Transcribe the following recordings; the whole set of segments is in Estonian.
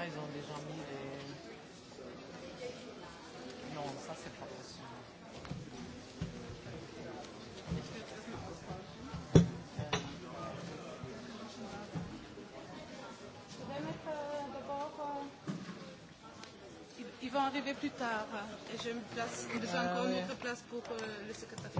là, ils ont déjà mis les... Non, ça c'est pas possible. Ils vont arriver plus tard et j'ai besoin ah, encore ouais. une autre place pour euh, le secrétaire.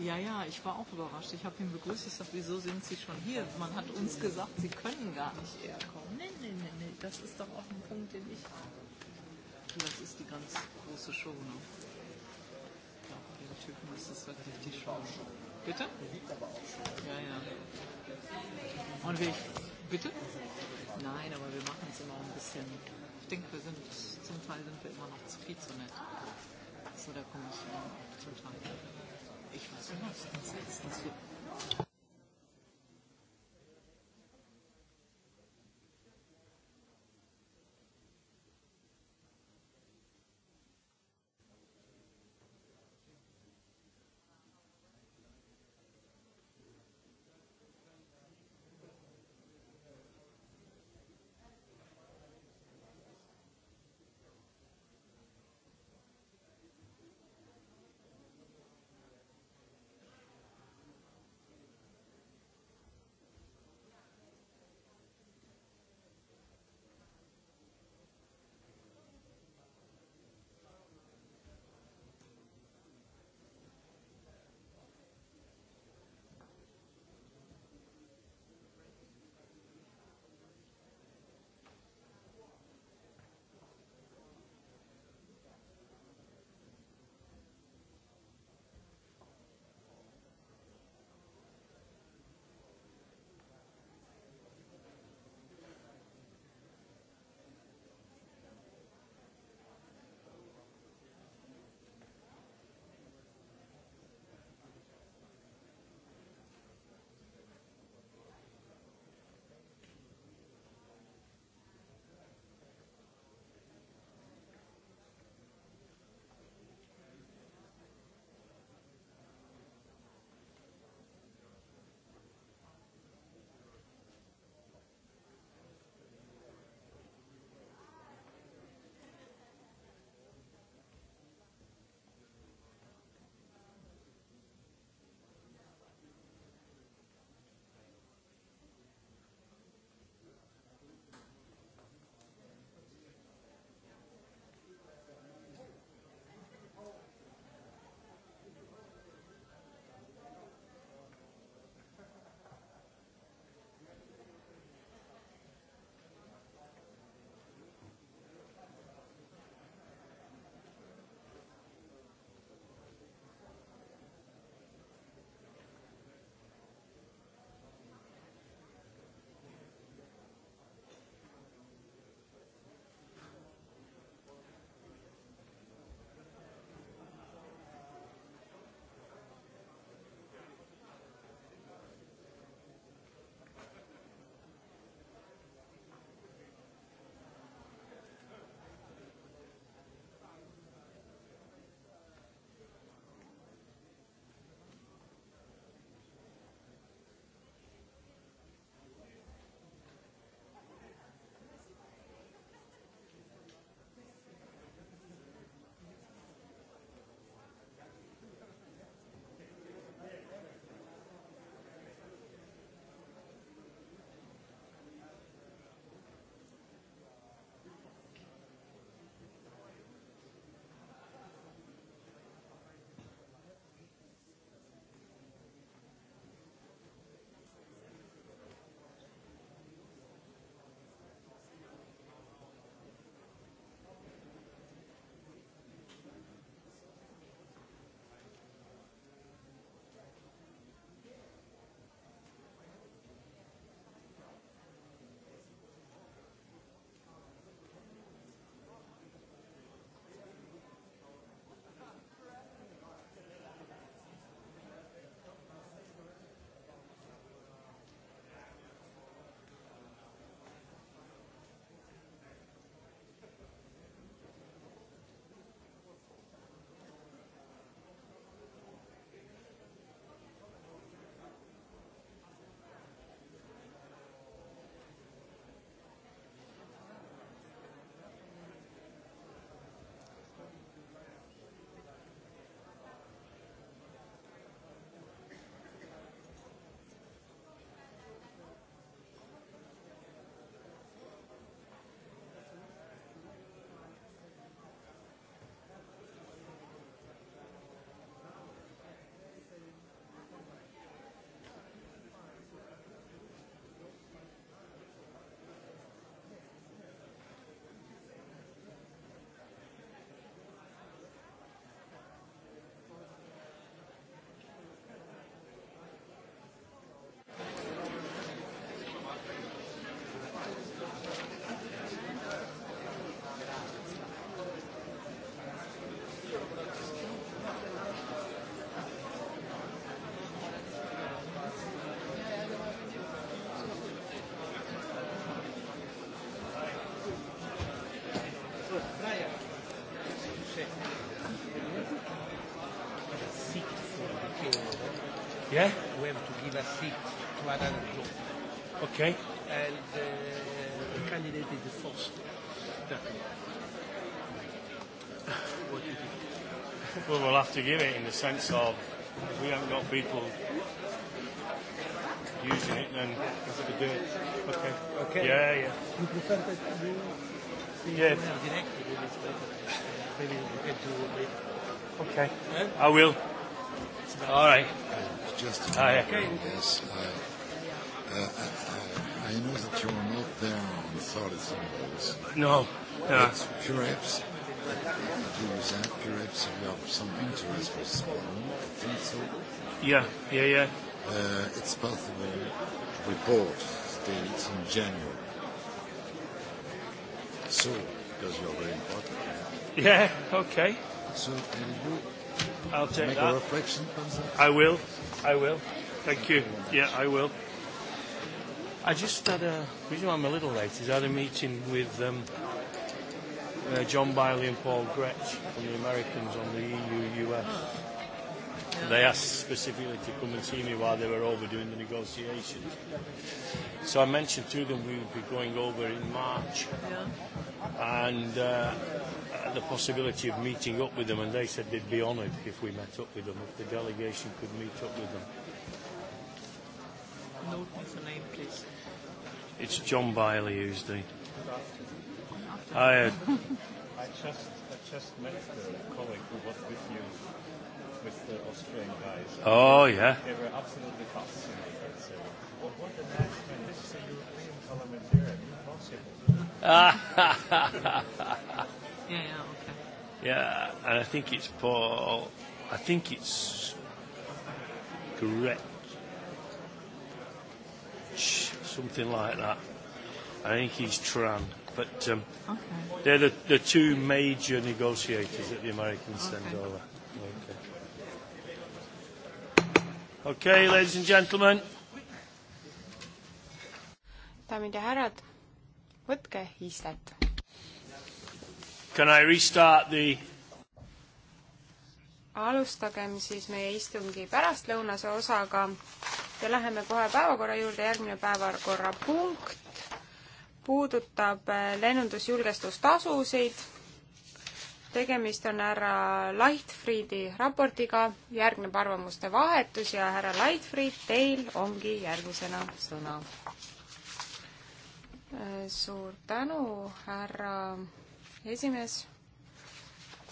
Äh, ja, ja, ich war auch überrascht. Ich habe ihn begrüßt. Ich sage, wieso sind Sie schon hier? Man hat uns gesagt, Sie können gar nicht eher kommen. Nee, nee, nee, nee. Das ist doch auch ein Punkt, den ich habe. Das ist die ganz große Show, ne? Ja, bei den Typen ist das wirklich die Show. Bitte? Ja, ja. Und wir, bitte? Nein, aber wir machen es immer ein bisschen denke, wir sind zum Teil sind wir immer noch zu viel zu nett. Zu der Kommission auch zum Teil. Ich weiß nicht, was das ist. Das wird Okay. And uh, the candidate is the first. What do you think? Well, we'll have to give it in the sense of if we haven't got people using it, then that's to do it. Okay. Okay. Yeah, yeah. You prefer that you see yeah. directly with this better. Maybe you can do later. Okay. Yeah? I will. All right. Just a minute. Okay. Yes. I Uh, uh, I know that you are not there on solid symbols. No. Yeah. It's perhaps use that. Perhaps you have some interest for someone. I think so. Yeah, yeah, yeah. Uh, it's possible to report dates in January. So, because you're very important. Yeah, okay. So, can uh, you I'll take make that. a reflection on that? I will. I will. Thank, Thank you. you yeah, I will. I just had a reason why I'm a little late is I had a meeting with um, uh, John Biley and Paul Gretsch from the Americans on the EU US. Oh. Yeah. They asked specifically to come and see me while they were over doing the negotiations. So I mentioned to them we would be going over in March yeah. and uh, the possibility of meeting up with them, and they said they'd be honoured if we met up with them, if the delegation could meet up with them. Note me for name, please. It's John Biley who's the. I, uh, I just I just met the colleague who was with you with the Austrian guys. Oh yeah. They were absolutely fascinated. So what, what an announcement! This is a European parliamentarian. Impossible. yeah. Okay. Yeah, and I think it's Paul. I think it's Gretch something like that. I think he's Tran. But um, okay. they're the, the two major negotiators that the Americans okay. send over. Okay. okay, ladies and gentlemen. daamid ja härrad, võtke istet. Can I restart the alustagem siis meie istungi pärastlõunase osaga ja läheme kohe päevakorra juurde, järgmine päevakorrapunkt puudutab äh, lennundusjulgestustasusid. tegemist on härra Leichtfriedi raportiga, järgneb arvamuste vahetus ja härra Leichtfried, teil ongi järgmisena sõna. Äh, suur tänu, härra esimees,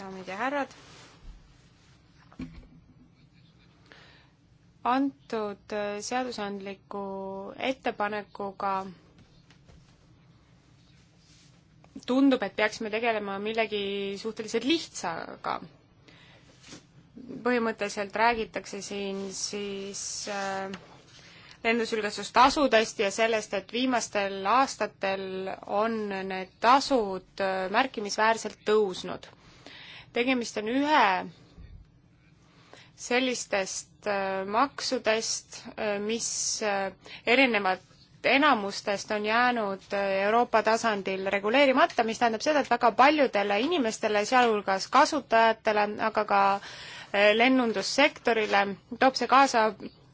daamid ja härrad antud äh, seadusandliku ettepanekuga tundub, et peaksime tegelema millegi suhteliselt lihtsaga. põhimõtteliselt räägitakse siin siis äh, lennusülgastustasudest ja sellest, et viimastel aastatel on need tasud äh, märkimisväärselt tõusnud. tegemist on ühe sellistest äh, maksudest, äh, mis äh, erinevad enamustest on jäänud Euroopa tasandil reguleerimata, mis tähendab seda, et väga paljudele inimestele, sealhulgas kasutajatele, aga ka lennundussektorile, toob see kaasa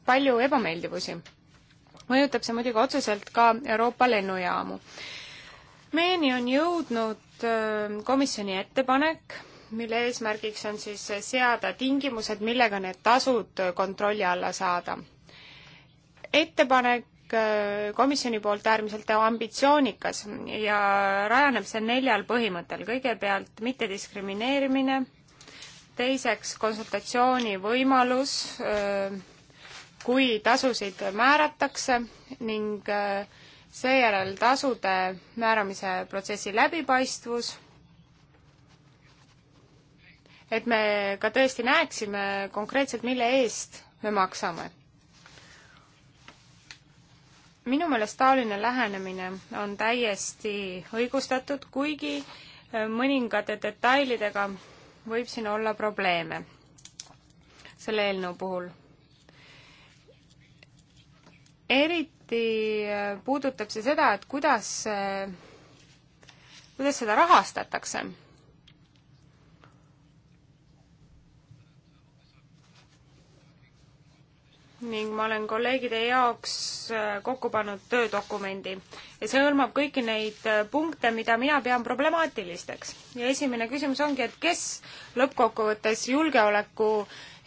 palju ebameeldivusi. mõjutab see muidugi otseselt ka Euroopa lennujaamu. meieni on jõudnud komisjoni ettepanek mille eesmärgiks on siis seada tingimused, millega need tasud kontrolli alla saada. ettepanek äh, komisjoni poolt äärmiselt ambitsioonikas ja rajaneb see neljal põhimõttel. kõigepealt mittediskrimineerimine, teiseks konsultatsiooni võimalus, äh, kui tasusid määratakse ning äh, seejärel tasude määramise protsessi läbipaistvus et me ka tõesti näeksime konkreetselt, mille eest me maksame. minu meelest taoline lähenemine on täiesti õigustatud, kuigi e, mõningate detailidega võib siin olla probleeme selle eelnõu puhul. eriti e, puudutab see seda, et kuidas, e, kuidas seda rahastatakse ning ma olen kolleegide jaoks äh, kokku pannud töödokumendi ja see hõlmab kõiki neid äh, punkte, mida mina pean problemaatilisteks. ja esimene küsimus ongi, et kes lõppkokkuvõttes julgeoleku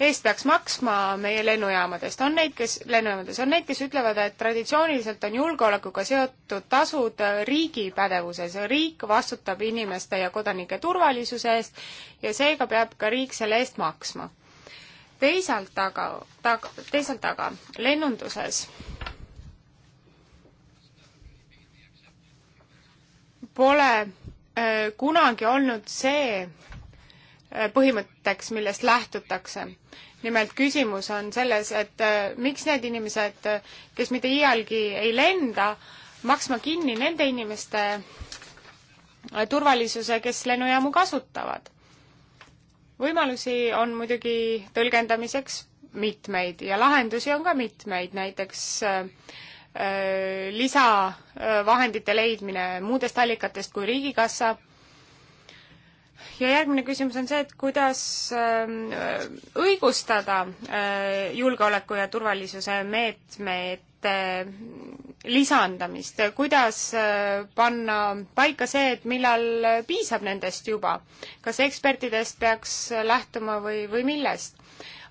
eest peaks maksma meie lennujaamadest, on neid, kes, lennujaamades, on neid, kes ütlevad, et traditsiooniliselt on julgeolekuga seotud tasud äh, riigi pädevuses, riik vastutab inimeste ja kodanike turvalisuse eest ja seega peab ka riik selle eest maksma teisalt aga, tag-, teisalt aga lennunduses pole öö, äh, kunagi olnud see öö, äh, põhimõtteks, millest lähtutakse. nimelt küsimus on selles, et öö, äh, miks need inimesed, kes mitte iialgi ei lenda, maksma kinni nende inimeste turvalisuse, kes lennujaamu kasutavad võimalusi on muidugi tõlgendamiseks mitmeid ja lahendusi on ka mitmeid, näiteks äh, äh, lisavahendite äh, leidmine muudest allikatest kui Riigikassa. ja järgmine küsimus on see, et kuidas ähm, õigustada julgeoleku ja turvalisuse meetmete lisandamist, kuidas äh, panna paika see, et millal piisab nendest juba, kas ekspertidest peaks lähtuma või, või millest?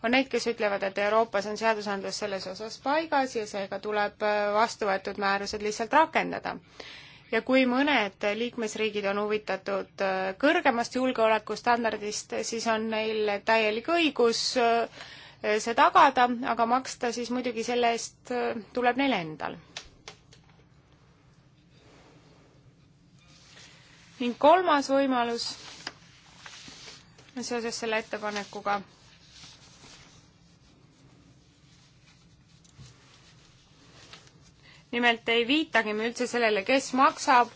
on neid, kes ütlevad, et Euroopas on seadusandlus selles osas paigas ja seega tuleb äh, vastu võetud määrused lihtsalt rakendada. ja kui mõned liikmesriigid on huvitatud äh, kõrgemast julgeolekustandardist, siis on neil täielik õigus see tagada, aga maksta siis muidugi selle eest tuleb neil endal ning kolmas võimalus seoses selle ettepanekuga nimelt ei viitagi me üldse sellele, kes maksab,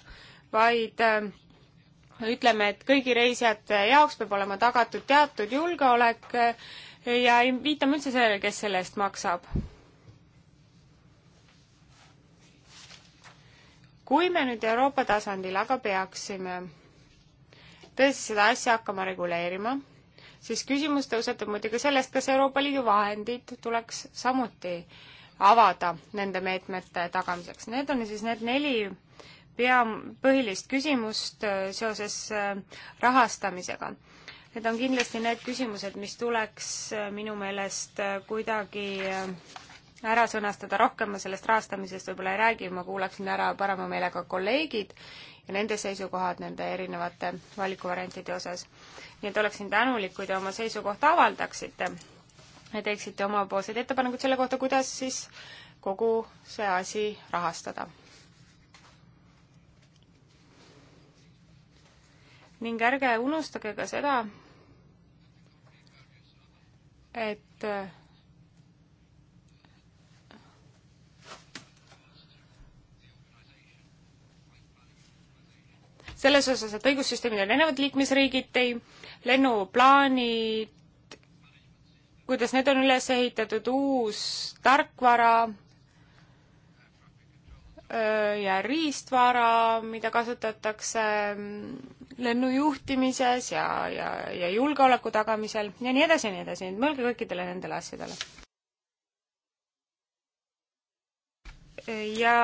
vaid äh, ütleme, et kõigi reisijate jaoks peab olema tagatud teatud julgeolek äh, ja ei viitame üldse sellele, kes selle eest maksab kui me nüüd Euroopa tasandil aga peaksime tõesti seda asja hakkama reguleerima, siis küsimus tõusetub muidugi sellest, kas Euroopa Liidu vahendid tuleks samuti avada nende meetmete tagamiseks. Need on siis need neli pea, põhilist küsimust äh, seoses äh, rahastamisega. Need on kindlasti need küsimused, mis tuleks äh, minu meelest kuidagi ära sõnastada, rohkem ma sellest rahastamisest võib-olla ei räägi, ma kuulaksin ära parema meelega kolleegid ja nende seisukohad nende erinevate valikuvariantide osas. nii et oleksin tänulik, kui te oma seisukohta avaldaksite ja teeksite omapoolseid ettepanekuid selle kohta, kuidas siis kogu see asi rahastada. ning ärge unustage ka seda, et selles osas, et õigussüsteemid on erinevad liikmesriigiti, lennuplaanid, kuidas need on üles ehitatud, uus tarkvara ja riistvara, mida kasutatakse mm, lennujuhtimises ja, ja, ja julgeoleku tagamisel ja nii edasi ja nii edasi, et mõelge kõikidele nendele asjadele. ja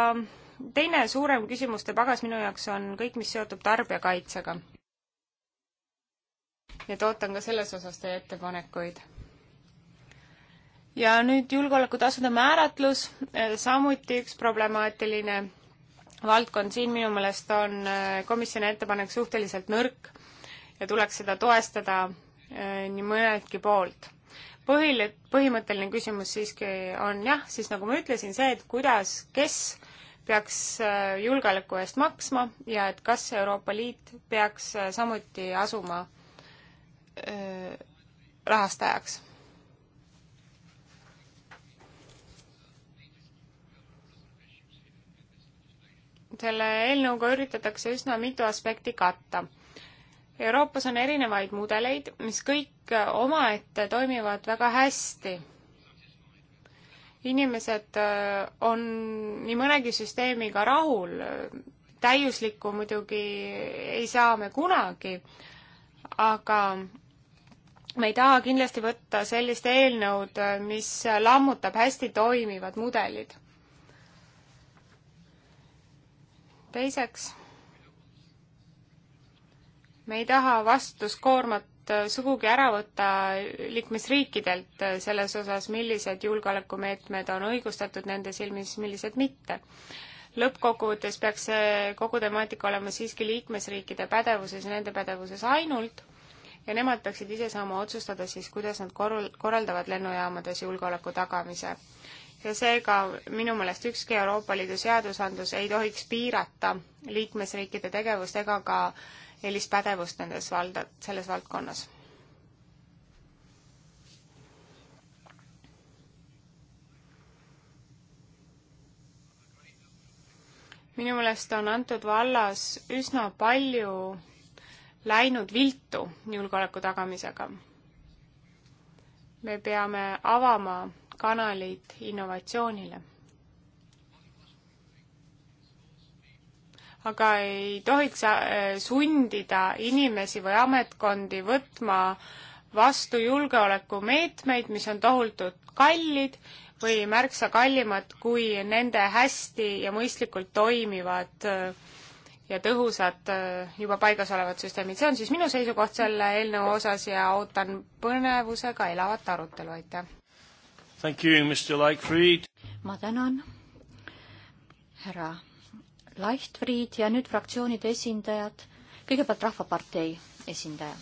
teine suurem küsimuste pagas minu jaoks on kõik, mis seotub tarbijakaitsega. nii et ootan ka selles osas teie ettepanekuid. ja nüüd julgeolekutasude määratlus, eh, samuti üks problemaatiline valdkond, siin minu meelest on eh, komisjoni ettepanek suhteliselt nõrk ja tuleks seda toestada eh, nii mõneltki poolt. põhil-, põhimõtteline küsimus siiski on jah, siis nagu ma ütlesin, see, et kuidas, kes peaks äh, julgeoleku eest maksma ja et kas Euroopa Liit peaks äh, samuti asuma äh, rahastajaks. selle eelnõuga üritatakse üsna mitu aspekti katta. Euroopas on erinevaid mudeleid, mis kõik omaette toimivad väga hästi inimesed äh, on nii mõnegi süsteemiga rahul, täiuslikku muidugi ei saa me kunagi, aga me ei taha kindlasti võtta sellist eelnõud, äh, mis lammutab hästi toimivad mudelid. teiseks, me ei taha vastutuskoormat sugugi ära võtta liikmesriikidelt selles osas, millised julgeolekumeetmed on õigustatud nende silmis, millised mitte. lõppkokkuvõttes peaks see kogu temaatika olema siiski liikmesriikide pädevuses ja nende pädevuses ainult ja nemad peaksid ise saama otsustada siis, kuidas nad korral-, korraldavad lennujaamades julgeoleku tagamise. ja seega minu meelest ükski Euroopa Liidu seadusandlus ei tohiks piirata liikmesriikide tegevust ega ka äh, eelispädevust nendes valda, selles valdkonnas. minu meelest on antud vallas üsna palju läinud viltu julgeoleku tagamisega. me peame avama kanalid innovatsioonile aga ei tohiks äh, sundida inimesi või ametkondi võtma vastu julgeolekumeetmeid, mis on tohutult kallid või märksa kallimad kui nende hästi ja mõistlikult toimivad äh, ja tõhusad äh, juba paigas olevad süsteemid. see on siis minu seisukoht selle eelnõu osas ja ootan põnevusega elavat arutelu, aitäh! ma tänan, härra Leichtfried ja nüüd fraktsioonide esindajad. kõigepealt Rahvapartei esindaja.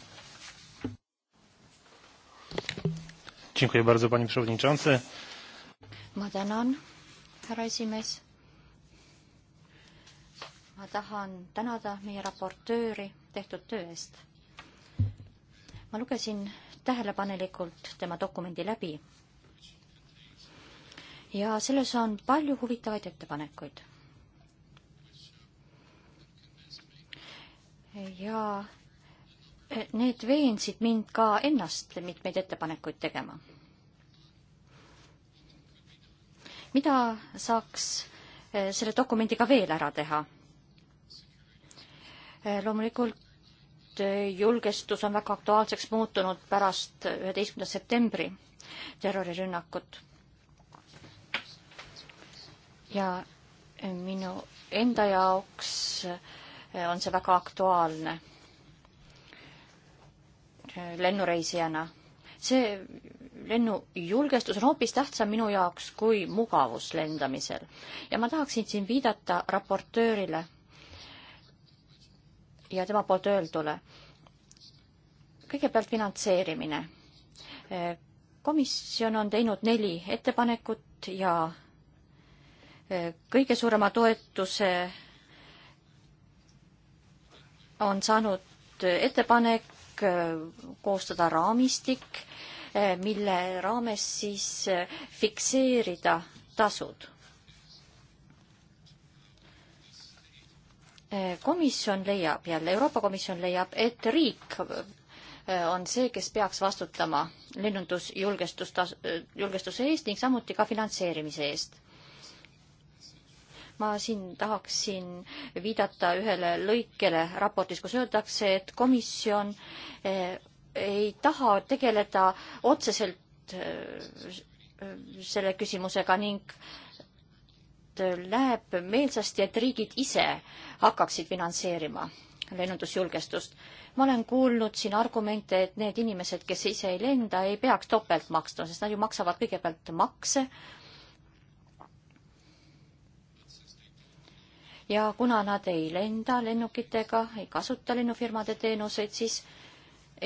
ma tänan, härra esimees. ma tahan tänada meie raportööri tehtud töö eest. ma lugesin tähelepanelikult tema dokumendi läbi ja selles on palju huvitavaid ettepanekuid ja eh, need veensid mind ka ennast mitmeid ettepanekuid tegema. mida saaks eh, selle dokumendiga veel ära teha? Eh, loomulikult julgestus on väga aktuaalseks muutunud pärast üheteistkümnenda septembri terrorirünnakut. ja minu enda jaoks äh, Eh, on see väga aktuaalne lennureisijana. see lennujulgestus on hoopis tähtsam minu jaoks kui mugavus lendamisel. ja ma tahaksin siin viidata raportöörile ja tema poolt öeldule. kõigepealt finantseerimine. Eh, komisjon on teinud neli ettepanekut ja eh, kõige suurema toetuse on saanud ettepanek äh, koostada raamistik, äh, mille raames siis äh, fikseerida tasud. komisjon leiab jälle, Euroopa Komisjon leiab, et riik on see, kes peaks vastutama lennundusjulgestustas-, julgestuse eest ning samuti ka finantseerimise eest ma siin tahaksin viidata ühele lõikele raportis, kus öeldakse, et komisjon eh, ei taha tegeleda otseselt eh, selle küsimusega ning näeb meelsasti, et riigid ise hakkaksid finantseerima lennundusjulgestust. ma olen kuulnud siin argumente, et need inimesed, kes ise ei lenda, ei peaks topelt maksma, sest nad ju maksavad kõigepealt makse ja kuna nad ei lenda lennukitega, ei kasuta lennufirmade teenuseid, siis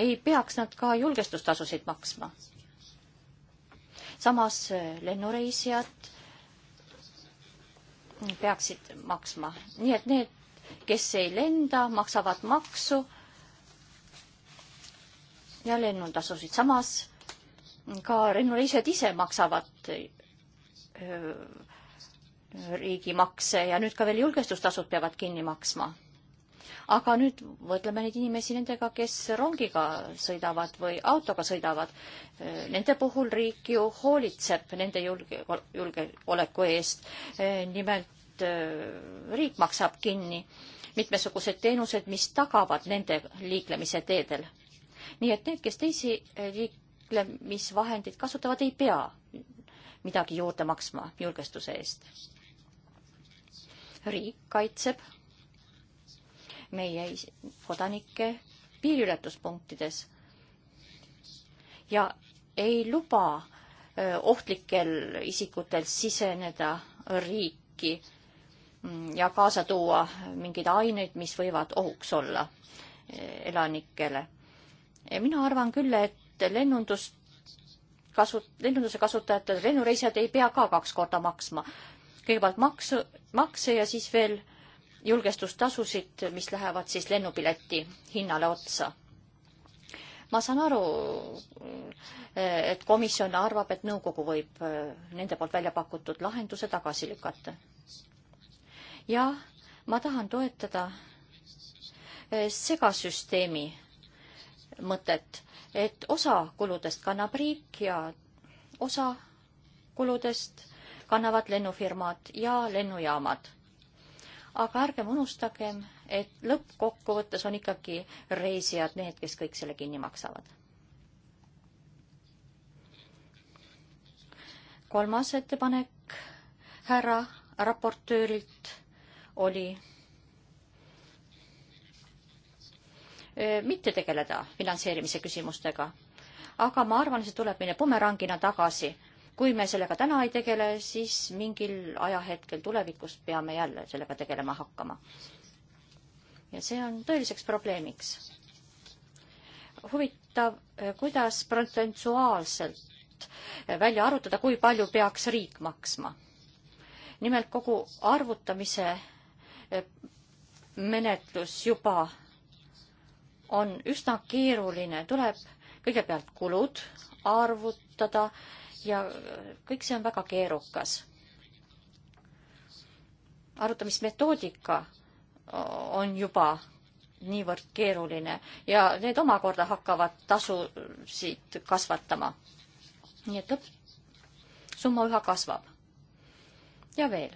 ei peaks nad ka julgestustasusid maksma. samas eh, lennureisijad peaksid maksma, nii et need, kes ei lenda, maksavad maksu ja lennutasusid, samas ka lennureisijad ise maksavad öö, eh, riigimakse ja nüüd ka veel julgestustasud peavad kinni maksma. aga nüüd mõtleme neid inimesi nendega, kes rongiga sõidavad või autoga sõidavad. Nende puhul riik ju hoolitseb nende julge, julgeoleku eest. nimelt riik maksab kinni mitmesugused teenused, mis tagavad nende liiklemise teedel. nii et need, kes teisi liiklemisvahendeid kasutavad, ei pea midagi juurde maksma julgestuse eest riik kaitseb meie kodanikke piiriületuspunktides ja ei luba ohtlikel isikutel siseneda riiki mm, ja kaasa tuua mingeid aineid, mis võivad ohuks olla elanikele. mina arvan küll, et lennundust kasu-, lennunduse kasutajatel, lennureisijad ei pea ka kaks korda maksma kõigepealt maksu, makse ja siis veel julgestustasusid, mis lähevad siis lennupileti hinnale otsa. ma saan aru, et komisjon arvab, et nõukogu võib äh, nende poolt välja pakutud lahenduse tagasi lükata. ja ma tahan toetada äh, segasüsteemi mõtet, et osa kuludest kannab riik ja osa kuludest kannavad lennufirmad ja lennujaamad. aga ärgem unustagem, et lõppkokkuvõttes on ikkagi reisijad need, kes kõik selle kinni maksavad. kolmas ettepanek härra raportöörilt oli mitte tegeleda finantseerimise küsimustega. aga ma arvan, see tuleb meile bumerangina tagasi kui me sellega täna ei tegele, siis mingil ajahetkel tulevikus peame jälle sellega tegelema hakkama. ja see on tõeliseks probleemiks. huvitav, eh, kuidas protsentuaalselt eh, välja arvutada, kui palju peaks riik maksma? nimelt kogu arvutamise eh, menetlus juba on üsna keeruline, tuleb kõigepealt kulud arvutada ja kõik see on väga keerukas. arutamismetoodika on juba niivõrd keeruline ja need omakorda hakkavad tasusid kasvatama. nii et lõppsumma üha kasvab. ja veel.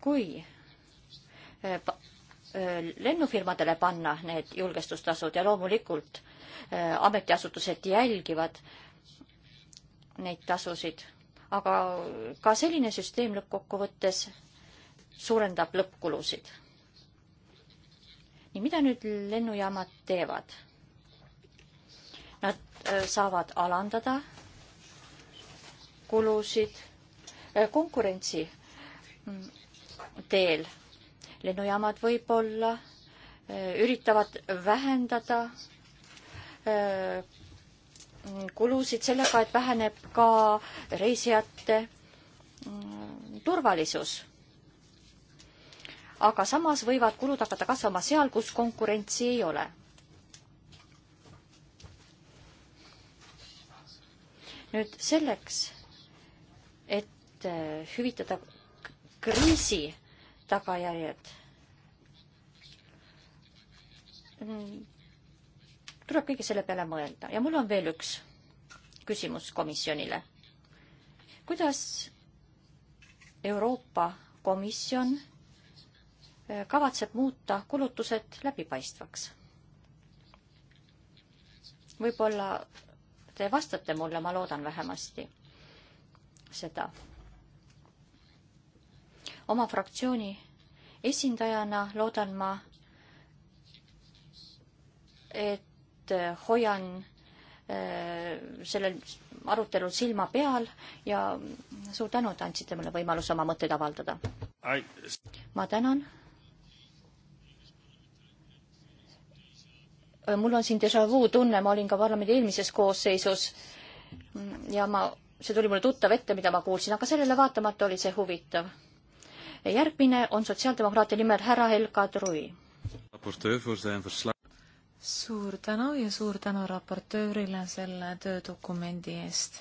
kui eh, eh, lennufirmadele panna need julgestustasud ja loomulikult Äh, ametiasutused jälgivad neid tasusid. aga ka selline süsteem lõppkokkuvõttes suurendab lõppkulusid. nii, mida nüüd lennujaamad teevad? Nad äh, saavad alandada kulusid äh, konkurentsi mm, teel. lennujaamad võib-olla üritavad vähendada Äh, kulusid sellega, et väheneb ka reisijate mm, turvalisus. aga samas võivad kulud hakata kasvama seal, kus konkurentsi ei ole. nüüd selleks, et äh, hüvitada kriisi tagajärjed mm, tuleb kõige selle peale mõelda ja mul on veel üks küsimus komisjonile. kuidas Euroopa Komisjon eh, kavatseb muuta kulutused läbipaistvaks? võib-olla te vastate mulle, ma loodan vähemasti seda. oma fraktsiooni esindajana loodan ma, et et äh, hoian äh, sellel arutelul silma peal ja suur tänu, et andsite mulle võimaluse oma mõtteid avaldada. ma tänan. Äh, mul on siin déjà vu tunne, ma olin ka parlamendi eelmises koosseisus ja ma, see tuli mulle tuttav ette, mida ma kuulsin, aga sellele vaatamata oli see huvitav. järgmine on sotsiaaldemokraatia nimel härra Helga Trui suur tänu ja suur tänu raportöörile selle töödokumendi eest.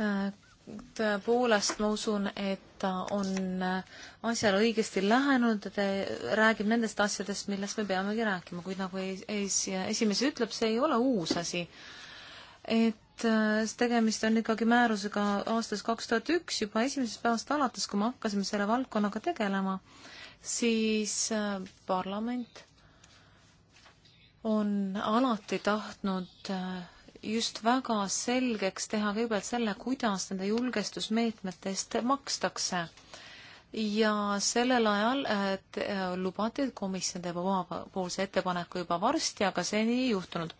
Äh, tõepoolest, ma usun, et ta on asjale õigesti lähenenud, ta räägib nendest asjadest, millest me peamegi rääkima, kuid nagu es-, esimees ütleb, see ei ole uus asi. et äh, tegemist on ikkagi määrusega aastast kaks tuhat üks, juba esimesest päevast alates, kui me hakkasime selle valdkonnaga tegelema, siis äh, parlament on alati tahtnud äh, just väga selgeks teha kõigepealt selle, kuidas nende julgestusmeetmete eest makstakse. ja sellel ajal et, äh, lubati, et komisjon teeb omapoolse ettepaneku juba varsti, aga seni ei juhtunud.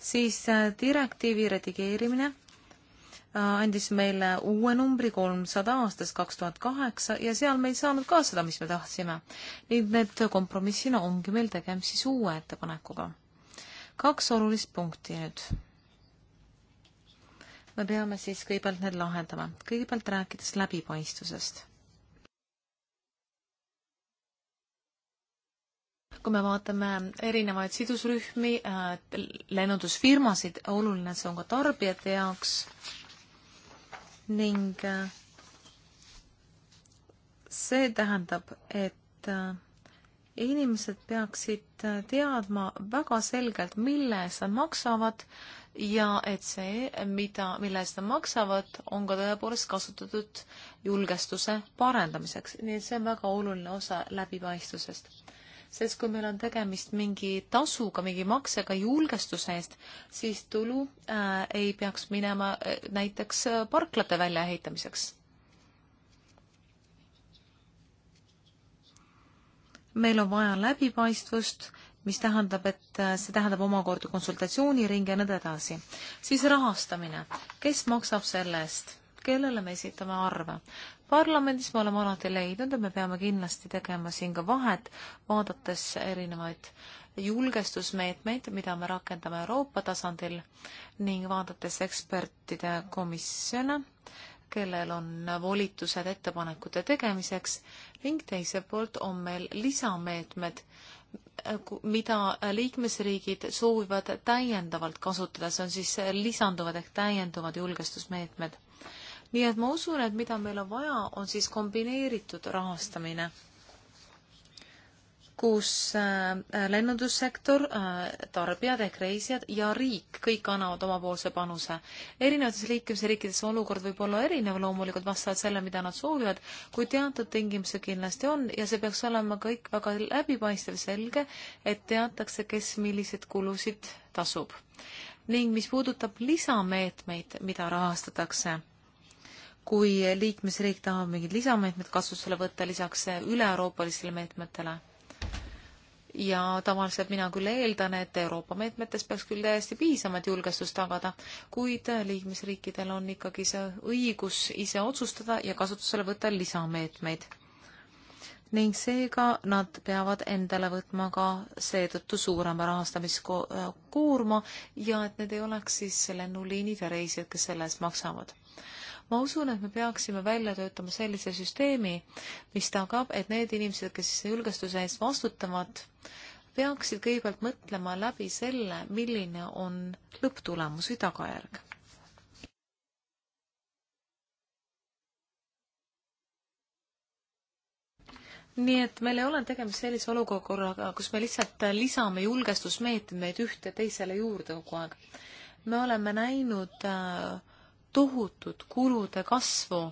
siis äh, direktiivi redigeerimine äh, andis meile uue numbri kolmsada aastast kaks tuhat kaheksa ja seal me ei saanud ka seda, mis me tahtsime. nii et need kompromissina ongi meil tegemist siis uue ettepanekuga kaks olulist punkti nüüd. me peame siis kõigepealt need lahendama. kõigepealt rääkides läbipaistvusest. kui me vaatame erinevaid sidusrühmi, äh, lennundusfirmasid, oluline see on ka tarbijate jaoks ning äh, see tähendab, et äh, ja inimesed peaksid äh, teadma väga selgelt, mille eest nad maksavad ja et see, mida, mille eest nad maksavad, on ka tõepoolest kasutatud julgestuse parendamiseks. nii et see on väga oluline osa läbipaistvusest. sest kui meil on tegemist mingi tasuga, mingi maksega julgestuse eest, siis tulu äh, ei peaks minema äh, näiteks äh, parklate väljaehitamiseks meil on vaja läbipaistvust, mis tähendab, et äh, see tähendab omakorda konsultatsiooniringe ja nõnda edasi. siis rahastamine, kes maksab selle eest, kellele me esitame arve? parlamendis me oleme alati leidnud, et me peame kindlasti tegema siin ka vahet, vaadates erinevaid julgestusmeetmeid, mida me rakendame Euroopa tasandil ning vaadates ekspertide komisjone, kellel on volitused ettepanekute tegemiseks ning teiselt poolt on meil lisameetmed, mida liikmesriigid soovivad täiendavalt kasutada, see on siis lisanduvad ehk täienduvad julgestusmeetmed. nii et ma usun, et mida meil on vaja, on siis kombineeritud rahastamine kus äh, lennundussektor, äh, tarbijad ehk reisijad ja riik kõik annavad omapoolse panuse. erinevates liikmesriikides olukord võib olla erinev loomulikult vastavalt sellele, mida nad soovivad, kuid teatud tingimused kindlasti on ja see peaks olema kõik väga läbipaistev, selge, et teatakse, kes milliseid kulusid tasub. ning mis puudutab lisameetmeid, mida rahastatakse kui liikmesriik tahab mingeid lisameetmeid kasutusele võtta lisaks üle-euroopalistele meetmetele ja tavaliselt mina küll eeldan, et Euroopa meetmetest peaks küll täiesti piisama, et julgestus tagada, kuid liikmesriikidel on ikkagi see õigus ise otsustada ja kasutusele võtta lisameetmeid. ning seega nad peavad endale võtma ka seetõttu suurema rahastamiskoorma ja et need ei oleks siis lennuliinid ja reisijad, kes selle eest maksavad ma usun, et me peaksime välja töötama sellise süsteemi, mis tagab, et need inimesed, kes julgestuse eest vastutavad, peaksid kõigepealt mõtlema läbi selle, milline on lõpptulemus või tagajärg. nii et meil ei ole tegemist sellise olukorraga, kus me lihtsalt lisame julgestusmeetmeid ühte teisele juurde kogu aeg. me oleme näinud äh, tohutut kulude kasvu.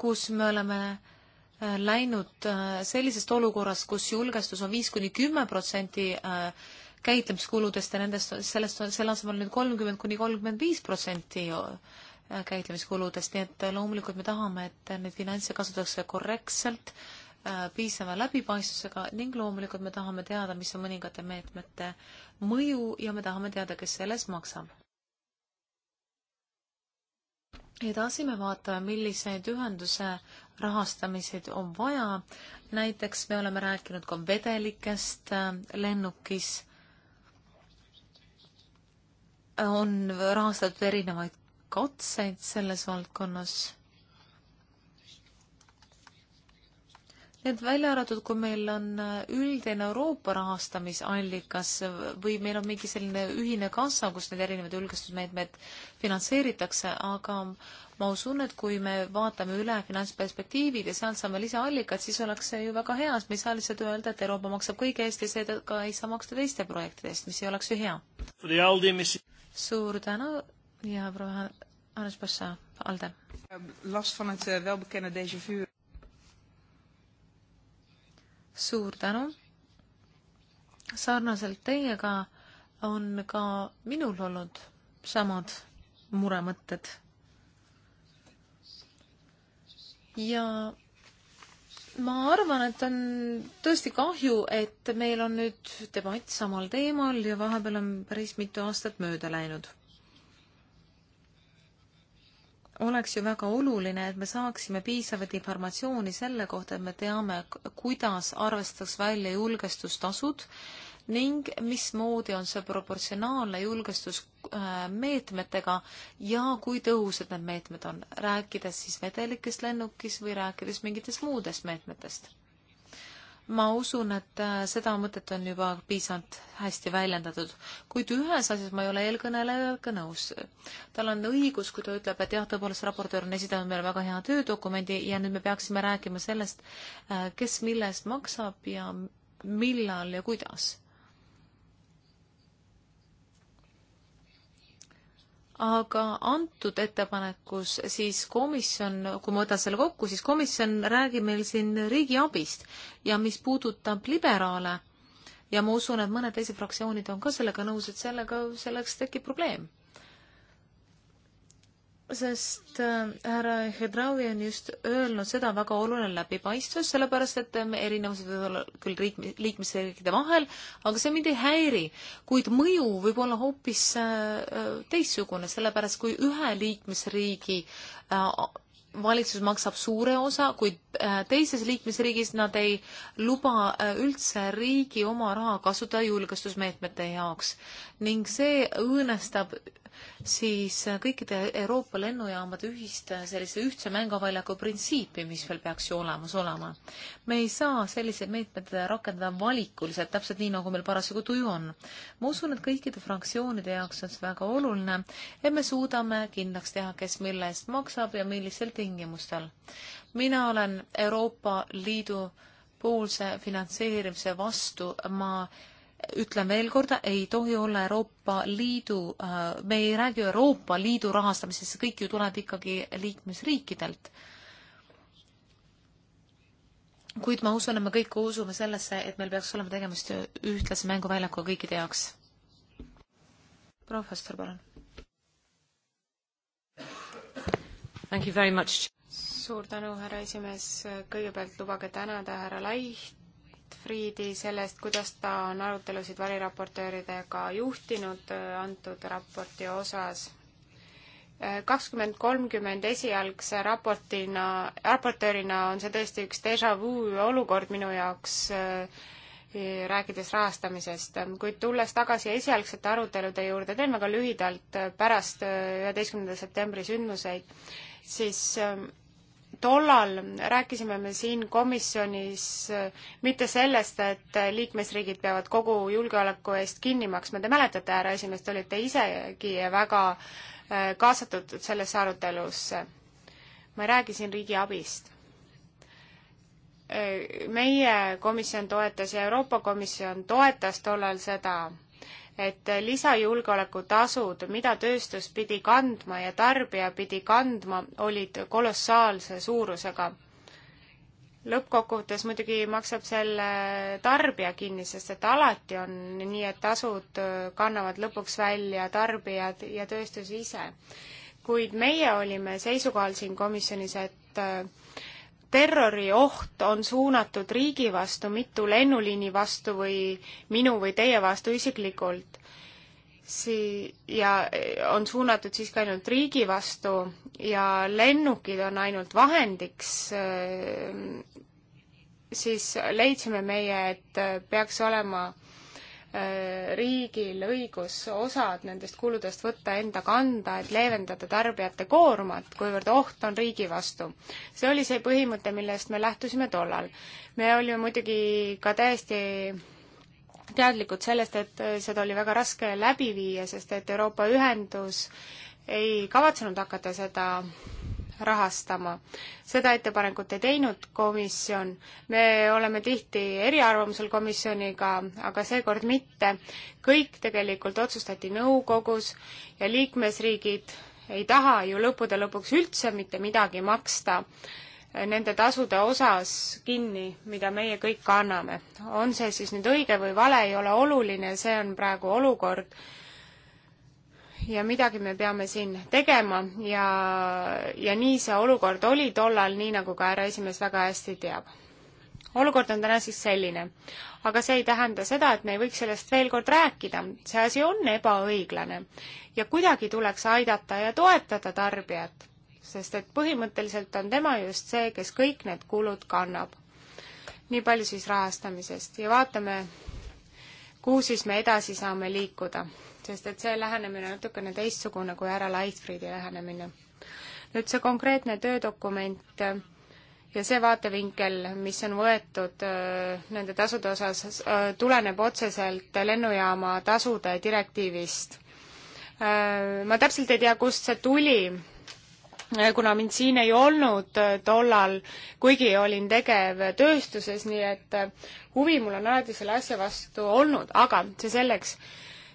kus me oleme äh, läinud äh, sellisest olukorrast, kus julgestus on viis kuni kümme protsenti äh, käitlemiskuludest ja nendest, sellest on, selle asemel nüüd kolmkümmend kuni kolmkümmend viis protsenti käitlemiskuludest, nii et loomulikult me tahame, et neid finantse kasutatakse korrektselt äh, Äh, piisava läbipaistvusega ning loomulikult me tahame teada, mis on mõningate meetmete mõju ja me tahame teada, kes selles maksab. edasi me vaatame, milliseid ühenduse rahastamiseid on vaja. näiteks me oleme rääkinud ka vedelikest äh, lennukis. on rahastatud erinevaid katseid selles valdkonnas Need välja arvatud, kui meil on üldine Euroopa rahastamisallikas või meil on mingi selline ühine kassa, kus need erinevad julgestusmeetmed finantseeritakse, aga ma usun, et kui me vaatame üle finantsperspektiivid ja sealt saame lisaallikad, siis oleks see ju väga hea, sest me ei saa lihtsalt öelda, et Euroopa maksab kõige eest ja seega ei saa maksta teiste projektide eest, mis ei oleks ju hea. suur tänu ja proua Hannes Passa, Alde. last van het eh, welbekende déjà vu suur tänu. sarnaselt teiega on ka minul olnud samad muremõtted. ja ma arvan, et on tõesti kahju, et meil on nüüd debatt samal teemal ja vahepeal on päris mitu aastat mööda läinud oleks ju väga oluline, et me saaksime piisavat informatsiooni selle kohta, et me teame, kuidas arvestatakse välja julgestustasud ning mismoodi on see proportsionaalne julgestusmeetmetega äh, ja kui tõhusad need meetmed on, rääkides siis vedelikest lennukis või rääkides mingitest muudest meetmetest ma usun, et äh, seda mõtet on juba piisavalt hästi väljendatud, kuid ühes asjas ma ei ole eelkõnelejaga nõus. tal on õigus, kui ta ütleb, et jah, tõepoolest raportöör on esitanud meile väga hea töödokumendi ja nüüd me peaksime rääkima sellest, äh, kes mille eest maksab ja millal ja kuidas aga antud ettepanekus siis komisjon, kui ma võtan selle kokku, siis komisjon räägib meil siin riigiabist ja mis puudutab liberaale ja ma usun, et mõned teised fraktsioonid on ka sellega nõus, et sellega, selleks tekib probleem sest äh, härra Hedraui on just öelnud, seda on väga oluline läbipaistvus, sellepärast et äh, erinevused võivad olla küll riik, liikmesriikide vahel, aga see mind ei häiri. kuid mõju võib olla hoopis äh, teistsugune, sellepärast kui ühe liikmesriigi valitsus maksab suure osa, kuid teises liikmesriigis nad ei luba üldse riigi oma raha kasutada julgestusmeetmete jaoks ning see õõnestab siis kõikide Euroopa lennujaamade ühist sellise ühtse mänguväljaku printsiipi, mis veel peaks ju olemas olema. me ei saa selliseid meetmeid rakendada valikuliselt, täpselt nii, nagu meil parasjagu tuju on. ma usun, et kõikide fraktsioonide jaoks on see väga oluline, et me suudame kindlaks teha, kes mille eest maksab ja millistel tingimustel. mina olen Euroopa Liidu poolse finantseerimise vastu, ma äh, ütlen veel korda, ei tohi olla Euroopa Liidu, äh, me ei räägi Euroopa Liidu rahastamisest, see kõik ju tuleb ikkagi liikmesriikidelt. kuid ma usun, et me kõik usume sellesse, et meil peaks olema tegemist ühtlase mänguväljakuga kõikide jaoks. professor, palun. suur tänu, härra esimees, kõigepealt lubage tänada härra Laiht Leitfriedi sellest, kuidas ta on arutelusid variraportööridega juhtinud äh, antud raporti osas. Äh, kakskümmend kolmkümmend esialgse raportina, raportöörina on see tõesti üks déjà vu olukord minu jaoks äh, rääkides rahastamisest, kuid tulles tagasi esialgsete arutelude juurde, teen väga lühidalt pärast üheteistkümnenda septembri sündmuseid, siis ähm, tollal rääkisime me siin komisjonis äh, mitte sellest, et liikmesriigid peavad kogu julgeoleku eest kinni maksma, te mäletate, härra esimees, te olite isegi väga äh, kaasatud sellesse arutelusse. ma ei räägi siin riigi abist. Äh, meie komisjon toetas ja Euroopa Komisjon toetas tollal seda et lisajulgeolekutasud, mida tööstus pidi kandma ja tarbija pidi kandma, olid kolossaalse suurusega. lõppkokkuvõttes muidugi maksab selle tarbija kinni, sest et alati on nii, et tasud kannavad lõpuks välja tarbijad ja tööstus ise. kuid meie olime seisukohal siin komisjonis, et terrorioht on suunatud riigi vastu, mitu lennuliini vastu või minu või teie vastu isiklikult, sii-, ja e, on suunatud siiski ainult riigi vastu ja lennukid on ainult vahendiks, e, siis leidsime meie, et peaks olema Äh, riigil õigus osad nendest kuludest võtta enda kanda, et leevendada tarbijate koormat, kuivõrd oht on riigi vastu. see oli see põhimõte, millest me lähtusime tollal. me olime muidugi ka täiesti teadlikud sellest, et äh, seda oli väga raske läbi viia, sest et Euroopa Ühendus ei kavatsenud hakata seda rahastama. seda ettepanekut ei teinud komisjon, me oleme tihti eriarvamusel komisjoniga, aga seekord mitte. kõik tegelikult otsustati nõukogus ja liikmesriigid ei taha ju lõppude lõpuks üldse mitte midagi maksta nende tasude osas kinni, mida meie kõik anname. on see siis nüüd õige või vale, ei ole oluline, see on praegu olukord ja midagi me peame siin tegema ja, ja nii see olukord oli tollal, nii nagu ka härra esimees väga hästi teab. olukord on täna siis selline. aga see ei tähenda seda, et me ei võiks sellest veel kord rääkida, see asi on ebaõiglane. ja kuidagi tuleks aidata ja toetada tarbijat, sest et põhimõtteliselt on tema just see, kes kõik need kulud kannab. nii palju siis rahastamisest ja vaatame, kuhu siis me edasi saame liikuda sest et see lähenemine on natukene teistsugune kui härra Leitfriedi lähenemine. nüüd see konkreetne töödokument ja see vaatevinkel, mis on võetud äh, nende tasude osas, äh, tuleneb otseselt lennujaama tasude direktiivist. Äh, ma täpselt ei tea, kust see tuli, kuna mind siin ei olnud tollal, kuigi olin tegev tööstuses, nii et huvi mul on alati selle asja vastu olnud, aga see selleks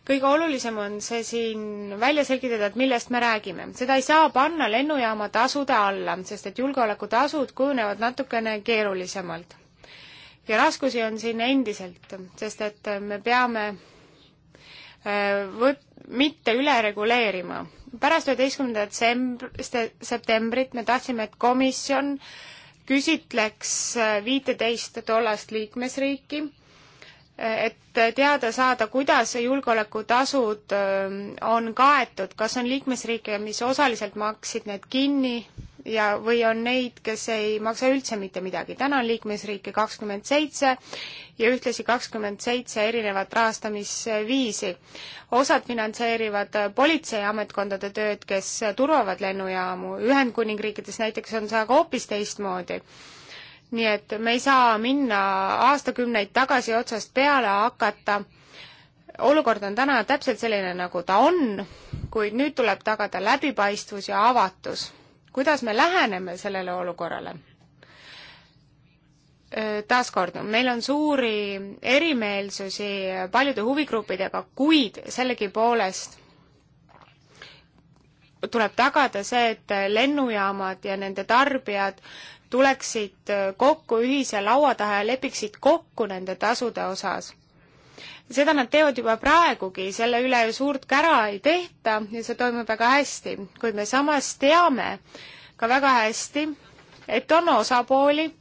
kõige olulisem on see siin välja selgitada, et millest me räägime. seda ei saa panna lennujaama tasude alla, sest et julgeolekutasud kujunevad natukene keerulisemalt. ja raskusi on siin endiselt, sest et me peame äh, võt-, mitte üle reguleerima. pärast üheteistkümnenda detsembr-, septembrit me tahtsime, et komisjon küsitleks äh, viiteist tollast liikmesriiki et teada saada, kuidas julgeolekutasud ähm, on kaetud, kas on liikmesriike, mis osaliselt maksid need kinni ja, või on neid, kes ei maksa üldse mitte midagi. täna on liikmesriike kakskümmend seitse ja ühtlasi kakskümmend seitse erinevat rahastamisviisi. osad finantseerivad äh, politseiametkondade tööd, kes turvavad lennujaamu, Ühendkuningriikides näiteks on see aga hoopis teistmoodi nii et me ei saa minna aastakümneid tagasi otsast peale hakata. olukord on täna täpselt selline, nagu ta on, kuid nüüd tuleb tagada läbipaistvus ja avatus. kuidas me läheneme sellele olukorrale? taaskord, meil on suuri erimeelsusi paljude huvigruppidega, kuid sellegipoolest tuleb tagada see, et lennujaamad ja nende tarbijad tuleksid äh, kokku ühise laua taha ja lepiksid kokku nende tasude osas. seda nad teevad juba praegugi, selle üle ju suurt kära ei tehta ja see toimub väga hästi, kuid me samas teame ka väga hästi, et on osapooli,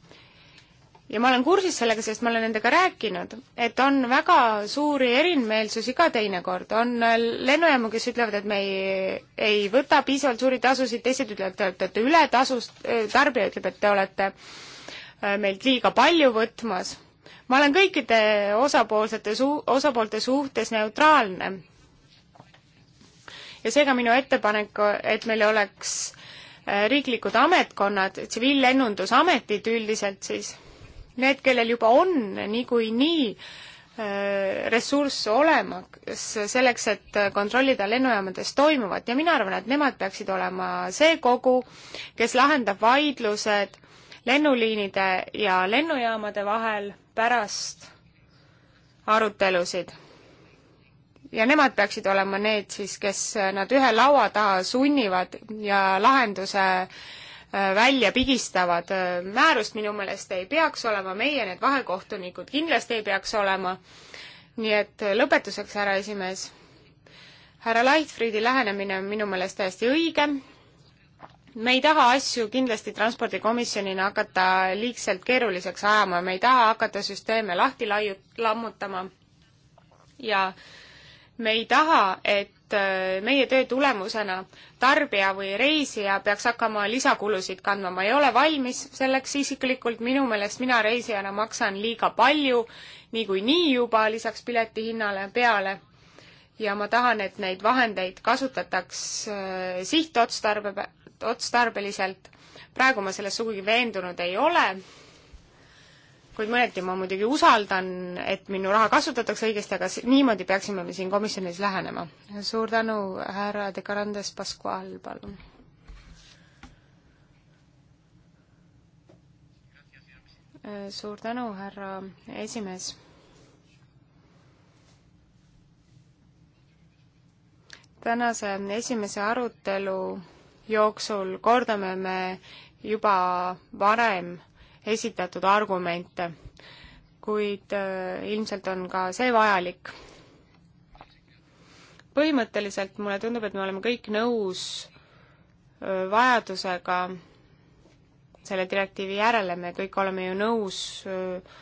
ja ma olen kursis sellega, sest ma olen nendega rääkinud, et on väga suuri erinmeelsusi ka teinekord, on äh, lennujaamu, kes ütlevad, et me ei, ei võta piisavalt suuri tasusid, teised ütlevad, et te olete ületasust, äh, tarbija ütleb, et te olete äh, meilt liiga palju võtmas. ma olen kõikide osapoolsete suu-, osapoolte suhtes neutraalne. ja seega minu ettepanek, et meil oleks riiklikud ametkonnad, tsiviillennundusametid üldiselt siis Need, kellel juba on niikuinii äh, ressurss olemas selleks, et kontrollida lennujaamades toimuvat ja mina arvan, et nemad peaksid olema see kogu, kes lahendab vaidlused lennuliinide ja lennujaamade vahel pärast arutelusid. ja nemad peaksid olema need siis, kes nad ühe laua taha sunnivad ja lahenduse välja pigistavad. Äh, määrust minu meelest ei peaks olema, meie need vahekohtunikud kindlasti ei peaks olema. nii et lõpetuseks, härra esimees, härra Leitfriedi lähenemine on minu meelest täiesti õige me ei taha asju kindlasti transpordikomisjonina hakata liigselt keeruliseks ajama, me ei taha hakata süsteeme lahti laiu-, lammutama ja me ei taha, et et äh, meie töö tulemusena tarbija või reisija peaks hakkama lisakulusid kandma. ma ei ole valmis selleks isiklikult, minu meelest mina reisijana maksan liiga palju niikuinii juba lisaks pileti hinnale peale. ja ma tahan, et neid vahendeid kasutataks äh, sihtotstarbeliselt. praegu ma selles sugugi veendunud ei ole kuid mõneti ma muidugi usaldan, et minu raha kasutatakse õigesti, aga niimoodi peaksime me siin komisjonis lähenema. suur tänu, härra De Carandes Pascual, palun. suur tänu, härra esimees. tänase esimese arutelu jooksul kordame me juba varem esitatud argumente, kuid äh, ilmselt on ka see vajalik. põhimõtteliselt mulle tundub, et me oleme kõik nõus äh, vajadusega selle direktiivi järele, me kõik oleme ju nõus äh,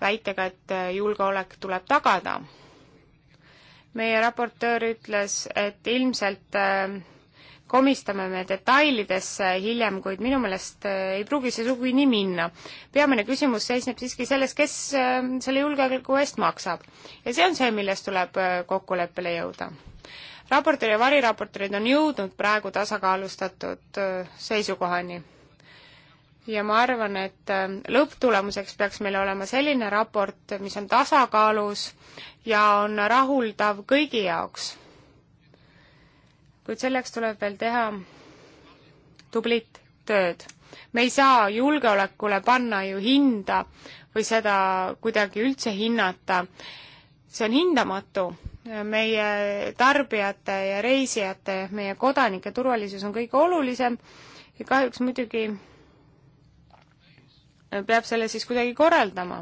väitega, et julgeolek tuleb tagada. meie raportöör ütles, et ilmselt äh, komistame me detailidesse hiljem, kuid minu meelest äh, ei pruugi see sugugi nii minna. peamine küsimus seisneb siiski selles, kes äh, selle julgeoleku eest maksab. ja see on see, milles tuleb äh, kokkuleppele jõuda. raportöör ja variraportöörid on jõudnud praegu tasakaalustatud seisukohani. ja ma arvan, et lõpptulemuseks peaks meil olema selline raport, mis on tasakaalus ja on rahuldav kõigi jaoks kuid selleks tuleb veel teha tublit tööd. me ei saa julgeolekule panna ju hinda või seda kuidagi üldse hinnata. see on hindamatu. meie tarbijate ja reisijate, meie kodanike turvalisus on kõige olulisem ja kahjuks muidugi peab selle siis kuidagi korraldama.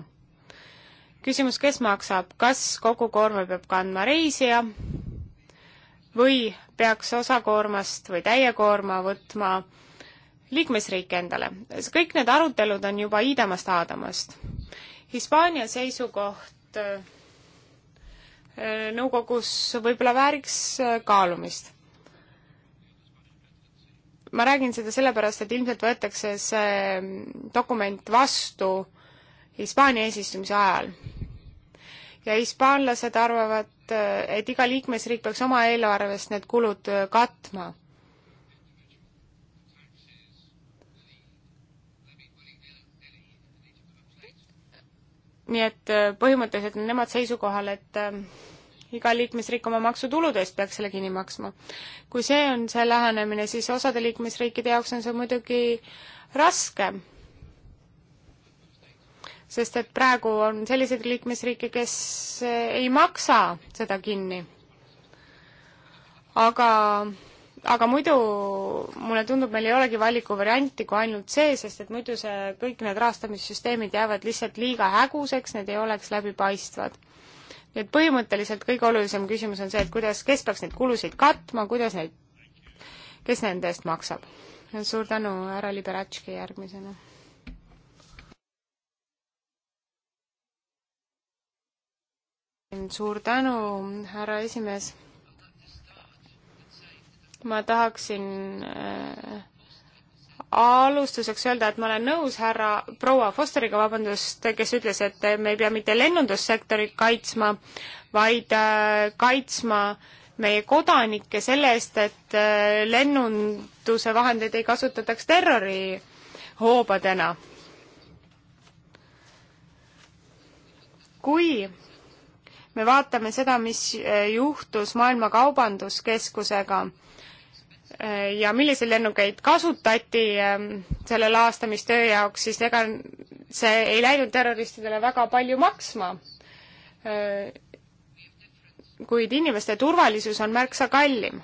küsimus, kes maksab, kas kogu koorma peab kandma reisija või peaks osakoormast või täiekoorma võtma liikmesriik endale. kõik need arutelud on juba iidamast aadamast. Hispaania seisukoht äh, nõukogus võib-olla vääriks äh, kaalumist. ma räägin seda sellepärast, et ilmselt võetakse see mm, dokument vastu Hispaania eesistumise ajal ja hispaanlased arvavad, et iga liikmesriik peaks oma eelarvest need kulud katma. nii et põhimõtteliselt on nemad seisukohal, et ähm, iga liikmesriik oma maksutulude eest peaks selle kinni maksma. kui see on see lähenemine, siis osade liikmesriikide jaoks on see muidugi raskem sest et praegu on selliseid liikmesriike, kes eh, ei maksa seda kinni. aga, aga muidu mulle tundub, meil ei olegi valikuvarianti kui ainult see, sest et muidu see, kõik need rahastamissüsteemid jäävad lihtsalt liiga häguseks, need ei oleks läbipaistvad. nii et põhimõtteliselt kõige olulisem küsimus on see, et kuidas, kes peaks neid kulusid katma, kuidas neid, kes nende eest maksab. suur tänu, härra Liberatški järgmisena suur tänu, härra esimees. ma tahaksin äh, alustuseks öelda, et ma olen nõus härra proua Fosteriga, vabandust, kes ütles, et me ei pea mitte lennundussektorit kaitsma, vaid äh, kaitsma meie kodanikke selle eest, et äh, lennunduse vahendeid ei kasutataks terrorihoobadena. kui me vaatame seda, mis eh, juhtus Maailma Kaubanduskeskusega eh, ja milliseid lennukeid kasutati eh, sellel aastamistöö jaoks, siis ega see ei läinud terroristidele väga palju maksma. kuid inimeste turvalisus on märksa kallim.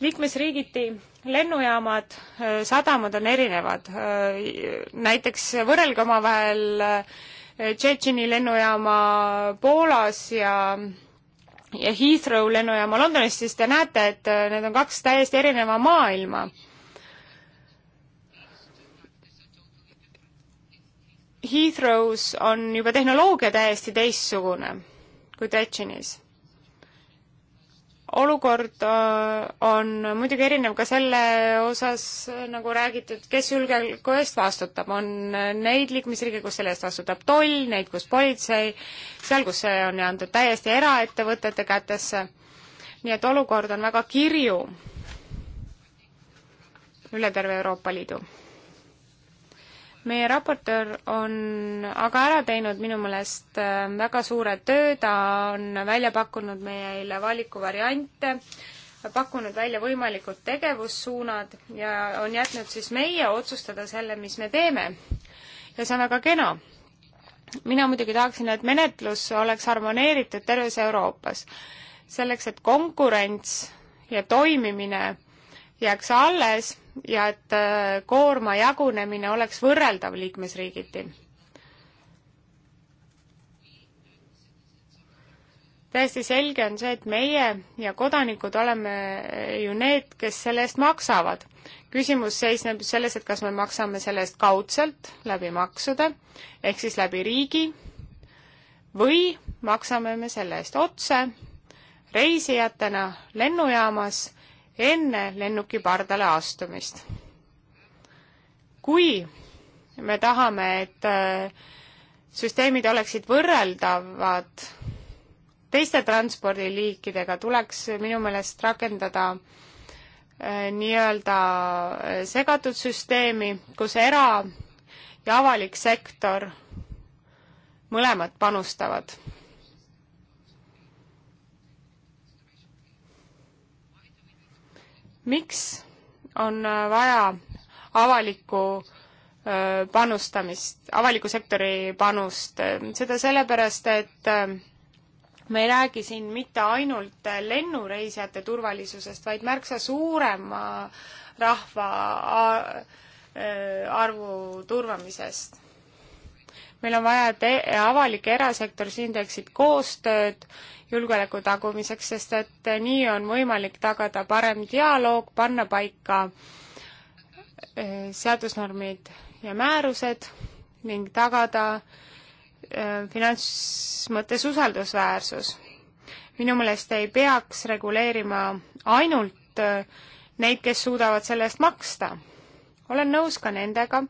liikmesriigiti lennujaamad, sadamad on erinevad. näiteks võrrelge omavahel Tšetšeni lennujaama Poolas ja ja Heathrow lennujaama Londonis, siis te näete, et äh, need on kaks täiesti erineva maailma Heathrow's on juba tehnoloogia täiesti teistsugune kui Tšetšenis olukord äh, on muidugi erinev ka selle osas, äh, nagu räägitud, kes julgeoleku eest vastutab, on äh, neid liikmesriike, kus selle eest vastutab toll, neid, kus politsei, seal, kus see on antud täiesti eraettevõtete kätesse. nii et olukord on väga kirju üle terve Euroopa Liidu meie raportöör on aga ära teinud minu meelest äh, väga suure töö, ta on välja pakkunud meile valikuvariante, pakkunud välja võimalikud tegevussuunad ja on jätnud siis meie otsustada selle, mis me teeme. ja see on väga kena. mina muidugi tahaksin, et menetlus oleks harmoneeritud terves Euroopas. selleks, et konkurents ja toimimine jääks alles ja et äh, koorma jagunemine oleks võrreldav liikmesriigiti. täiesti selge on see, et meie ja kodanikud oleme ju need, kes selle eest maksavad. küsimus seisneb selles, et kas me maksame selle eest kaudselt läbi maksude ehk siis läbi riigi või maksame me selle eest otse reisijatena lennujaamas enne lennuki pardale astumist. kui me tahame, et äh, süsteemid oleksid võrreldavad teiste transpordiliikidega, tuleks minu meelest rakendada äh, nii-öelda äh, segatud süsteemi, kus era- ja avalik sektor mõlemad panustavad miks on äh, vaja avalikku äh, panustamist, avaliku sektori panust, seda sellepärast, et äh, me ei räägi siin mitte ainult lennureisijate turvalisusest, vaid märksa suurema rahva arvu turvamisest. meil on vaja, et e-, avalik ja erasektor siin teeksid koostööd julgeoleku tagumiseks, sest et nii on võimalik tagada parem dialoog, panna paika eh, seadusnormid ja määrused ning tagada eh, finantsmõttes usaldusväärsus. minu meelest ei peaks reguleerima ainult eh, neid, kes suudavad selle eest maksta. olen nõus ka nendega,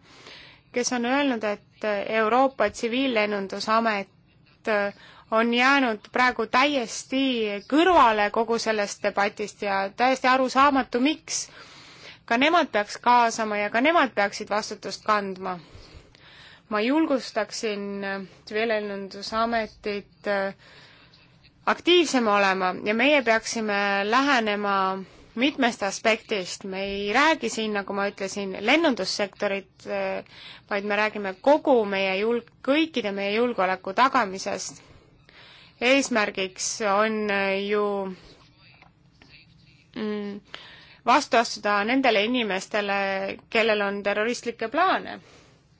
kes on öelnud, et Euroopa Tsiviillennundusamet on jäänud praegu täiesti kõrvale kogu sellest debatist ja täiesti arusaamatu, miks. ka nemad peaks kaasama ja ka nemad peaksid vastutust kandma. ma julgustaksin Veelennundusametit äh, aktiivsem olema ja meie peaksime lähenema mitmest aspektist, me ei räägi siin, nagu ma ütlesin, lennundussektorit, äh, vaid me räägime kogu meie julg-, kõikide meie julgeoleku tagamisest eesmärgiks on ju mm, vastu astuda nendele inimestele, kellel on terroristlikke plaane.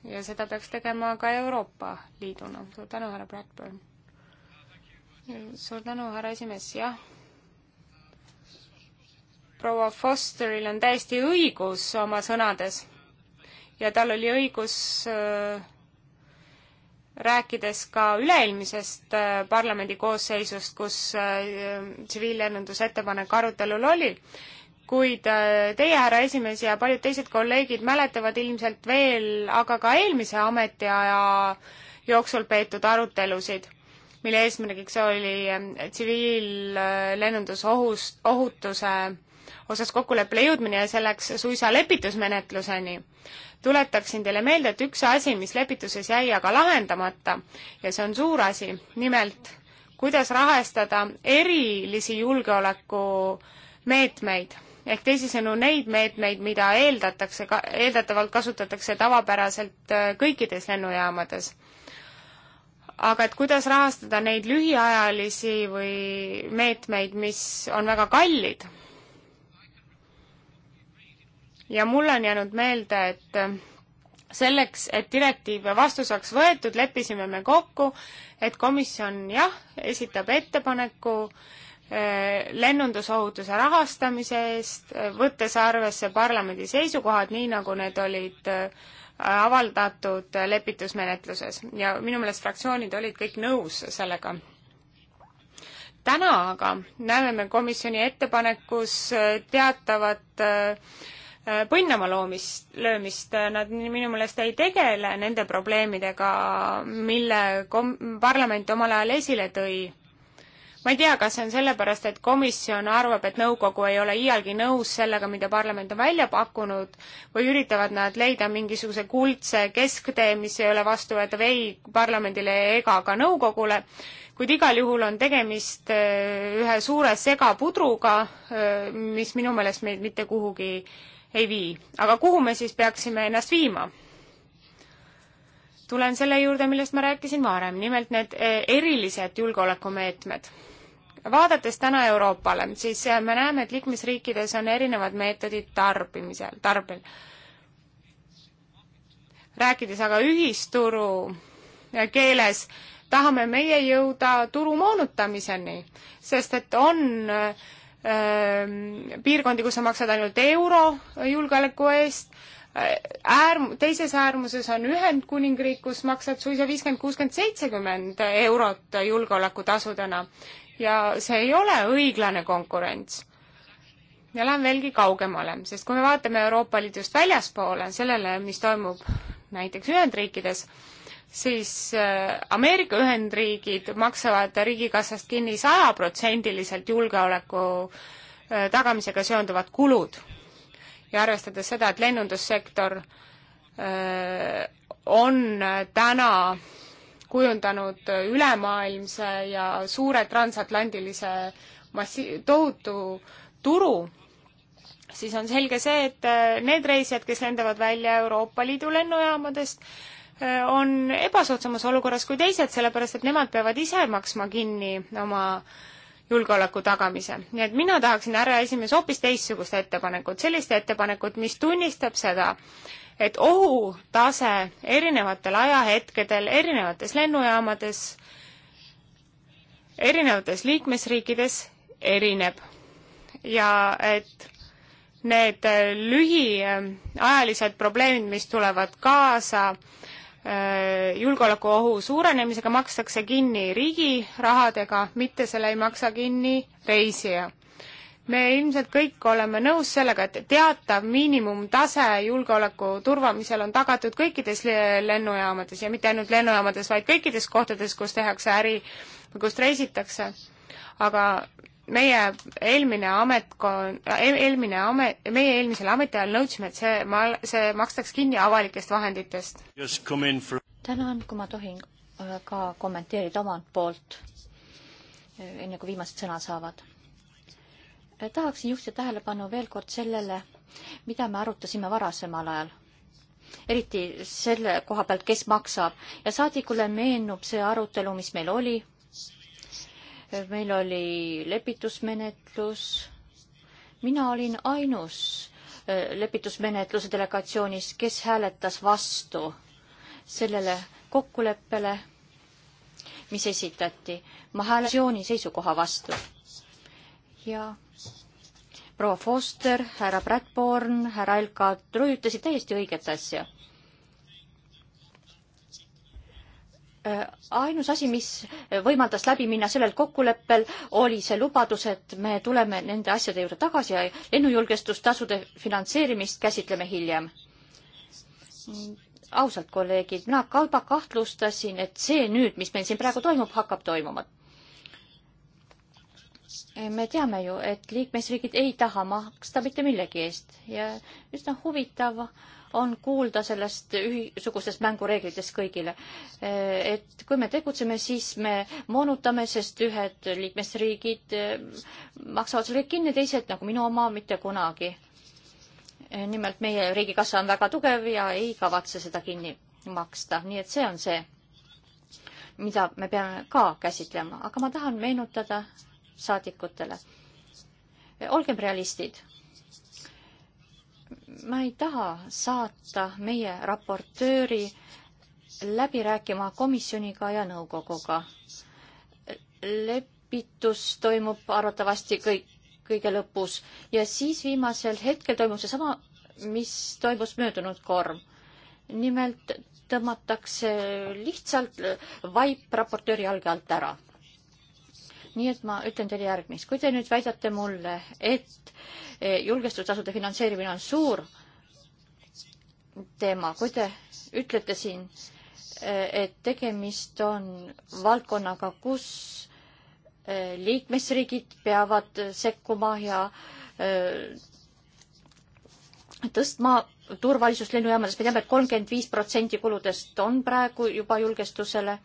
ja seda peaks tegema ka Euroopa Liiduna. suur tänu, härra Bradburn. suur tänu, härra esimees, jah. proua Fosteril on täiesti õigus oma sõnades ja tal oli õigus äh, rääkides ka üle-eelmisest äh, parlamendi koosseisust, kus äh, tsiviillennundusettepanek arutelul oli, kuid äh, teie, härra esimees, ja paljud teised kolleegid mäletavad ilmselt veel, aga ka eelmise ametiaja jooksul peetud arutelusid, mille eesmärgiks oli tsiviillennundusohust, ohutuse osas kokkuleppele jõudmine ja selleks suisa lepitusmenetluseni. tuletaksin teile meelde, et üks asi, mis lepituses jäi aga lahendamata ja see on suur asi, nimelt kuidas rahastada erilisi julgeolekumeetmeid ehk teisisõnu neid meetmeid, mida eeldatakse, eeldatavalt kasutatakse tavapäraselt äh, kõikides lennujaamades. aga et kuidas rahastada neid lühiajalisi või meetmeid, mis on väga kallid ja mulle on jäänud meelde, et äh, selleks, et direktiiv vastu saaks võetud, leppisime me kokku, et komisjon jah, esitab ettepaneku äh, lennundusohutuse rahastamise eest, äh, võttes arvesse parlamendi seisukohad, nii nagu need olid avaldatud lepitusmenetluses ja minu meelest fraktsioonid olid kõik nõus sellega. täna aga näeme me komisjoni ettepanekus teatavat äh, Äh, põnnama loomist, löömist, äh, nad minu meelest ei tegele nende probleemidega, mille kom-, parlament omal ajal esile tõi. ma ei tea, kas see on sellepärast, et komisjon arvab, et nõukogu ei ole iialgi nõus sellega, mida parlament on välja pakkunud, või üritavad nad leida mingisuguse kuldse kesktee, mis ei ole vastuvõetav ei parlamendile ega ka nõukogule, kuid igal juhul on tegemist äh, ühe suure segapudruga, mis minu meelest meid mitte kuhugi ei vii. aga kuhu me siis peaksime ennast viima? tulen selle juurde, millest ma rääkisin varem, nimelt need eh, erilised julgeolekumeetmed. vaadates täna Euroopale, siis eh, me näeme, et liikmesriikides on erinevad meetodid tarbimisel, tarbil. rääkides aga ühisturu eh, keeles, tahame meie jõuda turu moonutamiseni, sest et on äh, Ehm, piirkondi, kus sa maksad ainult euro julgeoleku eest, äh, äärm-, teises äärmuses on Ühendkuningriik, kus maksad suisa viiskümmend, kuuskümmend, seitsekümmend eurot julgeolekutasudena. ja see ei ole õiglane konkurents. ja lähen veelgi kaugemale, sest kui me vaatame Euroopa Liidust väljaspoole, sellele, mis toimub näiteks Ühendriikides, siis äh, Ameerika Ühendriigid maksavad riigikassast kinni sajaprotsendiliselt julgeoleku äh, tagamisega seonduvad kulud. ja arvestades seda, et lennundussektor äh, on täna kujundanud ülemaailmse ja suure transatlantilise massi-, tohutu turu, siis on selge see, et need reisijad, kes lendavad välja Euroopa Liidu lennujaamadest, Äh, on ebasoodsamas olukorras kui teised, sellepärast et nemad peavad ise maksma kinni oma julgeoleku tagamise. nii et mina tahaksin, härra esimees, hoopis teistsugust ettepanekut, sellist ettepanekut, mis tunnistab seda, et ohutase erinevatel ajahetkedel, erinevates lennujaamades, erinevates liikmesriikides erineb ja et need lühiajalised probleemid, mis tulevad kaasa äh, Äh, julgeolekuohu suurenemisega makstakse kinni riigi rahadega, mitte selle ei maksa kinni reisija. me ilmselt kõik oleme nõus sellega, et teatav miinimumtase julgeoleku turvamisel on tagatud kõikides lennujaamades ja mitte ainult lennujaamades, vaid kõikides kohtades, kus tehakse äri, kust reisitakse. aga meie eelmine ametkon-, eelmine amet, meie eelmisel ametiajal nõudsime, et see ma-, see makstaks kinni avalikest vahenditest. tänan, kui ma tohin äh, ka kommenteerida omalt poolt, äh, enne kui viimased sõna saavad. Äh, tahaksin juhtida tähelepanu veel kord sellele, mida me arutasime varasemal ajal eriti selle koha pealt, kes maksab ja saadikule meenub see arutelu, mis meil oli meil oli lepitusmenetlus. mina olin ainus äh, lepitusmenetluse delegatsioonis, kes hääletas vastu sellele kokkuleppele, mis esitati. ma hääletasin seisukoha vastu. ja proua Foster, härra Bradborn, härra Elka Truu ütlesid täiesti õiget asja ainus asi, mis võimaldas läbi minna sellel kokkuleppel, oli see lubadus, et me tuleme nende asjade juurde tagasi ja lennujulgestustasude finantseerimist käsitleme hiljem. ausalt, kolleegid, mina ka juba kahtlustasin, et see nüüd, mis meil siin praegu toimub, hakkab toimuma. me teame ju, et liikmesriigid ei taha maksta mitte millegi eest ja üsna huvitav on kuulda sellest ühisugustest mängureeglitest kõigile. Eh, et kui me tegutseme, siis me moonutame, sest ühed liikmesriigid eh, maksavad selle kinni, teised nagu minu oma mitte kunagi. Eh, nimelt meie riigikassa on väga tugev ja ei kavatse seda kinni maksta, nii et see on see, mida me peame ka käsitlema, aga ma tahan meenutada saadikutele. olgem realistid ma ei taha saata meie raportööri läbi rääkima komisjoniga ja nõukoguga. lepitus toimub arvatavasti kõik, kõige lõpus ja siis viimasel hetkel toimub seesama, mis toimus möödunud korm. nimelt tõmmatakse lihtsalt vaip raportööri jalge alt ära nii et ma ütlen teile järgmist. kui te nüüd väidate mulle, et eh, julgestustasude finantseerimine on suur teema, kui te ütlete siin, eh, et tegemist on valdkonnaga, kus eh, liikmesriigid peavad sekkuma ja tõstma turvalisust lennujaamades, me teame et, et kolmkümmend viis protsenti kuludest on praegu juba julgestusele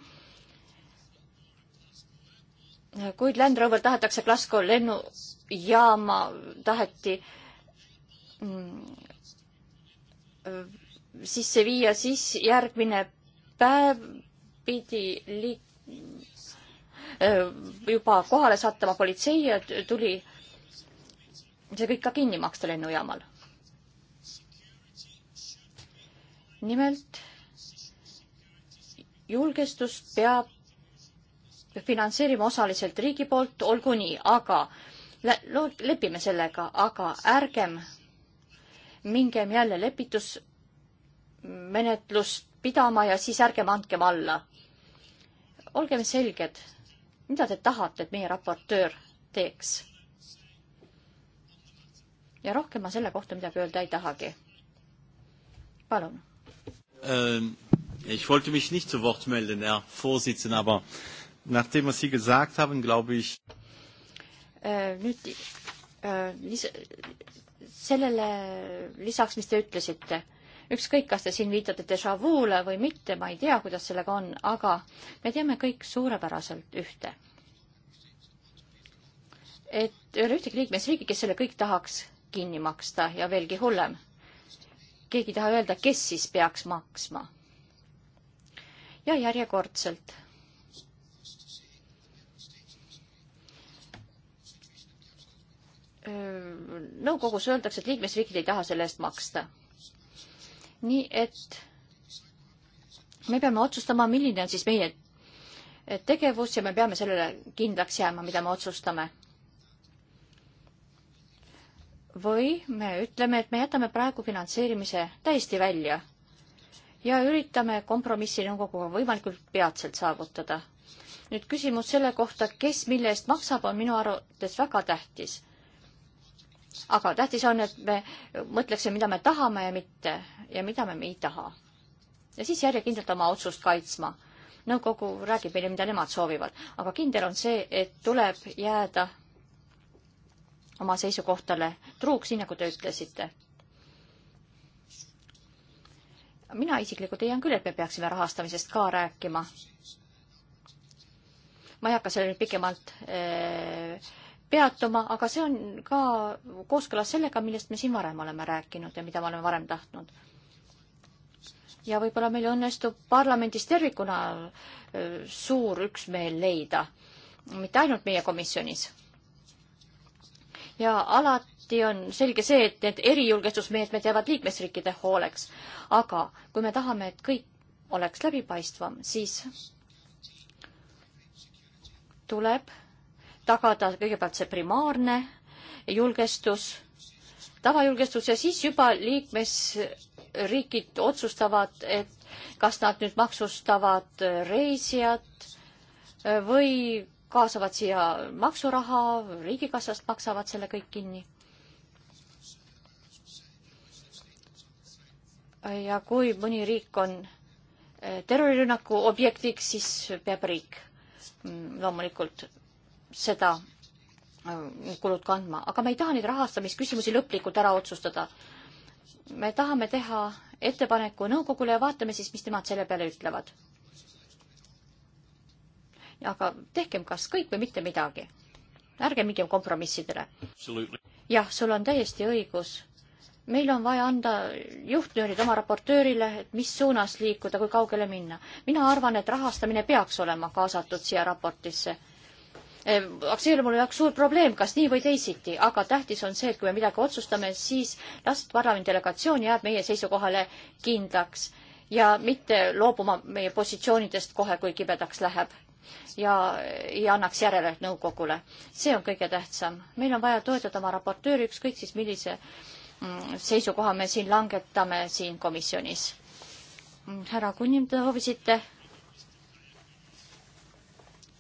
kuid Land Rover tahetakse Glasgow lennujaama, taheti mm, sisse viia, siis järgmine päev pidi liik-, juba kohale sattuma politsei ja tuli see kõik ka kinni maksta lennujaamal. nimelt julgestus peab finantseerima osaliselt riigi poolt, olgu nii, aga lepime sellega, aga ärgem mingem jälle lepitusmenetlust pidama ja siis ärgem andkem alla. olgem selged, mida te tahate, et meie raportöör teeks? ja rohkem ma selle kohta midagi öelda ei tahagi. palun ähm,. Ich wollte mich nicht zu Wort melden, Herr Vorsitzender, aber Nachdem, was Sie gesagt haben, glaube ich. Äh, nüüd äh, lis-, sellele lisaks, mis te ütlesite, ükskõik, kas te siin viitate déjà vu'le või mitte, ma ei tea, kuidas sellega on, aga me teame kõik suurepäraselt ühte. et ei ole ühtegi liikmesriigi, kes selle kõik tahaks kinni maksta ja veelgi hullem, keegi ei taha öelda, kes siis peaks maksma. ja järjekordselt nõukogus öeldakse, et liikmesriigid ei taha selle eest maksta. nii et me peame otsustama, milline on siis meie tegevus ja me peame sellele kindlaks jääma, mida me otsustame. või me ütleme, et me jätame praegu finantseerimise täiesti välja ja üritame kompromissi nõukoguga võimalikult peatselt saavutada. nüüd küsimus selle kohta, kes mille eest maksab, on minu arvates väga tähtis aga tähtis on, et me mõtleksime, mida me tahame ja mitte ja mida me ei taha. ja siis järjekindlalt oma otsust kaitsma. nõukogu räägib meile, mida nemad soovivad, aga kindel on see, et tuleb jääda oma seisukohtale truuks, nii nagu te ütlesite. mina isiklikult leian küll, et me peaksime rahastamisest ka rääkima. ma ei hakka selle nüüd pikemalt äh, peatuma, aga see on ka kooskõlas sellega, millest me siin varem oleme rääkinud ja mida me oleme varem tahtnud. ja võib-olla meil õnnestub parlamendis tervikuna suur üksmeel leida, mitte ainult meie komisjonis. ja alati on selge see, et need erijulgestusmeetmed jäävad liikmesriikide hooleks, aga kui me tahame, et kõik oleks läbipaistvam, siis tuleb tagada kõigepealt see primaarne julgestus, tavajulgestus ja siis juba liikmesriigid otsustavad, et kas nad nüüd maksustavad reisijad või kaasavad siia maksuraha, riigikassast maksavad selle kõik kinni. ja kui mõni riik on terrorirünnaku objektiks, siis peab riik loomulikult seda äh, kulud kandma, aga me ei taha neid rahastamisküsimusi lõplikult ära otsustada. me tahame teha ettepaneku nõukogule ja vaatame siis, mis nemad selle peale ütlevad. aga tehkem kas kõik või mitte midagi. ärge mingem kompromissidele. jah, sul on täiesti õigus. meil on vaja anda juhtnöörid oma raportöörile, et mis suunas liikuda, kui kaugele minna. mina arvan, et rahastamine peaks olema kaasatud siia raportisse aga see ei ole minu jaoks suur probleem, kas nii või teisiti, aga tähtis on see, et kui me midagi otsustame, siis las parlamendi delegatsioon jääb meie seisukohale kindlaks ja mitte loobuma meie positsioonidest kohe, kui kibedaks läheb ja ei annaks järele nõukogule. see on kõige tähtsam. meil on vaja toetada oma raportööri, ükskõik siis millise mm, seisukoha me siin langetame siin komisjonis. Mm, härra Kunnim, te hoovisite?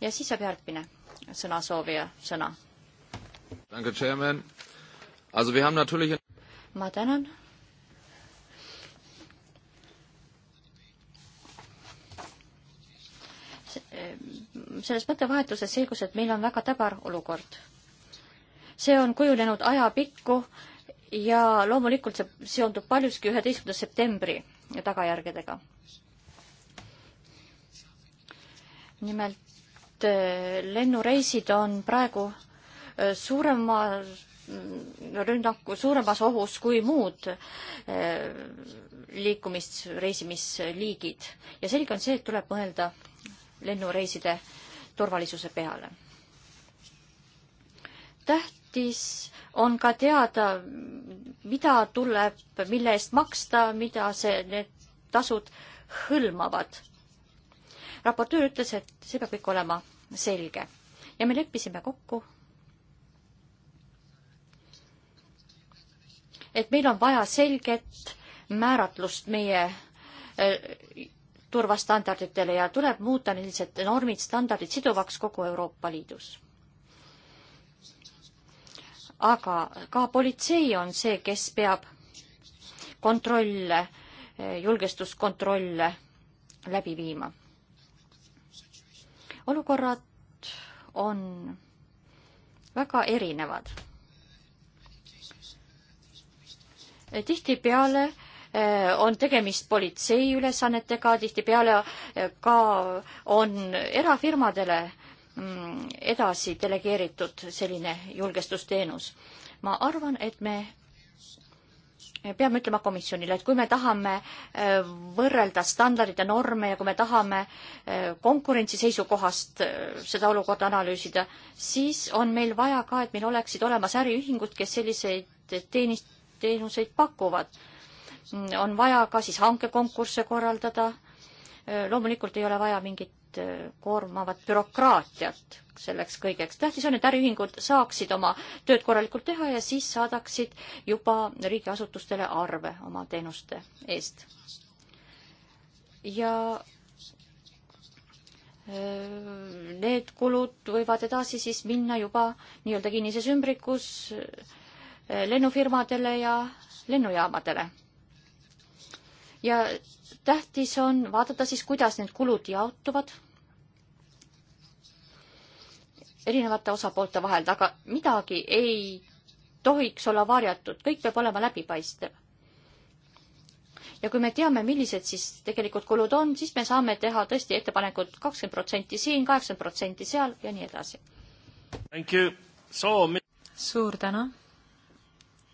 ja siis saab järgmine sõnasoovija sõna. ma tänan. selles mõttevahetuses selgus, et meil on väga täbar olukord. see on kujunenud ajapikku ja loomulikult see seondub paljuski üheteistkümnenda septembri tagajärgedega. nimelt et eh, lennureisid on praegu eh, suurema mm, rünnaku, suuremas ohus kui muud eh, liikumis, reisimisliigid. ja selge on see, et tuleb mõelda lennureiside turvalisuse peale. tähtis on ka teada, mida tuleb, mille eest maksta, mida see, need tasud hõlmavad. raportöör ütles, et see peab kõik olema selge. ja me leppisime kokku, et meil on vaja selget määratlust meie äh, turvastandarditele ja tuleb muuta niisugused normid, standardid siduvaks kogu Euroopa Liidus. aga ka politsei on see, kes peab kontrolle, äh, julgestuskontrolle läbi viima olukorrad on väga erinevad. tihtipeale eh, on tegemist politsei ülesannetega, tihtipeale eh, ka on erafirmadele mm, edasi delegeeritud selline julgestusteenus. ma arvan, et me peame ütlema komisjonile, et kui me tahame äh, võrrelda standardid ja norme ja kui me tahame äh, konkurentsi seisukohast äh, seda olukorda analüüsida, siis on meil vaja ka, et meil oleksid olemas äriühingud, kes selliseid teenis-, teenuseid pakuvad. Mm, on vaja ka siis hankekonkursse korraldada. loomulikult ei ole vaja mingit Äh, koormavat bürokraatiat selleks kõigeks. tähtis on, et äriühingud saaksid oma tööd korralikult teha ja siis saadaksid juba riigiasutustele arve oma teenuste eest. ja äh, need kulud võivad edasi siis minna juba nii-öelda kinnises ümbrikus äh, lennufirmadele ja lennujaamadele. ja tähtis on vaadata siis, kuidas need kulud jaotuvad erinevate osapoolte vahel, aga midagi ei tohiks olla varjatud, kõik peab olema läbipaistev. ja kui me teame, millised siis tegelikult kulud on, siis me saame teha tõesti ettepanekud kakskümmend protsenti siin, kaheksakümmend protsenti seal ja nii edasi. suur tänu.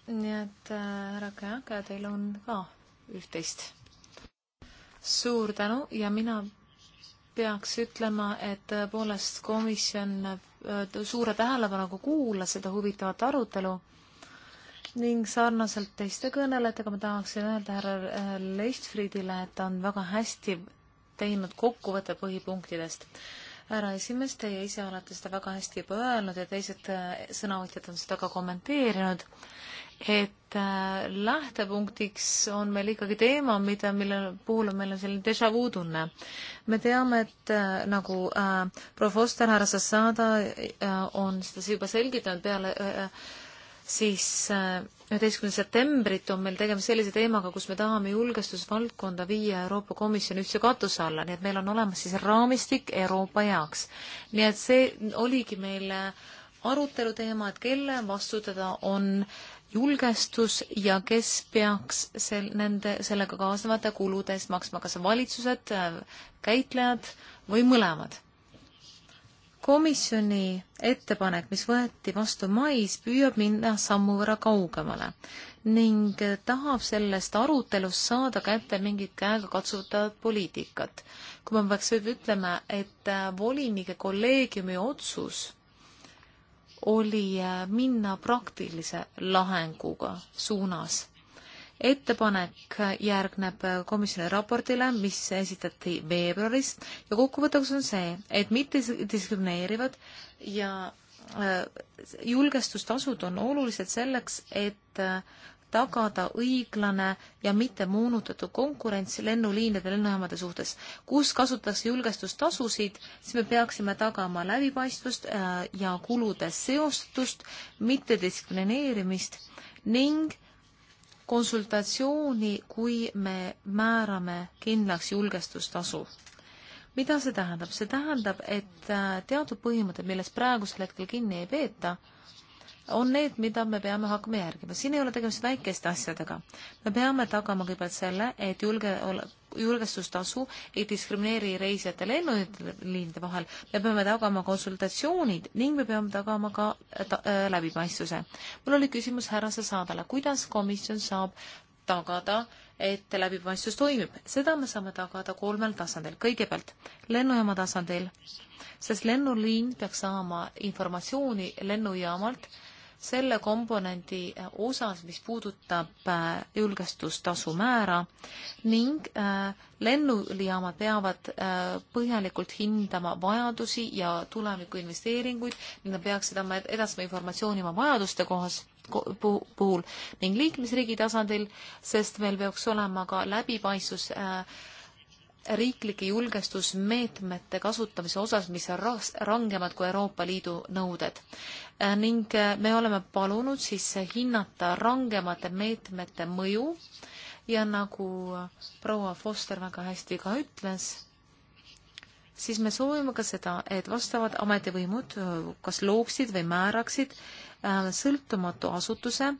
nii et äh, härra Kajaka, teil on ka üht-teist. suur tänu ja mina peaks ütlema, et tõepoolest komisjon suure tähelepanuga kuulas seda huvitavat arutelu ning sarnaselt teiste kõnelejatega ma tahaksin öelda härra äh, Leistfriedile, et ta on väga hästi teinud kokkuvõtte põhipunktidest härra esimees, teie ise olete seda väga hästi juba öelnud ja teised äh, sõnavõtjad on seda ka kommenteerinud, et äh, lähtepunktiks on meil ikkagi teema, mida, mille puhul on meil on selline déjà vu tunne. me teame, et äh, nagu äh, proua Foster, härra Sassada äh, on seda juba selgitanud peale äh, siis äh, üheteistkümnendat septembrit on meil tegemist sellise teemaga, kus me tahame julgestusvaldkonda viia Euroopa Komisjoni ühtse katuse alla, nii et meil on olemas siis raamistik Euroopa heaks. nii et see oligi meil arutelu teema, et kelle vastutada on julgestus ja kes peaks sel-, nende, sellega kaasnevate kulude eest maksma, kas valitsused, äh, käitlejad või mõlemad komisjoni ettepanek, mis võeti vastu mais, püüab minna sammu võrra kaugemale ning tahab sellest arutelust saada kätte mingit käegakatsutavat poliitikat. kui ma peaks nüüd ütlema, et äh, volinike kolleegiumi otsus oli äh, minna praktilise lahenguga suunas ettepanek järgneb komisjoni raportile, mis esitati veebruaris ja kokkuvõtteks on see, et mitte diskrimineerivad ja äh, julgestustasud on olulised selleks, et äh, tagada õiglane ja mitte moonutatud konkurents lennuliinide, lennujaamade suhtes. kus kasutatakse julgestustasusid, siis me peaksime tagama läbipaistvust äh, ja kulude seostust, mitte diskrimineerimist ning äh, konsultatsiooni, kui me määrame kindlaks julgestustasu. mida see tähendab? see tähendab, et äh, teatud põhimõtted, millest praegusel hetkel kinni ei peeta, on need, mida me peame hakkama järgima. siin ei ole tegemist väikeste asjadega. me peame tagama kõigepealt selle, et julge, julgestustasu ei diskrimineeri reisijate lennuliinide vahel. me peame tagama konsultatsioonid ning me peame tagama ka ta, äh, läbipaistvuse. mul oli küsimus härra Sasadale, kuidas komisjon saab tagada, et läbipaistvus toimib. seda me saame tagada kolmel tasandil. kõigepealt lennujaama tasandil, sest lennuliin peaks saama informatsiooni lennujaamalt äh, selle komponendi äh, osas, mis puudutab äh, julgestustasu määra ning äh, lennujaamad peavad põhjalikult hindama vajadusi ja tuleviku investeeringuid ning nad peaksid edastama informatsiooni oma vajaduste kohas puhul ning liikmesriigi tasandil, sest meil peaks olema ka läbipaistvus äh, riiklike julgestusmeetmete kasutamise osas, mis on rangemad kui Euroopa Liidu nõuded. Äh, ning äh, me oleme palunud siis hinnata rangemate meetmete mõju ja nagu äh, proua Foster väga hästi ka ütles, siis me soovime ka seda, et vastavad ametivõimud kas looksid või määraksid sõltumatu asutuse,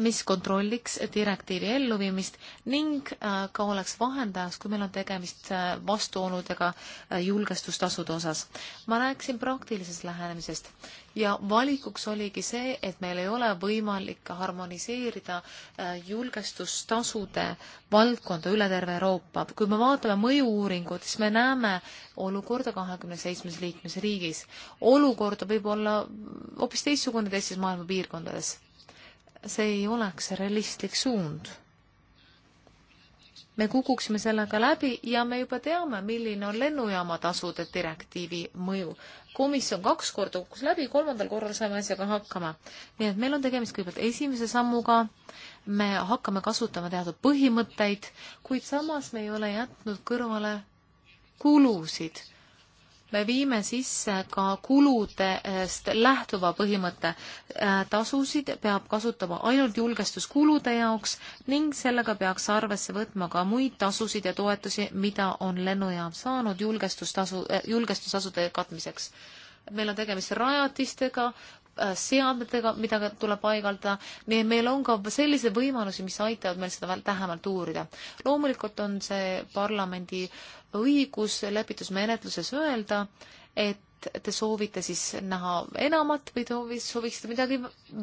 mis kontrolliks direktiivi elluviimist ning äh, ka oleks vahendajaks, kui meil on tegemist äh, vastuoludega äh, julgestustasude osas. ma rääkisin praktilisest lähenemisest ja valikuks oligi see, et meil ei ole võimalik harmoniseerida julgestustasude valdkonda üle terve Euroopa. kui me vaatame mõju-uuringut, siis me näeme olukorda kahekümne seitsmes liikmesriigis. olukord võib olla hoopis teistsugune teistes maailma piirkondades see ei oleks realistlik suund. me kukuksime sellega läbi ja me juba teame, milline on lennujaama tasude direktiivi mõju. komisjon kaks korda kukkus läbi, kolmandal korral saime asjaga hakkama. nii et meil on tegemist kõigepealt esimese sammuga, me hakkame kasutama teatud põhimõtteid, kuid samas me ei ole jätnud kõrvale kulusid me viime sisse ka kuludest lähtuva põhimõtte. Äh, tasusid peab kasutama ainult julgestuskulude jaoks ning sellega peaks arvesse võtma ka muid tasusid ja toetusi, mida on lennujaam saanud julgestustasu, äh, julgestusasude katmiseks. meil on tegemist rajatistega, äh, seadmetega, mida tuleb paigaldada, nii et meil on ka selliseid võimalusi, mis aitavad meil seda tähemalt uurida. loomulikult on see parlamendi äh, õigus lepitusmenetluses öelda, et te soovite siis näha enamat või soovi, sooviksite midagi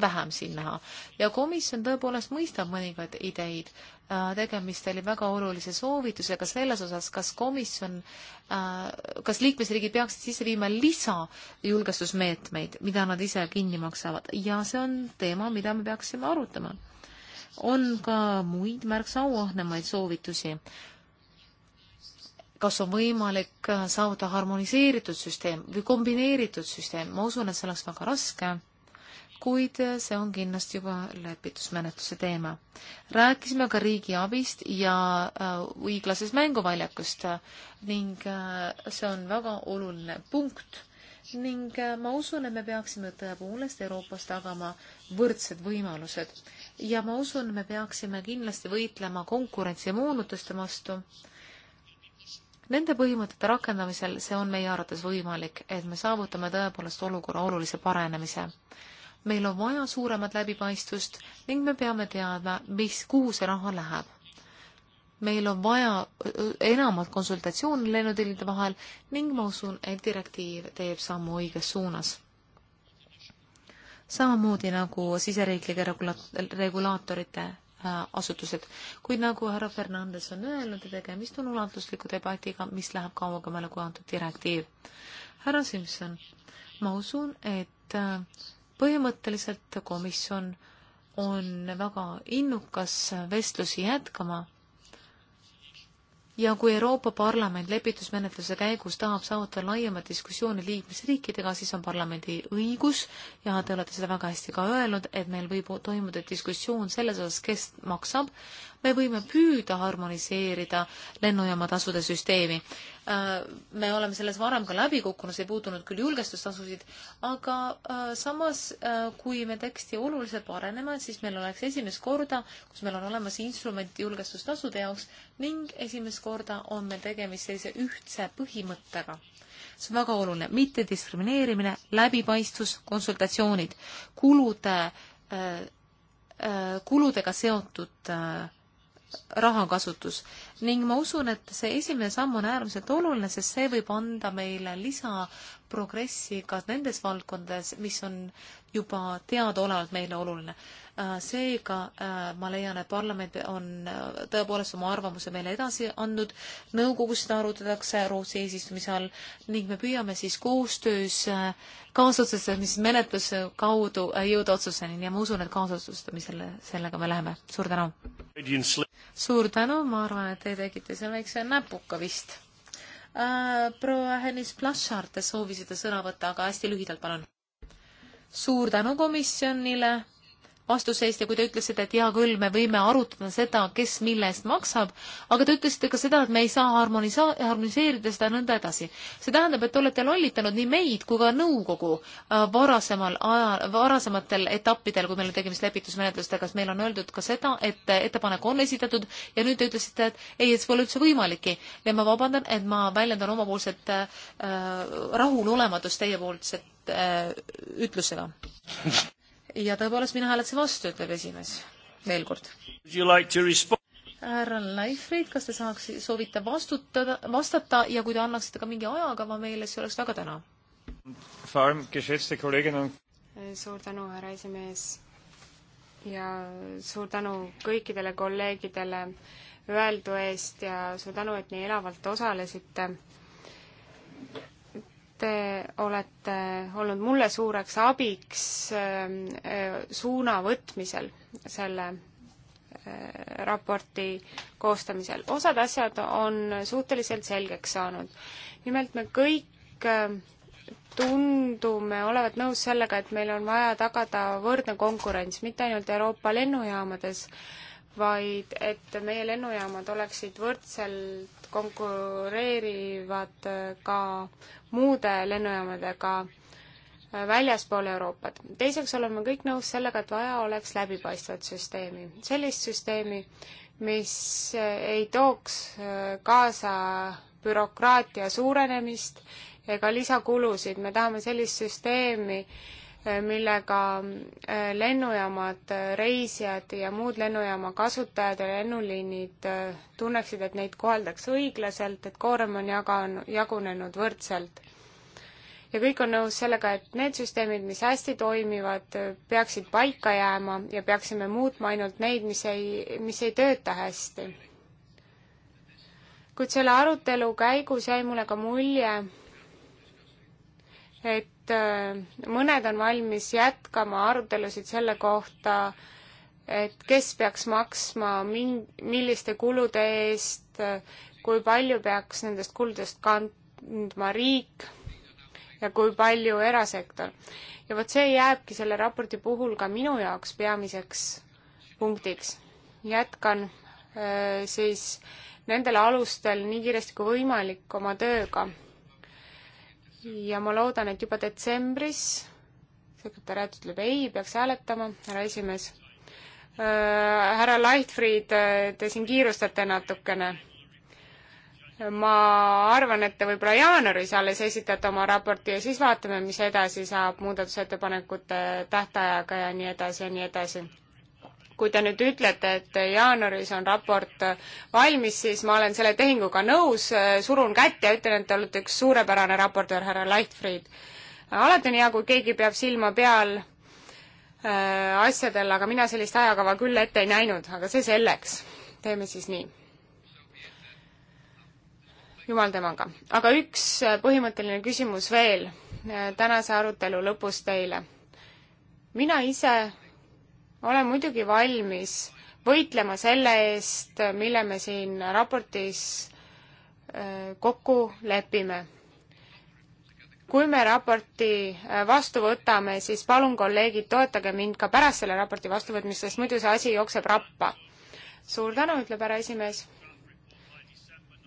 vähem siin näha. ja komisjon tõepoolest mõistab mõningaid ideid. Äh, tegemist oli väga olulise soovitusega selles osas, kas komisjon, äh, kas liikmesriigid peaksid sisse viima lisajulgestusmeetmeid, mida nad ise kinni maksavad ja see on teema, mida me peaksime arutama. on ka muid märksa auahnemaid soovitusi kas on võimalik äh, saavutada harmoniseeritud süsteem või kombineeritud süsteem, ma usun, et see oleks väga raske, kuid äh, see on kindlasti juba lepitusmenetluse teema. rääkisime ka riigiabist ja äh, õiglasest mänguväljakust ning see on väga oluline punkt ning ma usun, et me peaksime tõepoolest Euroopas tagama võrdsed võimalused ja ma usun, me peaksime kindlasti võitlema konkurentsimoonutuste vastu äh, Nende põhimõtete rakendamisel see on meie arvates võimalik, et me saavutame tõepoolest olukorra olulise paranemise. meil on vaja suuremat läbipaistvust ning me peame teadma, mis, kuhu see raha läheb. meil on vaja enamat konsultatsiooni lennutillide vahel ning ma usun, et direktiiv teeb sammu õiges suunas. samamoodi nagu siseriiklike regula-, regulaatorite Äh, asutused. kuid nagu härra Fernandes on öelnud, tegemist on ulatusliku debatiga, mis läheb kaugemale kui antud direktiiv. härra Simson, ma usun, et äh, põhimõtteliselt komisjon on väga innukas vestlusi jätkama ja kui Euroopa Parlament lepitusmenetluse käigus tahab saavutada laiemat diskussiooni liikmesriikidega, siis on parlamendi õigus ja te olete seda väga hästi ka öelnud, et meil võib toimuda diskussioon selles osas, kes maksab, me võime püüda harmoniseerida lennujaamatasude süsteemi. Äh, me oleme selles varem ka läbi kukkunud, see ei puudunud küll julgestustasusid, aga äh, samas, äh, kui me teksti oluliselt paraneme, siis meil oleks esimest korda, kus meil on olemas instrument julgestustasude jaoks ning esimest korda on meil tegemist sellise ühtse põhimõttega see on väga oluline, mittediskrimineerimine, läbipaistvus, konsultatsioonid, kulude äh, kuludega seotud äh, rahakasutus ning ma usun, et see esimene samm on äärmiselt oluline, sest see võib anda meile lisaprogressi ka nendes valdkondades, mis on juba teadaolevalt meile oluline. Äh, seega äh, ma leian, et parlament on äh, tõepoolest oma arvamuse meile edasi andnud, nõukogus seda arutatakse Rootsi eesistumise all ning me püüame siis koostöös kaasotsustusmenetluse kaudu jõuda otsuseni ja ma usun, et kaasotsustamisele, sellega me läheme. suur tänu! suur tänu, ma arvan, et te tegite seal väikse näpuka vist äh,. proua Hennis Plašar, te soovisite sõna võtta, aga hästi lühidalt, palun. suur tänu komisjonile vastu seista, kui te ütlesite, et hea küll, me võime arutada seda, kes mille eest maksab, aga te ütlesite ka seda, et me ei saa harmonisa-, harmoniseerida seda nõnda edasi. see tähendab, et te olete lollitanud nii meid kui ka nõukogu äh, varasemal ajal, varasematel etappidel, kui meil on tegemist lepitusmenetlustega, sest meil on öeldud ka seda, et ettepanek on esitatud ja nüüd te ütlesite, et ei, et see pole üldse võimalikki. ja ma vabandan, et ma väljendan omapoolset äh, äh rahulolematust teiepoolset äh, ütlusega ja tõepoolest, mina hääletasin vastu, ütleb esimees veel kord. härra Leifrid, kas te saaks, soovite vastutada, vastata ja kui te annaksite ka mingi ajakava meile, siis oleks väga täna. suur tänu, härra esimees ja suur tänu kõikidele kolleegidele öeldu eest ja suur tänu, et nii elavalt osalesite Te olete olnud mulle suureks abiks ähm, äh, suuna võtmisel selle äh, raporti koostamisel. osad asjad on suhteliselt selgeks saanud. nimelt me kõik ähm, tundume olevat nõus sellega, et meil on vaja tagada võrdne konkurents, mitte ainult Euroopa lennujaamades, vaid et meie lennujaamad oleksid võrdselt konkureerivad äh, ka muude lennujaamadega äh, väljaspool Euroopat. teiseks oleme kõik nõus sellega, et vaja oleks läbipaistvat süsteemi, sellist süsteemi, mis äh, ei tooks kaasa bürokraatia suurenemist ega lisakulusid, me tahame sellist süsteemi, millega äh, lennujaamad, äh, reisijad ja muud lennujaama kasutajad ja lennuliinid äh, tunneksid, et neid koheldakse õiglaselt, et koorem on jagan-, jagunenud võrdselt. ja kõik on nõus sellega, et need süsteemid, mis hästi toimivad, peaksid paika jääma ja peaksime muutma ainult neid, mis ei, mis ei tööta hästi. kuid selle arutelu käigus jäi mulle ka mulje, et et äh, mõned on valmis jätkama arutelusid selle kohta, et kes peaks maksma min-, milliste kulude eest, kui palju peaks nendest kuludest kandma riik ja kui palju erasektor. ja vot see jääbki selle raporti puhul ka minu jaoks peamiseks punktiks. jätkan äh, siis nendel alustel nii kiiresti kui võimalik oma tööga ja ma loodan, et juba detsembris sekretäriat ütleb ei, peaks hääletama, härra esimees. Äh, härra Leichtfried, äh, te siin kiirustate natukene. ma arvan, et te võib-olla jaanuaris alles esitate oma raporti ja siis vaatame, mis edasi saab muudatusettepanekute tähtajaga ja nii edasi ja nii edasi kui te nüüd ütlete, et jaanuaris on raport valmis, siis ma olen selle tehinguga nõus, surun kätt ja ütlen, et te olete üks suurepärane raportöör, härra Leichtfried. alati on hea, kui keegi peab silma peal äh, asjadel, aga mina sellist ajakava küll ette ei näinud, aga see selleks. teeme siis nii. jumal temaga. aga üks äh, põhimõtteline küsimus veel äh, tänase arutelu lõpus teile. mina ise olen muidugi valmis võitlema selle eest, mille me siin raportis äh, kokku lepime. kui me raporti äh, vastu võtame, siis palun, kolleegid, toetage mind ka pärast selle raporti vastuvõtmist, sest muidu see asi jookseb rappa. suur tänu, ütleb härra esimees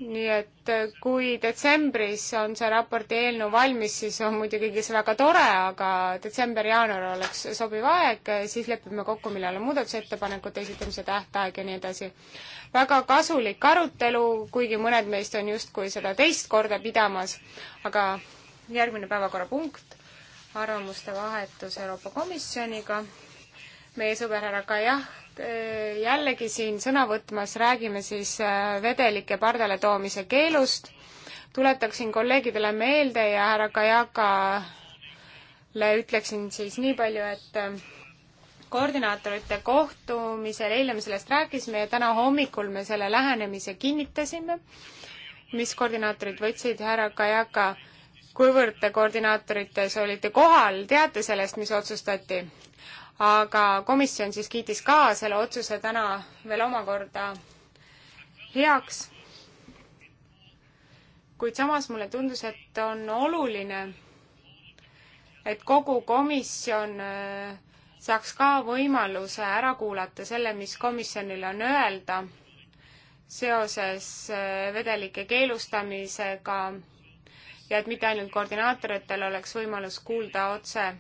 nii et äh, kui detsembris on see raporti eelnõu valmis, siis on muidugi kõik see väga tore, aga detsember-jaanuar oleks sobiv aeg, äh, siis lepime kokku, millal on muudatusettepanekute esitamise tähtaeg ja nii edasi. väga kasulik arutelu, kuigi mõned meist on justkui seda teist korda pidamas, aga järgmine päevakorrapunkt, arvamuste vahetus Euroopa Komisjoniga meie sõber härra Kajah jällegi siin sõna võtmas, räägime siis äh, vedelike pardale toomise keelust. tuletaksin kolleegidele meelde ja härra Kajakale ütleksin siis nii palju, et äh, koordinaatorite kohtumisel, eile me sellest rääkisime ja täna hommikul me selle lähenemise kinnitasime, mis koordinaatorid võtsid, härra Kajaka kuivõrd te koordinaatorites olite kohal, teate sellest, mis otsustati? aga komisjon siis kiitis ka selle otsuse täna veel omakorda heaks. kuid samas mulle tundus, et on oluline, et kogu komisjon äh, saaks ka võimaluse ära kuulata selle, mis komisjonil on öelda seoses äh, vedelike keelustamisega ja et mitte ainult koordinaatoritel oleks võimalus kuulda otse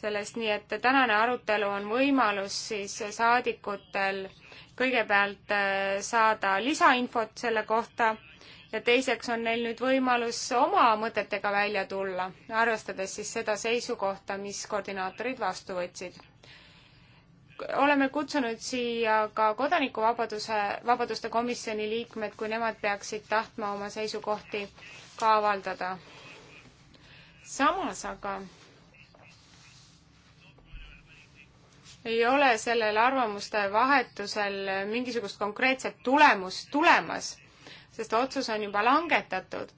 sellest, nii et tänane arutelu on võimalus siis saadikutel kõigepealt äh, saada lisainfot selle kohta ja teiseks on neil nüüd võimalus oma mõtetega välja tulla, arvestades siis seda seisukohta, mis koordinaatorid vastu võtsid. oleme kutsunud siia ka kodanikuvabaduse, vabaduste komisjoni liikmed, kui nemad peaksid tahtma oma seisukohti ka avaldada. samas aga ei ole sellel arvamuste vahetusel mingisugust konkreetset tulemust tulemas, sest otsus on juba langetatud.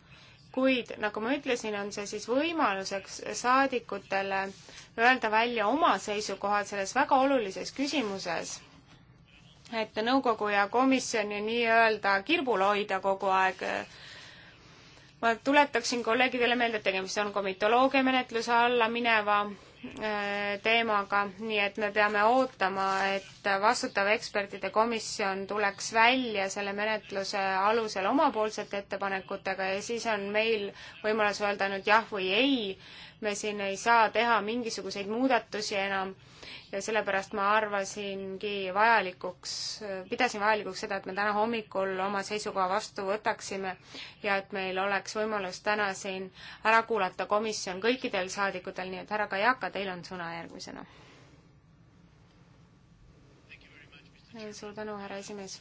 kuid nagu ma ütlesin, on see siis võimaluseks saadikutele öelda välja oma seisukohad selles väga olulises küsimuses, et nõukogu ja komisjoni nii-öelda kirbul hoida kogu aeg ma tuletaksin kolleegidele meelde, et tegemist on komitoloogia menetluse alla mineva Äh, teemaga, nii et me peame ootama, et vastutav ekspertide komisjon tuleks välja selle menetluse alusel omapoolsete ettepanekutega ja siis on meil võimalus öelda nüüd jah või ei. me siin ei saa teha mingisuguseid muudatusi enam ja sellepärast ma arvasingi vajalikuks, pidasin vajalikuks seda, et me täna hommikul oma seisukoha vastu võtaksime ja et meil oleks võimalus täna siin ära kuulata komisjon kõikidel saadikutel, nii et härra Kajaka, teil on sõna järgmisena. suur tänu, härra esimees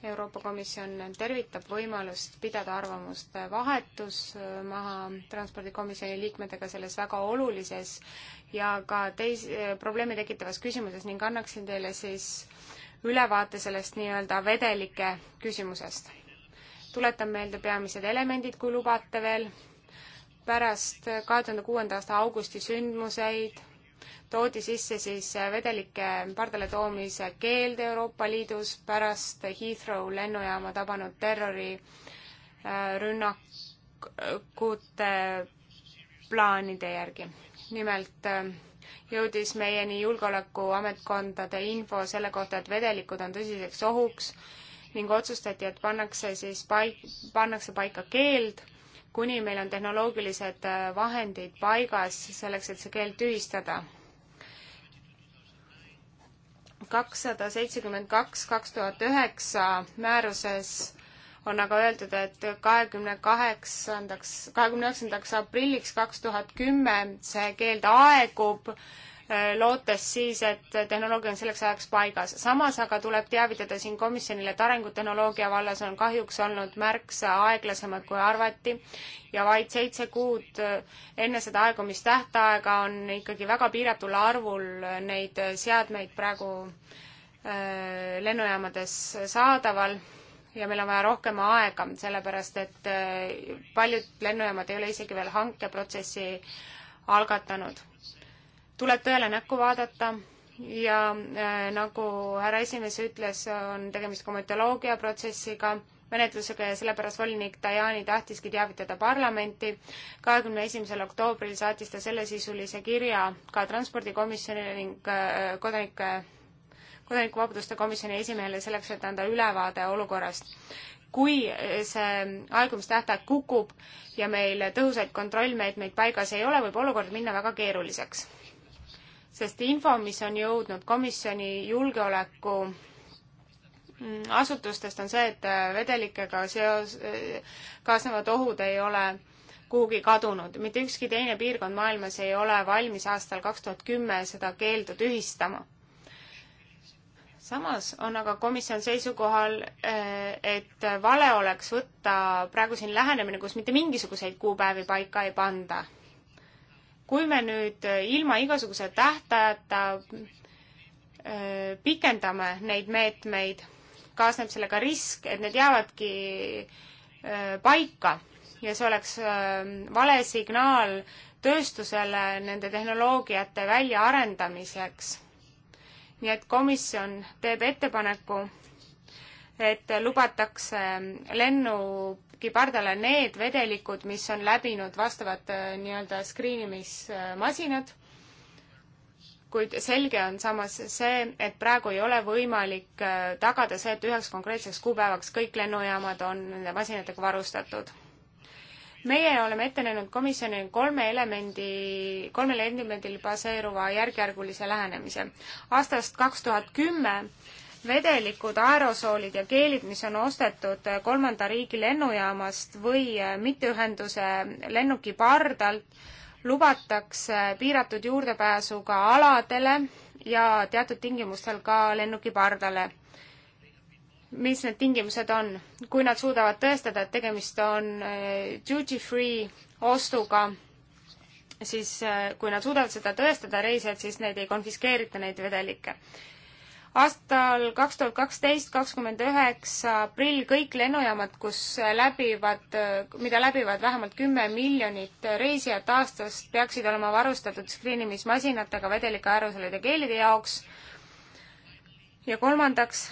Euroopa Komisjon tervitab võimalust pidada arvamuste vahetus maha transpordikomisjoni liikmetega selles väga olulises ja ka teis-, probleeme tekitavas küsimuses ning annaksin teile siis ülevaate sellest nii-öelda vedelike küsimusest. tuletan meelde peamised elemendid, kui lubate veel, pärast kahe tuhande kuuenda aasta augusti sündmuseid toodi sisse siis vedelike pardale toomise keeld Euroopa Liidus pärast Heathrow lennujaama tabanud terrorirünnakute äh, plaanide järgi. nimelt äh, jõudis meieni julgeolekuametkondade info selle kohta, et vedelikud on tõsiseks ohuks ning otsustati, et pannakse siis paik-, pannakse paika keeld, kuni meil on tehnoloogilised äh, vahendid paigas selleks, et see keeld tühistada kakssada seitsekümmend kaks kaks tuhat üheksa määruses on aga öeldud, et kahekümne kaheksandaks, kahekümne üheksandaks aprilliks kaks tuhat kümme see keeld aegub lootes siis, et tehnoloogia on selleks ajaks paigas. samas aga tuleb teavitada siin komisjonile, et arengutehnoloogia vallas on kahjuks olnud märksa aeglasemad, kui arvati ja vaid seitse kuud enne seda aegumistähtaega on ikkagi väga piiratul arvul neid seadmeid praegu äh, lennujaamades saadaval ja meil on vaja rohkem aega, sellepärast et äh, paljud lennujaamad ei ole isegi veel hankeprotsessi algatanud tuleb tõele näkku vaadata ja äh, nagu härra esimees ütles, on tegemist komitoloogia protsessiga, menetlusega ja sellepärast volinik Tajani tahtiski teavitada parlamenti. kahekümne esimesel oktoobril saatis ta sellesisulise kirja ka Transpordikomisjonile ning äh, kodanike, kodanikuvabaduste komisjoni esimehele selleks, et anda ülevaade olukorrast kui äh, see aegumistähtaeg kukub ja meil tõhusaid kontrollmeetmeid paigas ei ole, võib olukord minna väga keeruliseks sest info, mis on jõudnud komisjoni julgeoleku mm, asutustest, on see, et äh, vedelikega seos, äh, kaasnevad ohud ei ole kuhugi kadunud. mitte ükski teine piirkond maailmas ei ole valmis aastal kaks tuhat kümme seda keeldu tühistama. samas on aga komisjon seisukohal, äh, et vale oleks võtta praegu siin lähenemine, kus mitte mingisuguseid kuupäevi paika ei panda kui me nüüd äh, ilma igasuguse tähtajata äh, pikendame neid meetmeid, kaasneb sellega risk, et need jäävadki äh, paika ja see oleks ähm, vale signaal tööstusele nende tehnoloogiate väljaarendamiseks. nii et komisjon teeb ettepaneku, et lubatakse ähm, lennu viidudki pardale need vedelikud, mis on läbinud vastavad äh, nii-öelda skriinimismasinad, kuid selge on samas see, et praegu ei ole võimalik äh, tagada see, et üheks konkreetseks kuupäevaks kõik lennujaamad on nende masinatega varustatud. meie oleme ette näinud komisjoni kolme elemendi, kolmel elemendil baseeruva järkjärgulise lähenemise. aastast kaks tuhat kümme vedelikud, aerosoolid ja keelid, mis on ostetud kolmanda riigi lennujaamast või mitteühenduse lennuki pardalt, lubatakse piiratud juurdepääsuga aladele ja teatud tingimustel ka lennuki pardale. mis need tingimused on? kui nad suudavad tõestada, et tegemist on eh, duty free ostuga, siis eh, kui nad suudavad seda tõestada, reisijad, siis neid ei konfiskeerita, neid vedelikke aastal kaks tuhat kaksteist, kakskümmend üheksa aprill kõik lennujaamad, kus läbivad, mida läbivad vähemalt kümme miljonit reisijat aastas, peaksid olema varustatud skriinimismasinatega vedelike aerosolide keelide jaoks. ja kolmandaks,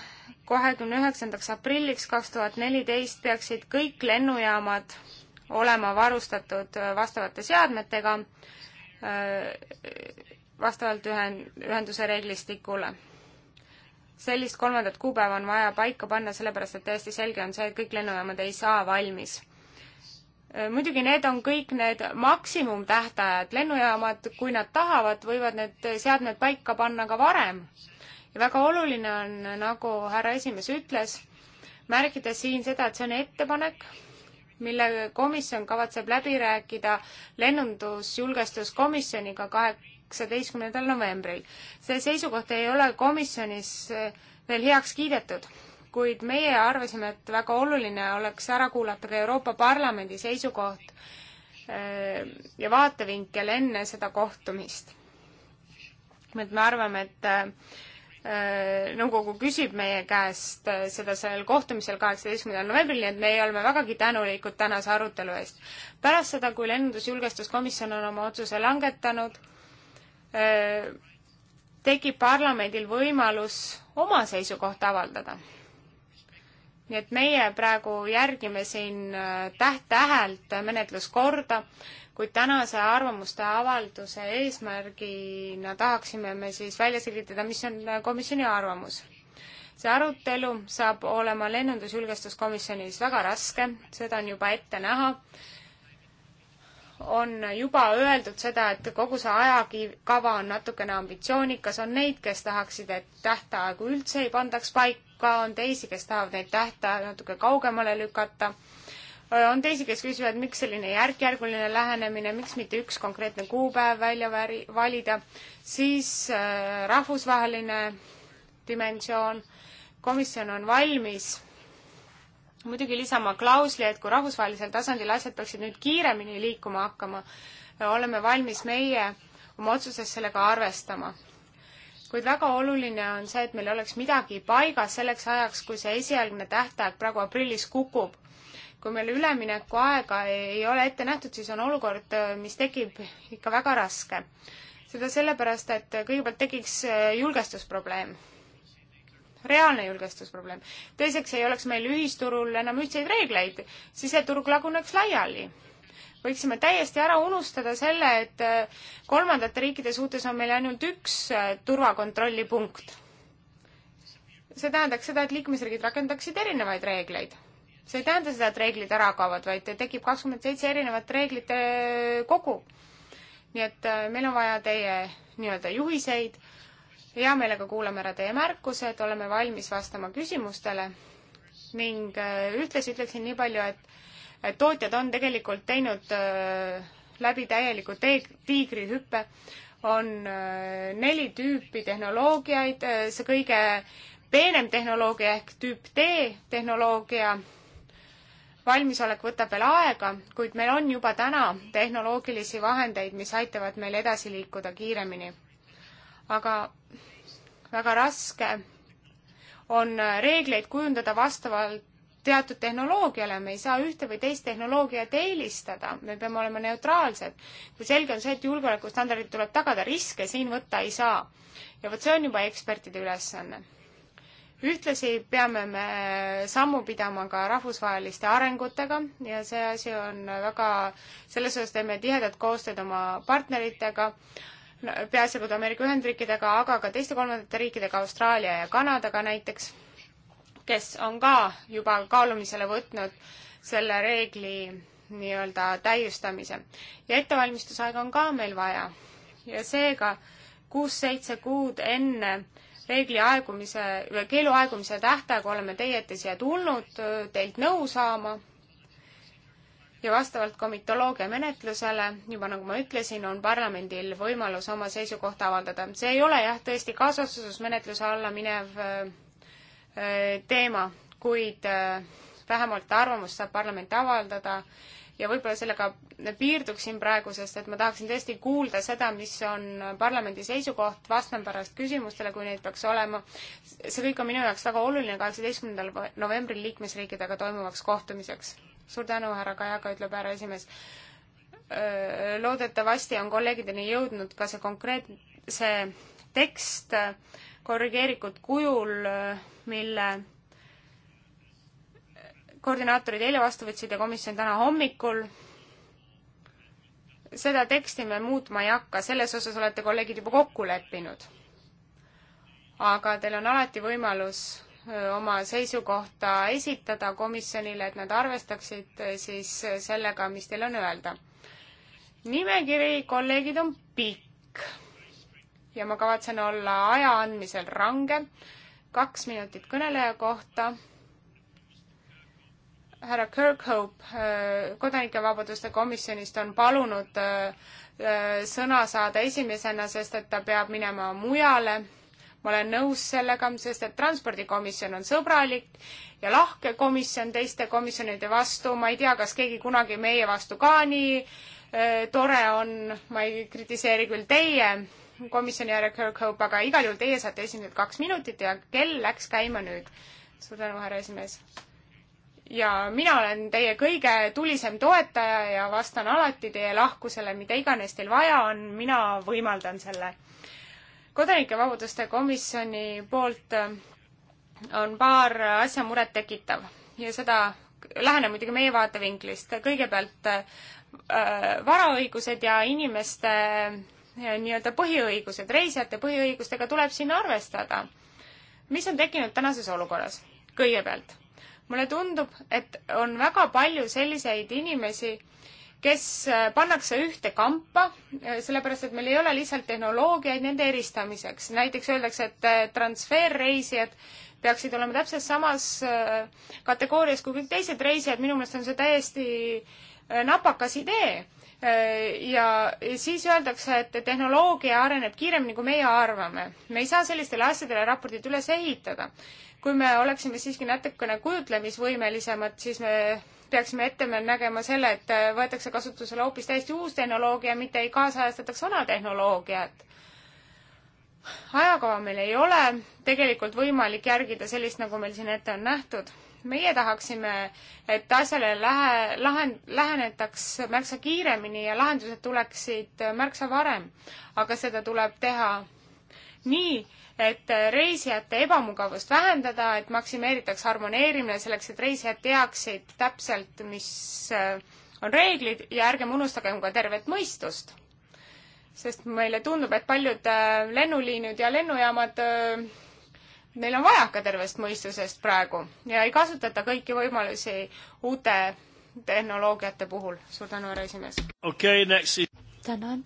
kahekümne üheksandaks aprilliks kaks tuhat neliteist peaksid kõik lennujaamad olema varustatud vastavate seadmetega vastavalt ühen-, ühenduse reeglistikule sellist kolmandat kuupäeva on vaja paika panna, sellepärast et täiesti selge on see, et kõik lennujaamad ei saa valmis. Äh, muidugi need on kõik need maksimumtähtajad, lennujaamad, kui nad tahavad, võivad need seadmed paika panna ka varem. ja väga oluline on, nagu härra esimees ütles, märkida siin seda, et see on ettepanek, mille komisjon kavatseb läbi rääkida lennundusjulgestuskomisjoniga kahe kaheksateistkümnendal novembril. see seisukoht ei ole komisjonis eh, veel heaks kiidetud, kuid meie arvasime, et väga oluline oleks ära kuulata ka Euroopa Parlamendi seisukoht eh, ja vaatevinkel enne seda kohtumist. et me arvame, et eh, nõukogu küsib meie käest seda sellel kohtumisel kaheksateistkümnendal novembril, nii et meie oleme vägagi tänulikud tänase arutelu eest. pärast seda, kui lennundusjulgestuskomisjon on oma otsuse langetanud, Äh, tekib parlamendil võimalus oma seisukohta avaldada. nii et meie praegu järgime siin äh, täht-tähelt menetluskorda, kuid tänase arvamuste avalduse eesmärgina tahaksime me siis välja selgitada, mis on äh, komisjoni arvamus. see arutelu saab olema lennundusjulgestuskomisjonis väga raske, seda on juba ette näha on juba öeldud seda, et kogu see ajakava on natukene ambitsioonikas, on neid, kes tahaksid, et tähtaegu üldse ei pandaks paika, on teisi, kes tahavad neid tähtaegu natuke kaugemale lükata, on teisi, kes küsivad, miks selline järk-järguline lähenemine, miks mitte üks konkreetne kuupäev välja väri, valida, siis äh, rahvusvaheline dimensioon, komisjon on valmis muidugi lisama klausli, et kui rahvusvahelisel tasandil asjad peaksid nüüd kiiremini liikuma hakkama, oleme valmis meie oma otsuses sellega arvestama. kuid väga oluline on see, et meil oleks midagi paigas selleks ajaks, kui see esialgne tähtaeg praegu aprillis kukub. kui meil üleminekuaega ei ole ette nähtud, siis on olukord, mis tekib ikka väga raske. seda sellepärast, et kõigepealt tekiks julgestusprobleem reaalne julgestusprobleem. teiseks ei oleks meil ühisturul enam ühtseid reegleid, siseturg laguneks laiali võiksime täiesti ära unustada selle, et äh, kolmandate riikide suhtes on meil ainult üks äh, turvakontrolli punkt. see tähendaks seda, et liikmesriigid rakendaksid erinevaid reegleid. see ei tähenda seda, et reeglid ära kaovad, vaid tekib kakskümmend seitse erinevat reeglite äh, kogu. nii et meil on vaja teie nii-öelda juhiseid hea meelega kuulame ära teie märkused, oleme valmis vastama küsimustele ning äh, ühtlasi ütleksin nii palju, et tootjad on tegelikult teinud äh, läbi täieliku tiigrihüppe, on äh, neli tüüpi tehnoloogiaid, see kõige peenem tehnoloogia ehk tüüp D tehnoloogia, valmisolek võtab veel aega, kuid meil on juba täna tehnoloogilisi vahendeid, mis aitavad meil edasi liikuda kiiremini. aga väga raske on reegleid kujundada vastavalt teatud tehnoloogiale, me ei saa ühte või teist tehnoloogiat eelistada, me peame olema neutraalsed. kui selge on see, et julgeolekustandardid tuleb tagada, riske siin võtta ei saa. ja vot see on juba ekspertide ülesanne. ühtlasi peame me sammu pidama ka rahvusvaheliste arengutega ja see asi on väga, selles osas teeme tihedat koostööd oma partneritega peaasjalikult Ameerika Ühendriikidega, aga ka teiste kolmandate riikidega, Austraalia ja Kanadaga näiteks, kes on ka juba kaalumisele võtnud selle reegli nii-öelda täiustamise. ja ettevalmistusaega on ka meil vaja. ja seega kuus-seitse kuud enne reegli aegumise või keelu aegumise tähtaega oleme teie ette siia tulnud teilt nõu saama ja vastavalt komitoloogia menetlusele, juba nagu ma ütlesin, on parlamendil võimalus oma seisukohta avaldada. see ei ole jah, tõesti kaasotsustusmenetluse alla minev öö, äh, äh, teema, kuid öö, äh, vähemalt arvamust saab parlament avaldada ja võib-olla sellega piirduksin praegu, sest et ma tahaksin tõesti kuulda seda, mis on parlamendi seisukoht, vastan pärast küsimustele, kui neid peaks olema. see kõik on minu jaoks väga oluline kaheksateistkümnendal novembril liikmesriikidega toimuvaks kohtumiseks suur tänu, härra Kajaga, ütleb härra esimees. loodetavasti on kolleegideni jõudnud ka see konkreetne, see tekst korrigeeritud kujul, mille koordinaatorid eile vastu võtsid ja komisjon täna hommikul. seda teksti me muutma ei hakka, selles osas olete kolleegid juba kokku leppinud. aga teil on alati võimalus oma seisukohta esitada komisjonile, et nad arvestaksid eh, siis eh, sellega, mis teil on öelda. nimekiri, kolleegid, on pikk ja ma kavatsen olla aja andmisel range. kaks minutit kõneleja kohta. härra Kirkhope eh, Kodanikevabaduste komisjonist on palunud sõna saada esimesena, sest et ta peab minema mujale ma olen nõus sellega, sest et transpordikomisjon on sõbralik ja lahke komisjon teiste komisjonide vastu, ma ei tea, kas keegi kunagi meie vastu ka nii tore on, ma ei kritiseeri küll teie komisjoni härra Kirk Hope, aga igal juhul teie saate esimesed kaks minutit ja kell läks käima nüüd. suur tänu, härra esimees. ja mina olen teie kõige tulisem toetaja ja vastan alati teie lahkusele, mida iganes teil vaja on, mina võimaldan selle kodanikevabaduste komisjoni poolt äh, on paar asja murettekitav ja seda lähenen muidugi meie vaatevinklist. kõigepealt äh, varaõigused ja inimeste äh, nii-öelda põhiõigused, reisijate põhiõigustega tuleb siin arvestada. mis on tekkinud tänases olukorras? kõigepealt, mulle tundub, et on väga palju selliseid inimesi, kes äh, pannakse ühte kampa, äh, sellepärast et meil ei ole lihtsalt tehnoloogiaid nende eristamiseks. näiteks öeldakse, et äh, transferreisijad peaksid olema täpselt samas kategoorias kui kõik teised reisijad, minu meelest on see täiesti napakas idee. ja siis öeldakse, et tehnoloogia areneb kiiremini, kui meie arvame. me ei saa sellistele asjadele raportit üles ehitada kui me oleksime siiski natukene kujutlemisvõimelisemad, siis me peaksime ette nägema selle, et võetakse kasutusele hoopis täiesti uus tehnoloogia, mitte ei kaasajastataks vana tehnoloogiat. ajakava meil ei ole tegelikult võimalik järgida sellist, nagu meil siin ette on nähtud. meie tahaksime, et asjale lähe, lahend-, lähenetaks märksa kiiremini ja lahendused tuleksid märksa varem. aga seda tuleb teha nii, et reisijate ebamugavust vähendada, et maksimeeritaks harmoneerimine selleks, et reisijad teaksid täpselt, mis äh, on reeglid ja ärgem unustagem ka tervet mõistust. sest meile tundub, et paljud äh, lennuliinud ja lennujaamad äh, meil on vaja ka tervest mõistusest praegu ja ei kasutata kõiki võimalusi uute tehnoloogiate puhul. suur tänu, härra esimees. okei okay,, next. tänan.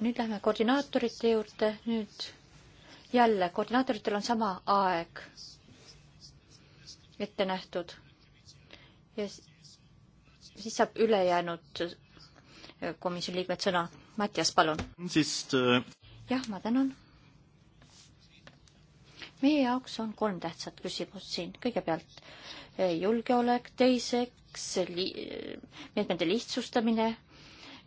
nüüd lähme koordinaatorite juurde, nüüd jälle, koordinaatoritel on sama aeg ette nähtud ja siis saab ülejäänud äh, komisjoni liikmed sõna. Mattias, palun. Äh, jah, ma tänan. meie jaoks on kolm tähtsat küsimust siin. kõigepealt äh, julgeolek, teiseks li meetmete lihtsustamine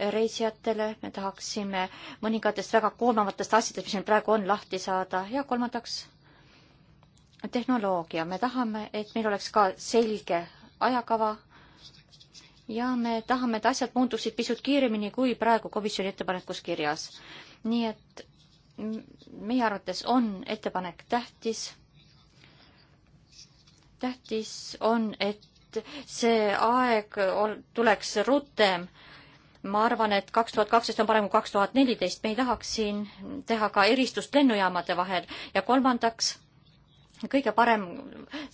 reisijatele, me tahaksime mõningatest väga koormavatest asjadest, mis meil praegu on, lahti saada ja kolmandaks tehnoloogia, me tahame, et meil oleks ka selge ajakava ja me tahame, et asjad muutuksid pisut kiiremini kui praegu komisjoni ettepanekus kirjas. nii et meie arvates on ettepanek tähtis. tähtis on, et see aeg ol, tuleks rutem äh, ma arvan, et kaks tuhat kaksteist on parem kui kaks tuhat neliteist, me ei tahaks siin teha ka eristust lennujaamade vahel ja kolmandaks, kõige parem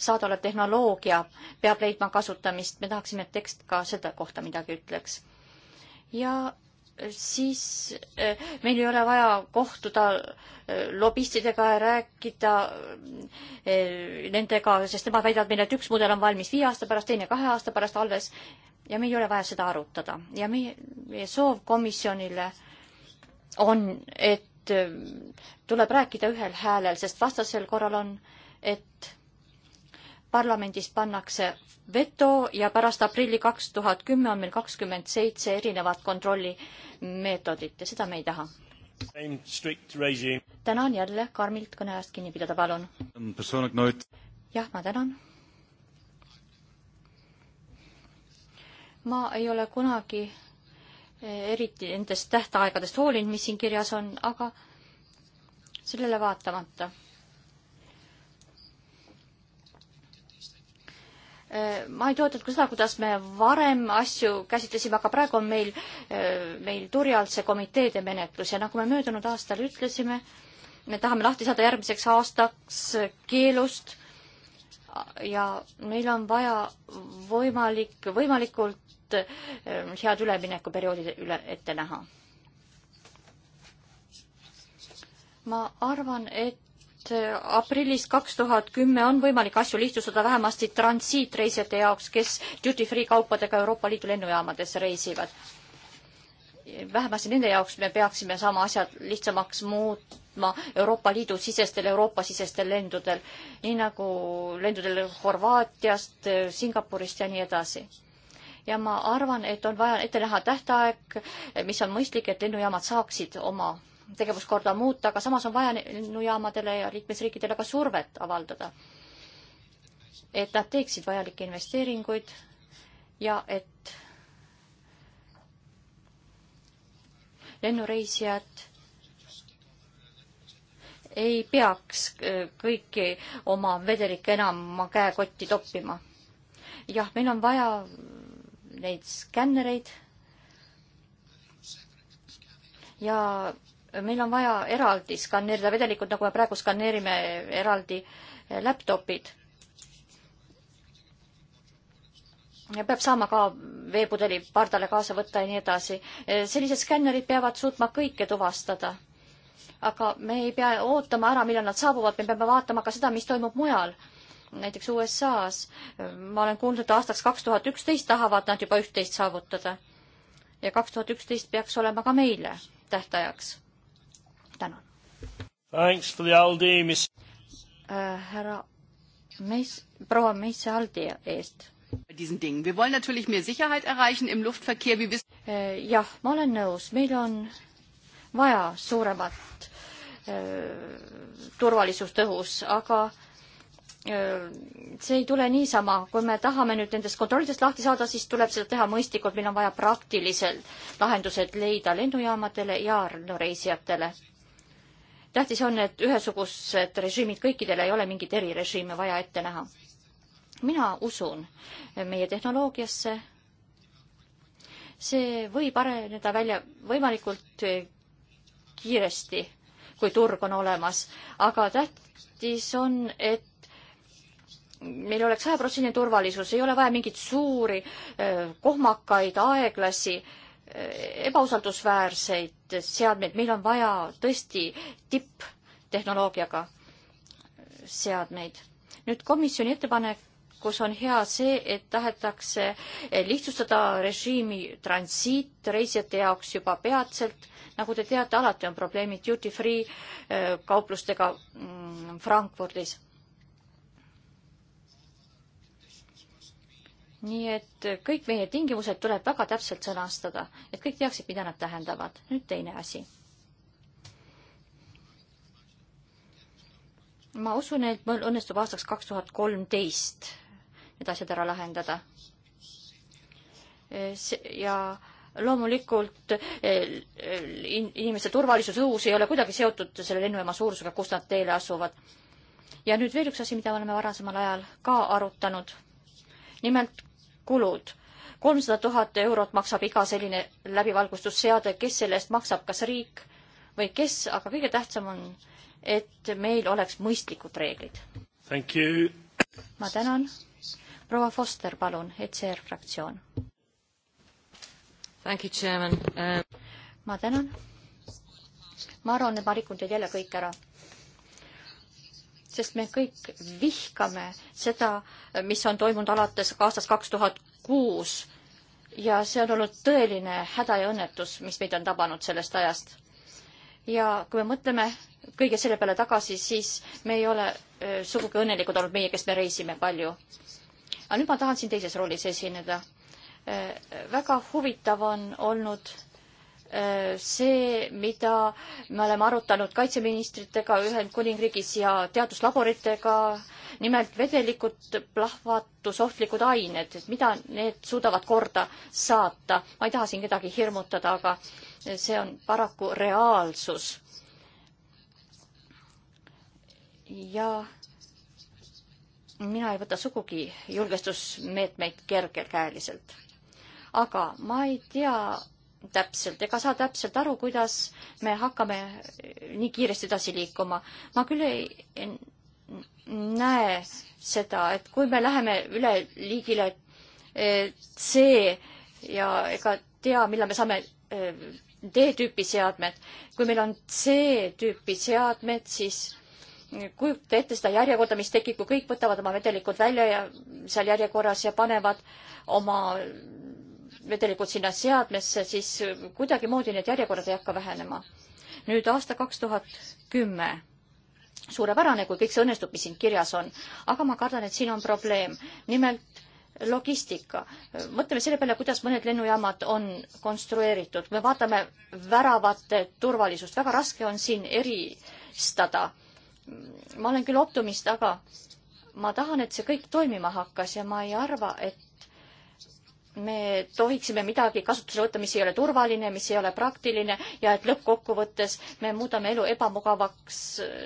saadaolev tehnoloogia peab leidma kasutamist, me tahaksime, et tekst ka selle kohta midagi ütleks. ja siis eh, meil ei ole vaja kohtuda eh, lobistidega ja rääkida eh, nendega, sest nemad väidavad meile, et üks mudel on valmis viie aasta pärast, teine kahe aasta pärast alles ja meil ei ole vaja seda arutada ja meie, meie soov komisjonile on, et äh, tuleb rääkida ühel häälel, sest vastasel korral on, et parlamendis pannakse veto ja pärast aprilli kaks tuhat kümme on meil kakskümmend seitse erinevat kontrollimeetodit ja seda me ei taha. tänan jälle karmilt kõne ajast kinni pidada, palun. jah, ma tänan ma ei ole kunagi eh, eriti nendest tähtaegadest hoolinud, mis siin kirjas on, aga sellele vaatamata. Eh, ma ei toetanud ka seda, kuidas me varem asju käsitlesime, aga praegu on meil, eh, meil turjalt see komiteede menetlus ja nagu me möödunud aastal ütlesime, me tahame lahti saada järgmiseks aastaks keelust ja meil on vaja võimalik, võimalikult et ähm, head üleminekuperioodi üle ette näha. ma arvan, et äh, aprillist kaks tuhat kümme on võimalik asju lihtsustada vähemasti transiitreisijate jaoks, kes duty-free kaupadega Euroopa Liidu lennujaamadesse reisivad. vähemasti nende jaoks me peaksime saama asjad lihtsamaks muutma Euroopa Liidu sisestel, Euroopa-sisestel lendudel, nii nagu lendudel Horvaatiast, äh, Singapurist ja nii edasi ja ma arvan, et on vaja ette näha tähtaeg, mis on mõistlik, et lennujaamad saaksid oma tegevuskorda muuta, aga samas on vaja lennujaamadele ja liikmesriikidele ka survet avaldada. et nad teeksid vajalikke investeeringuid ja et lennureisijad ei peaks äh, kõiki oma vedelikke enam oma käekotti toppima. jah, meil on vaja neid skännereid. ja meil on vaja eraldi skaneerida vedelikud, nagu me praegu skaneerime eraldi eh, laptopid. ja peab saama ka veepudeli pardale kaasa võtta ja nii edasi. Eh, sellised skännerid peavad suutma kõike tuvastada. aga me ei pea ootama ära, millal nad saabuvad, me peame vaatama ka seda, mis toimub mujal näiteks USA-s, ma olen kuulnud, et aastaks kaks tuhat üksteist tahavad nad juba üht-teist saavutada. ja kaks tuhat üksteist peaks olema ka meile tähtajaks. tänan. Äh, härra Meis-, proua Meisse Aldi eest. Äh, jah, ma olen nõus, meil on vaja suuremat äh, turvalisust õhus, aga äh, Äh, see ei tule niisama, kui me tahame nüüd nendest kontrollidest lahti saada, siis tuleb seda teha mõistlikult, meil on vaja praktilised lahendused leida lennujaamadele ja lennureisijatele. tähtis on, et ühesugused režiimid kõikidele, ei ole mingeid erirežiime vaja ette näha. mina usun meie tehnoloogiasse. see võib areneda välja võimalikult kiiresti, kui turg on olemas, aga tähtis on, et meil oleks sajaprotsendiline turvalisus, ei ole vaja mingeid suuri äh, kohmakaid, aeglasi, äh, ebausaldusväärseid seadmeid, meil on vaja tõesti tipptehnoloogiaga seadmeid. nüüd komisjoni ettepanekus on hea see, et tahetakse äh, lihtsustada režiimi transiit reisijate jaoks juba peatselt. nagu te teate, alati on probleemid duty free kauplustega mm, Frankfurdis nii et kõik meie tingimused tuleb väga täpselt sõnastada, et kõik teaksid, mida nad tähendavad. nüüd teine asi. ma usun, et mul õnnestub aastaks kaks tuhat kolmteist need asjad ära lahendada. ja loomulikult eh, inimeste turvalisus õhus ei ole kuidagi seotud selle lennujaama suurusega, kus nad teele asuvad. ja nüüd veel üks asi, mida me oleme varasemal ajal ka arutanud. nimelt kulud. kolmsada tuhat eurot maksab iga selline läbivalgustusseade, kes selle eest maksab, kas riik või kes, aga kõige tähtsam on, et meil oleks mõistlikud reeglid. ma tänan. proua Foster, palun, ECR fraktsioon. Uh, ma tänan. ma arvan, et ma rikun teid jälle kõik ära sest me kõik vihkame seda, mis on toimunud alates aastast kaks tuhat kuus ja see on olnud tõeline häda ja õnnetus, mis meid on tabanud sellest ajast. ja kui me mõtleme kõige selle peale tagasi, siis me ei ole sugugi õnnelikud olnud meie, kes me reisime palju. aga nüüd ma tahan siin teises rollis esineda. väga huvitav on olnud Äh, see, mida me oleme arutanud kaitseministritega Ühendkuningriigis ja teaduslaboritega, nimelt vedelikud plahvatusohtlikud ained, et mida need suudavad korda saata. ma ei taha siin kedagi hirmutada, aga see on paraku reaalsus. ja mina ei võta sugugi julgestusmeetmeid kergekäeliselt. aga ma ei tea, täpselt ega saa täpselt aru, kuidas me hakkame nii kiiresti edasi liikuma. ma küll ei näe seda, et kui me läheme üle liigile eh, C ja ega tea, millal me saame eh, D-tüüpi seadmed. kui meil on C-tüüpi seadmed, siis kujuta ette seda järjekorda, mis tekib, kui kõik võtavad oma vedelikud välja ja seal järjekorras ja panevad oma vedelikud sinna seadmesse, siis kuidagimoodi need järjekorrad ei hakka vähenema. nüüd aasta kaks tuhat kümme suurepärane, kui kõik see õnnestub, mis siin kirjas on. aga ma kardan, et siin on probleem. nimelt logistika. mõtleme selle peale, kuidas mõned lennujaamad on konstrueeritud. me vaatame väravate turvalisust. väga raske on siin eristada. ma olen küll optimist, aga ma tahan, et see kõik toimima hakkas ja ma ei arva, et me tohiksime midagi kasutusele võtta, mis ei ole turvaline, mis ei ole praktiline ja et lõppkokkuvõttes me muudame elu ebamugavaks äh,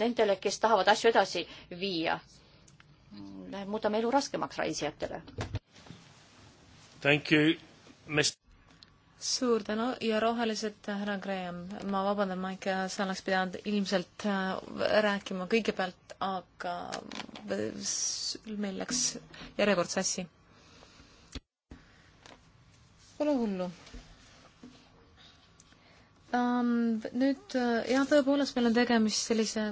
nendele, kes tahavad asju edasi viia. muudame elu raskemaks reisijatele. suur tänu ja rohelised, äh, härra Graham, ma vabandan, ma ikka, sa oleks pidanud ilmselt äh, rääkima kõigepealt, aga meil läks järjekord sassi Pole hullu um,. Nüüd äh, jah, tõepoolest meil on tegemist sellise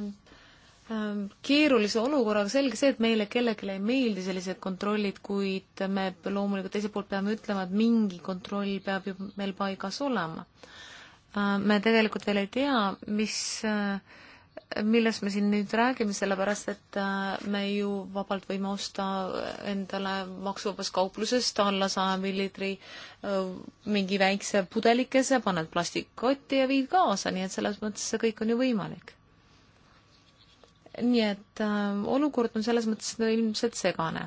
um, keerulise olukorraga, selge see, et meile kellelegi ei meeldi sellised kontrollid, kuid me loomulikult teiselt poolt peame ütlema, et mingi kontroll peab ju meil paigas olema uh,. me tegelikult veel ei tea, mis uh, millest me siin nüüd räägime, sellepärast et äh, me ju vabalt võime osta endale maksuvabast kauplusest alla saja milliliitri äh, mingi väikse pudelikese, paned plastikkotti ja viid kaasa, nii et selles mõttes see kõik on ju võimalik. nii et äh, olukord on selles mõttes ilmselt segane.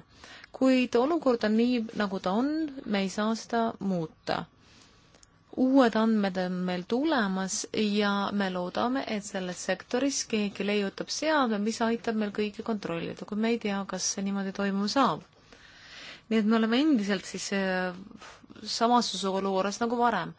kuid olukord on nii, nagu ta on, me ei saa seda muuta uued andmed on meil tulemas ja me loodame, et selles sektoris keegi leiutab seadme, mis aitab meil kõike kontrollida, kui me ei tea, kas see niimoodi toimuma saab. nii et me oleme endiselt siis äh, samasuguse olukorras nagu varem.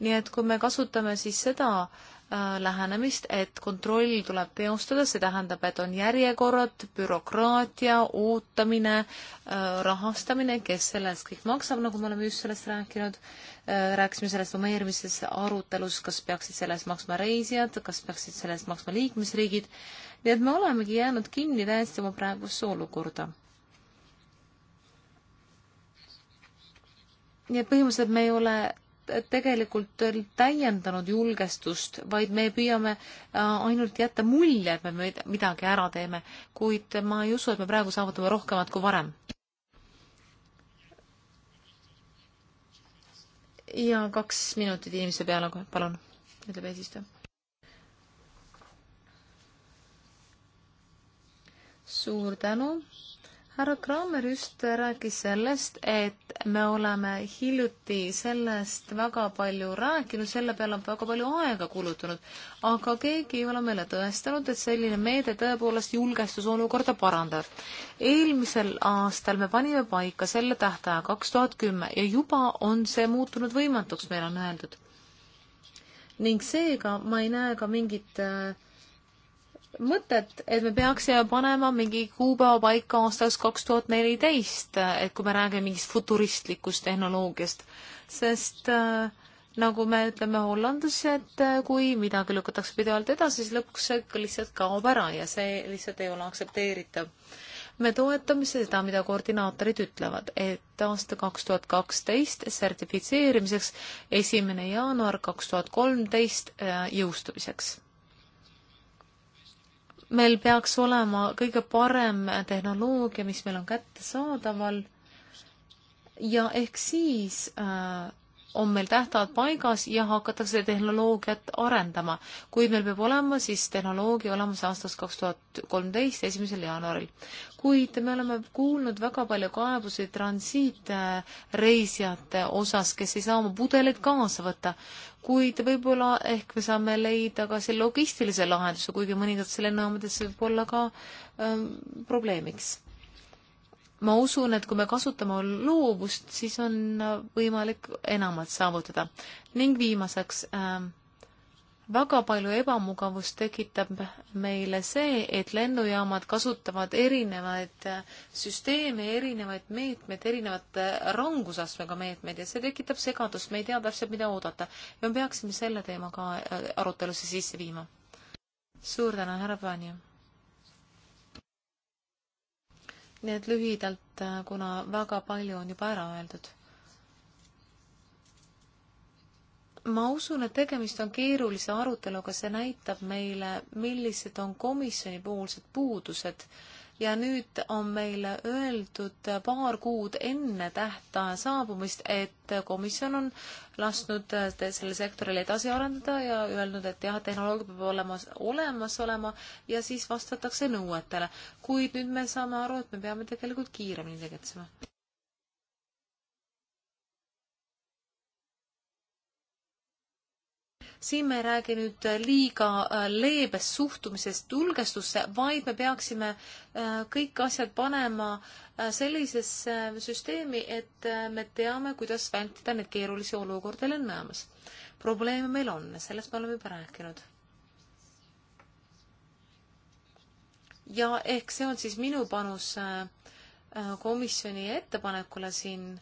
nii et kui me kasutame siis seda äh, Äh, lähenemist, et kontroll tuleb teostada, see tähendab, et on järjekorrad, bürokraatia, ootamine, äh, rahastamine, kes selle eest kõik maksab, nagu me oleme just sellest rääkinud, äh, rääkisime sellest numeerimises arutelus, kas peaksid selle eest maksma reisijad, kas peaksid selle eest maksma liikmesriigid, nii et me olemegi jäänud kinni täiesti oma praegusse olukorda. nii et põhimõtteliselt me ei ole tegelikult täiendanud julgestust, vaid me püüame äh, ainult jätta mulje, et me midagi ära teeme, kuid ma ei usu, et me praegu saavutame rohkemat kui varem. ja kaks minutit inimese peale, palun, ütleb eesistuja. suur tänu härra Kramer just rääkis sellest, et me oleme hiljuti sellest väga palju rääkinud, selle peale on väga palju aega kulutanud, aga keegi ei ole meile tõestanud, et selline meede tõepoolest julgestusolukorda parandab. eelmisel aastal me panime paika selle tähtaja kaks tuhat kümme ja juba on see muutunud võimatuks, meile on öeldud. ning seega ma ei näe ka mingit äh, mõtet, et me peaksime panema mingi kuupäeva paika aastaks kaks tuhat neliteist, et kui me räägime mingist futuristlikust tehnoloogiast, sest äh, nagu me ütleme Hollandis, et äh, kui midagi lükatakse pidevalt edasi, siis lõpuks see lihtsalt kaob ära ja see lihtsalt ei ole aktsepteeritav. me toetame seda, mida koordinaatorid ütlevad, et aasta kaks tuhat kaksteist sertifitseerimiseks, esimene jaanuar kaks tuhat kolmteist äh, jõustumiseks meil peaks olema kõige parem tehnoloogia, mis meil on kättesaadaval ja ehk siis äh, on meil tähtajad paigas ja hakatakse tehnoloogiat arendama, kuid meil peab olema siis tehnoloogia olemas aastast kaks tuhat kolmteist, esimesel jaanuaril. kuid me oleme kuulnud väga palju kaebusi transiitreisijate osas, kes ei saa oma pudeleid kaasa võtta, kuid võib-olla ehk me saame leida ka selle logistilise lahenduse, kuigi mõningates lennujaamades võib olla ka ähm, probleemiks ma usun, et kui me kasutame loovust, siis on võimalik enamat saavutada. ning viimaseks äh,, väga palju ebamugavust tekitab meile see, et lennujaamad kasutavad erinevaid äh, süsteeme, erinevaid meetmeid, erinevate äh, rangusastmega meetmeid ja see tekitab segadust, me ei tea täpselt, mida oodata. ja me peaksime selle teema ka äh, arutelusse sisse viima. suur tänu, härra Panja! nii et lühidalt, äh, kuna väga palju on juba ära öeldud. ma usun, et tegemist on keerulise aruteluga, see näitab meile, millised on komisjonipoolsed puudused äh, ja nüüd on meile öeldud paar kuud enne tähtaja saabumist, et komisjon on lasknud selle sektoril edasi arendada ja öelnud, et jah, tehnoloogia peab olema olemas olema ja siis vastatakse nõuetele. kuid nüüd me saame aru, et me peame tegelikult kiiremini tegutsema. siin me ei räägi nüüd liiga äh, leebest suhtumisest julgestusse, vaid me peaksime äh, kõik asjad panema äh, sellisesse süsteemi, et me teame, kuidas vältida neid keerulisi olukordi lennujaamas. probleeme meil on, sellest me oleme juba rääkinud. ja ehk see on siis minu panus komisjoni ettepanekule siin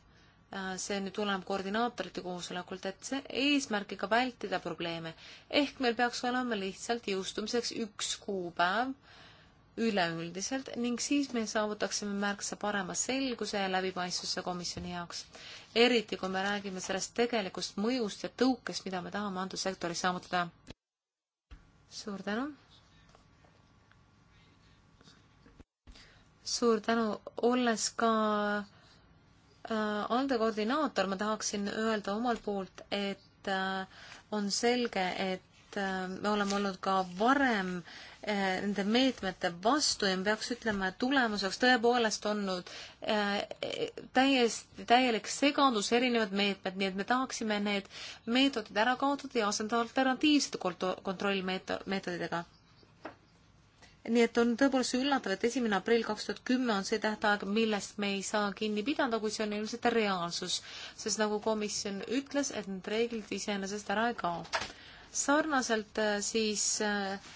Äh, see nüüd tuleb koordinaatorite koosolekult, et see eesmärgiga vältida probleeme. ehk meil peaks olema lihtsalt jõustumiseks üks kuupäev üleüldiselt ning siis me saavutaksime märksa parema selguse ja läbipaistvuse komisjoni jaoks. eriti, kui me räägime sellest tegelikust mõjust ja tõukest, mida me tahame antud sektoris saavutada. suur tänu! suur tänu, olles ka Äh, alde koordinaator, ma tahaksin öelda omalt poolt, et äh, on selge, et äh, me oleme olnud ka varem nende meetmete vastu ja me peaks ütlema, et tulemuseks tõepoolest olnud täiesti, täielik segadus, erinevad meetmed, nii et me tahaksime need meetodid ära kaotada ja asendada alternatiivsete kontrollmeetoditega nii et on tõepoolest üllatav, et esimene aprill kaks tuhat kümme on see tähtaeg, millest me ei saa kinni pidada, kuid see on ilmselt reaalsus, sest nagu komisjon ütles, et need reeglid iseenesest ära ei kao. sarnaselt äh, siis, äh,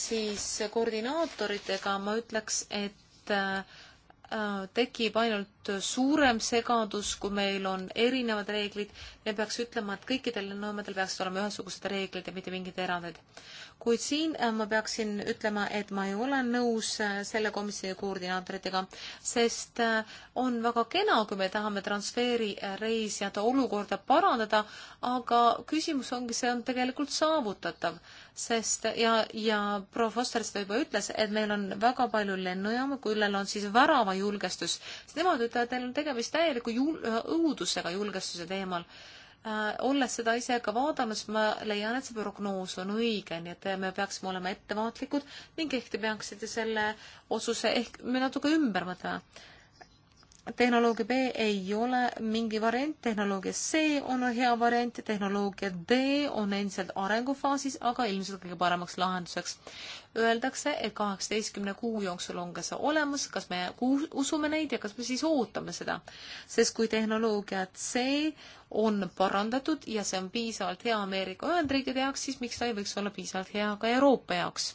siis koordinaatoritega ma ütleks, et äh, tekib ainult suurem segadus, kui meil on erinevad reeglid. me peaks ütlema, et kõikidel lennujaamedel peaksid olema ühesugused reeglid ja mitte mingeid erandeid. kuid siin äh, ma peaksin ütlema, et ma ei ole nõus äh, selle komisjoni koordinaatoritega, sest äh, on väga kena, kui me tahame transfeeri reisijate olukorda parandada, aga küsimus ongi, see on tegelikult saavutatav sest ja, ja proua Foster seda juba ütles, et meil on väga palju lennujaamu, kellel on siis väravajulgestus, siis nemad ütlevad, et teil on tegemist täieliku jul-, õudusega julgestuse teemal. Äh, olles seda ise ka vaadanud, siis ma leian, et see prognoos on õige, nii et me peaksime olema ettevaatlikud ning ehk te peaksite selle otsuse ehk natuke ümber mõtlema tehnoloogia B ei ole mingi variant, tehnoloogia C on hea variant, tehnoloogia D on endiselt arengufaasis, aga ilmselt kõige paremaks lahenduseks. Öeldakse, et kaheksateistkümne kuu jooksul on ka see olemas, kas me usume neid ja kas me siis ootame seda. sest kui tehnoloogia C on parandatud ja see on piisavalt hea Ameerika Ühendriikide jaoks, siis miks ta ei võiks olla piisavalt hea ka Euroopa jaoks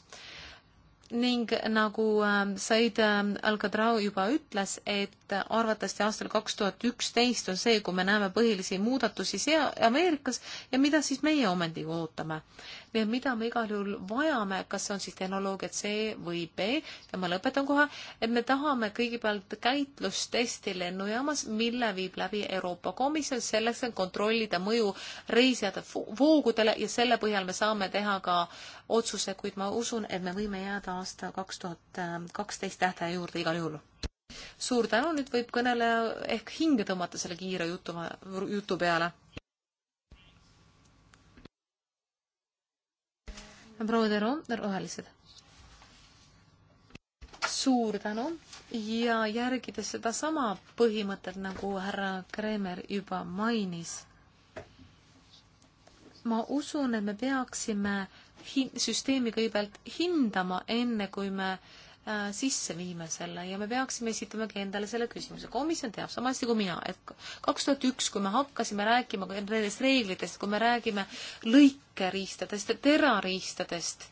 ning nagu ähm, Said ähm, Al-Kadrau juba ütles, et arvatavasti aastal kaks tuhat üksteist on see, kui me näeme põhilisi muudatusi sea-, Ameerikas ja mida siis meie ometigi ootame nii et mida me igal juhul vajame, kas see on siis tehnoloogia C või B, ja ma lõpetan kohe, et me tahame kõigepealt käitlustesti lennujaamas, mille viib läbi Euroopa Komisjon, selleks, et kontrollida mõju reisijate voogudele ja selle põhjal me saame teha ka otsuse, kuid ma usun, et me võime jääda aasta kaks tuhat äh, kaksteist tähtaja juurde igal juhul. suur tänu, nüüd võib kõneleja ehk hinge tõmmata selle kiire jutu, jutu peale proua Tero, rohelised. suur tänu ja järgides sedasama põhimõtet, nagu härra Kreemer juba mainis, ma usun, et me peaksime hin-, süsteemi kõigepealt hindama, enne kui me äh, Äh, sisse viima selle ja me peaksime esitamagi endale selle küsimuse. komisjon teab sama hästi kui mina, et kaks tuhat üks, kui me hakkasime rääkima nendest reeglitest, kui me räägime lõikeriistadest ja terariistadest,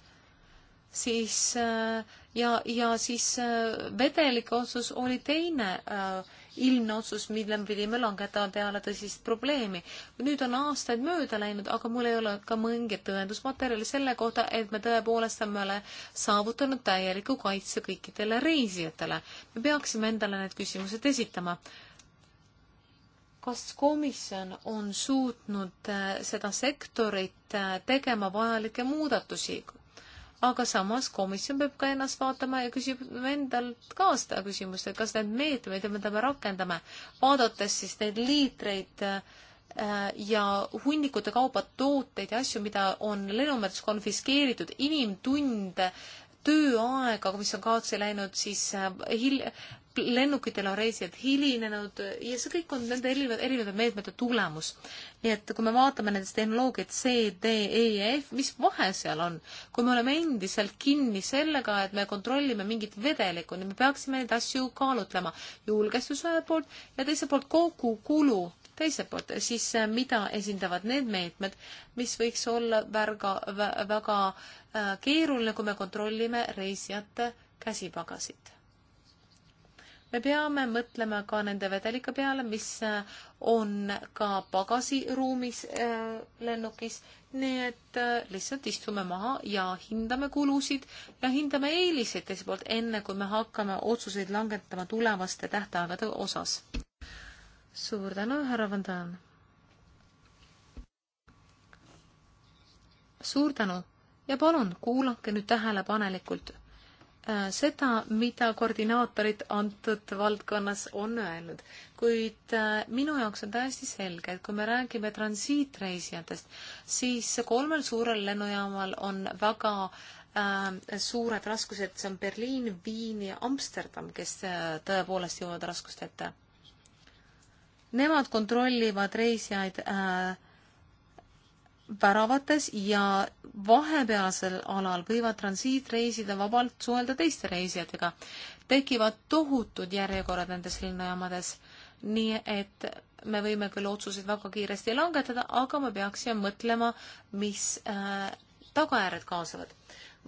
siis äh, ja, ja siis äh, vedelike otsus oli teine äh, ilmne otsus, mille me pidime langetama peale tõsist probleemi. nüüd on aastaid mööda läinud, aga mul ei ole ka mingit tõendusmaterjali selle kohta, et me tõepoolest oleme saavutanud täieliku kaitse kõikidele reisijatele. me peaksime endale need küsimused esitama kas komisjon on suutnud äh, seda sektorit äh, tegema vajalikke muudatusi, aga samas komisjon peab ka ennast vaatama ja küsib endalt ka seda küsimust, et kas need meetmed, mida me rakendame, vaadates siis neid liitreid äh, ja hunnikute kaupa tooteid ja asju, mida on lennumajandus konfiskeeritud, inimtunde äh, tööaega, mis on kaotsi läinud, siis äh, hil-, lennukitel on reisijad hilinenud ja see kõik on nende erinevad, erinevate meetmete tulemus. nii et kui me vaatame nendest tehnoloogiat C, D, E ja F, mis vahe seal on, kui me oleme endiselt kinni sellega, et me kontrollime mingit vedelikku, nii me peaksime neid asju kaalutlema julgestuse ühelt poolt ja teiselt poolt kogu kulu teiselt poolt, siis äh, mida esindavad need meetmed, mis võiks olla väga, väga Äh, keeruline, kui me kontrollime reisijate käsipagasit. me peame mõtlema ka nende vedelike peale, mis äh, on ka pagasiruumis äh, lennukis, nii et lihtsalt istume maha ja hindame kulusid ja hindame eeliseid teiselt poolt, enne kui me hakkame otsuseid langetama tulevaste tähtaegade osas. suur tänu, härra Vandan. suur tänu ja palun kuulake nüüd tähelepanelikult äh, seda, mida koordinaatorid antud valdkonnas on öelnud, kuid äh, minu jaoks on täiesti selge, et kui me räägime transiitreisijatest, siis kolmel suurel lennujaamal on väga äh, suured raskused, see on Berliin, Viin ja Amsterdam, kes äh, tõepoolest jõuavad raskust ette. Nemad kontrollivad reisijaid äh, väravates ja vahepealsel alal võivad transiitreisida vabalt suhelda teiste reisijatega. tekivad tohutud järjekorrad nendes linnajaamades, nii et me võime küll otsuseid väga kiiresti langetada, aga me peaksime mõtlema, mis äh, tagajärjed kaasavad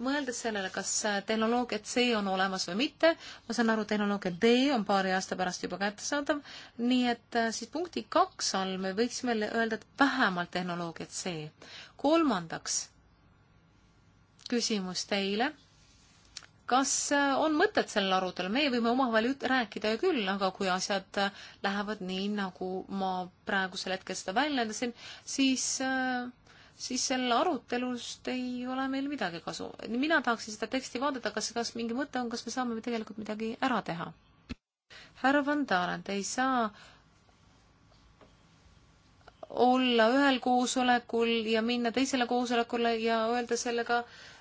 mõeldes sellele, kas tehnoloogia C on olemas või mitte, ma saan aru, tehnoloogia D on paari aasta pärast juba kättesaadav, nii et äh, siis punkti kaks all me võiksime öelda, et vähemalt tehnoloogia C. kolmandaks küsimus teile. kas äh, on mõtet sellel arutelul, meie võime omavahel rääkida ju küll, aga kui asjad äh, lähevad nii, nagu ma praegusel hetkel seda väljendasin, siis äh, siis selle arutelust ei ole meil midagi kasu. mina tahaksin seda teksti vaadata, kas, kas mingi mõte on, kas me saame tegelikult midagi ära teha. härra Van Dalen, te ei saa olla ühel koosolekul ja minna teisele koosolekule ja öelda sellega,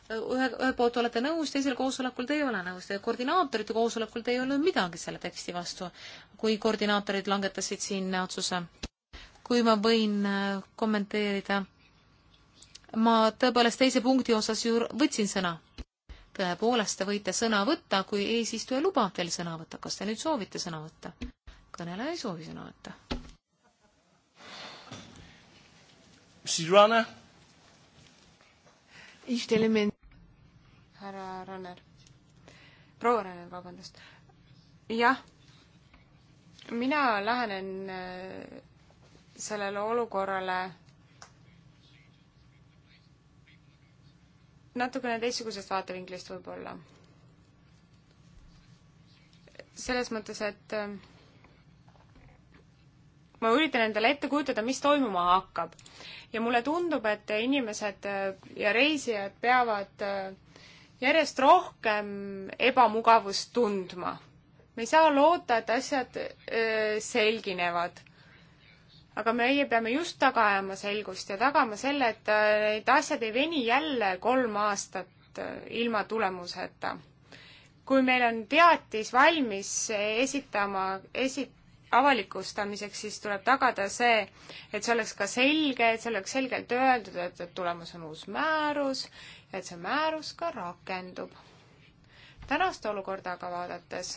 ühe, ühelt poolt olete nõus, teisel koosolekul te ei ole nõus. koordinaatorite koosolekul te ei olnud midagi selle teksti vastu, kui koordinaatorid langetasid siin otsuse. kui ma võin äh, kommenteerida ma tõepoolest teise punkti osas ju võtsin sõna. tõepoolest, te võite sõna võtta, kui eesistuja lubab teil sõna võtta. kas te nüüd soovite sõna võtta? kõneleja ei soovi sõna võtta. härra Ranner, proua Ranner, vabandust. jah, mina lähenen äh, sellele olukorrale natukene teistsugusest vaatevinklist võib-olla. selles mõttes, et äh, ma üritan endale ette kujutada, mis toimuma hakkab. ja mulle tundub, et inimesed äh, ja reisijad peavad äh, järjest rohkem ebamugavust tundma. me ei saa loota, et asjad selginevad aga meie peame just taga ajama selgust ja tagama selle, et äh, need asjad ei veni jälle kolm aastat äh, ilma tulemuseta. kui meil on teatis valmis esitama, esi-, avalikustamiseks, siis tuleb tagada see, et see oleks ka selge, et see oleks selgelt öeldud, et, et tulemas on uus määrus ja et see määrus ka rakendub. tänast olukorda aga vaadates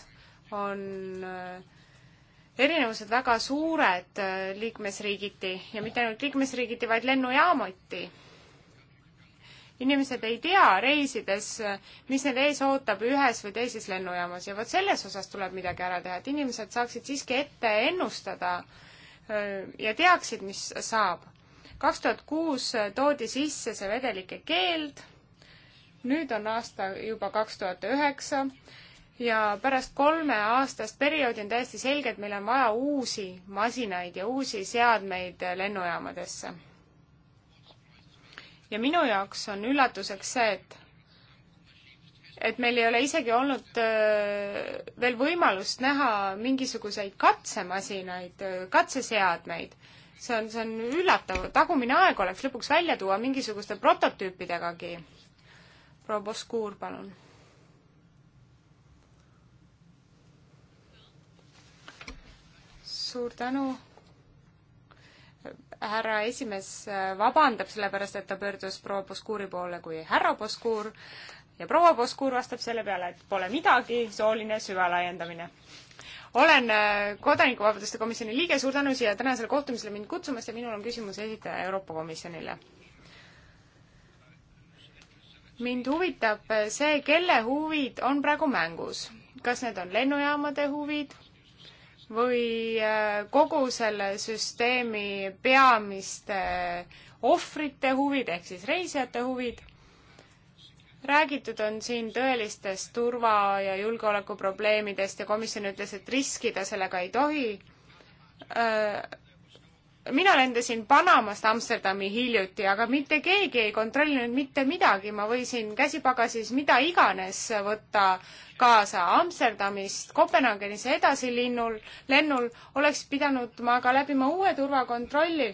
on äh, erinevused väga suured äh, liikmesriigiti ja mitte ainult liikmesriigiti, vaid lennujaamati. inimesed ei tea reisides, äh, mis neid ees ootab ühes või teises lennujaamas ja vot selles osas tuleb midagi ära teha, et inimesed saaksid siiski ette ennustada äh, ja teaksid, mis saab. kaks tuhat kuus toodi sisse see vedelike keeld, nüüd on aasta juba kaks tuhat üheksa ja pärast kolmeaastast perioodi on täiesti selge, et meil on vaja uusi masinaid ja uusi seadmeid lennujaamadesse. ja minu jaoks on üllatuseks see, et et meil ei ole isegi olnud äh, veel võimalust näha mingisuguseid katsemasinaid, äh, katseseadmeid. see on, see on üllatav, tagumine aeg oleks lõpuks välja tuua mingisuguste prototüüpidegagi. proua Boskuur, palun suur tänu. härra esimees vabandab sellepärast, et ta pöördus proua Poskuuri poole kui härra Poskuur ja proua Poskuur vastab selle peale, et pole midagi, sooline süvalaiendamine olen äh, Kodanikuvabaduste komisjoni liige, suur tänu siia tänasele kohtumisele mind kutsumast ja minul on küsimuse esitaja Euroopa Komisjonile. mind huvitab äh, see, kelle huvid on praegu mängus, kas need on lennujaamade huvid või äh, kogu selle süsteemi peamiste äh, ohvrite huvid ehk siis reisijate huvid. räägitud on siin tõelistest turva- ja julgeolekuprobleemidest ja komisjon ütles, et riskida sellega ei tohi äh, mina lendasin Panamast Amsterdami hiljuti, aga mitte keegi ei kontrollinud mitte midagi, ma võisin käsipagasis mida iganes võtta kaasa Amsterdamist Kopenhaagenisse edasi linnul, lennul oleks pidanud ma aga läbima uue turvakontrolli,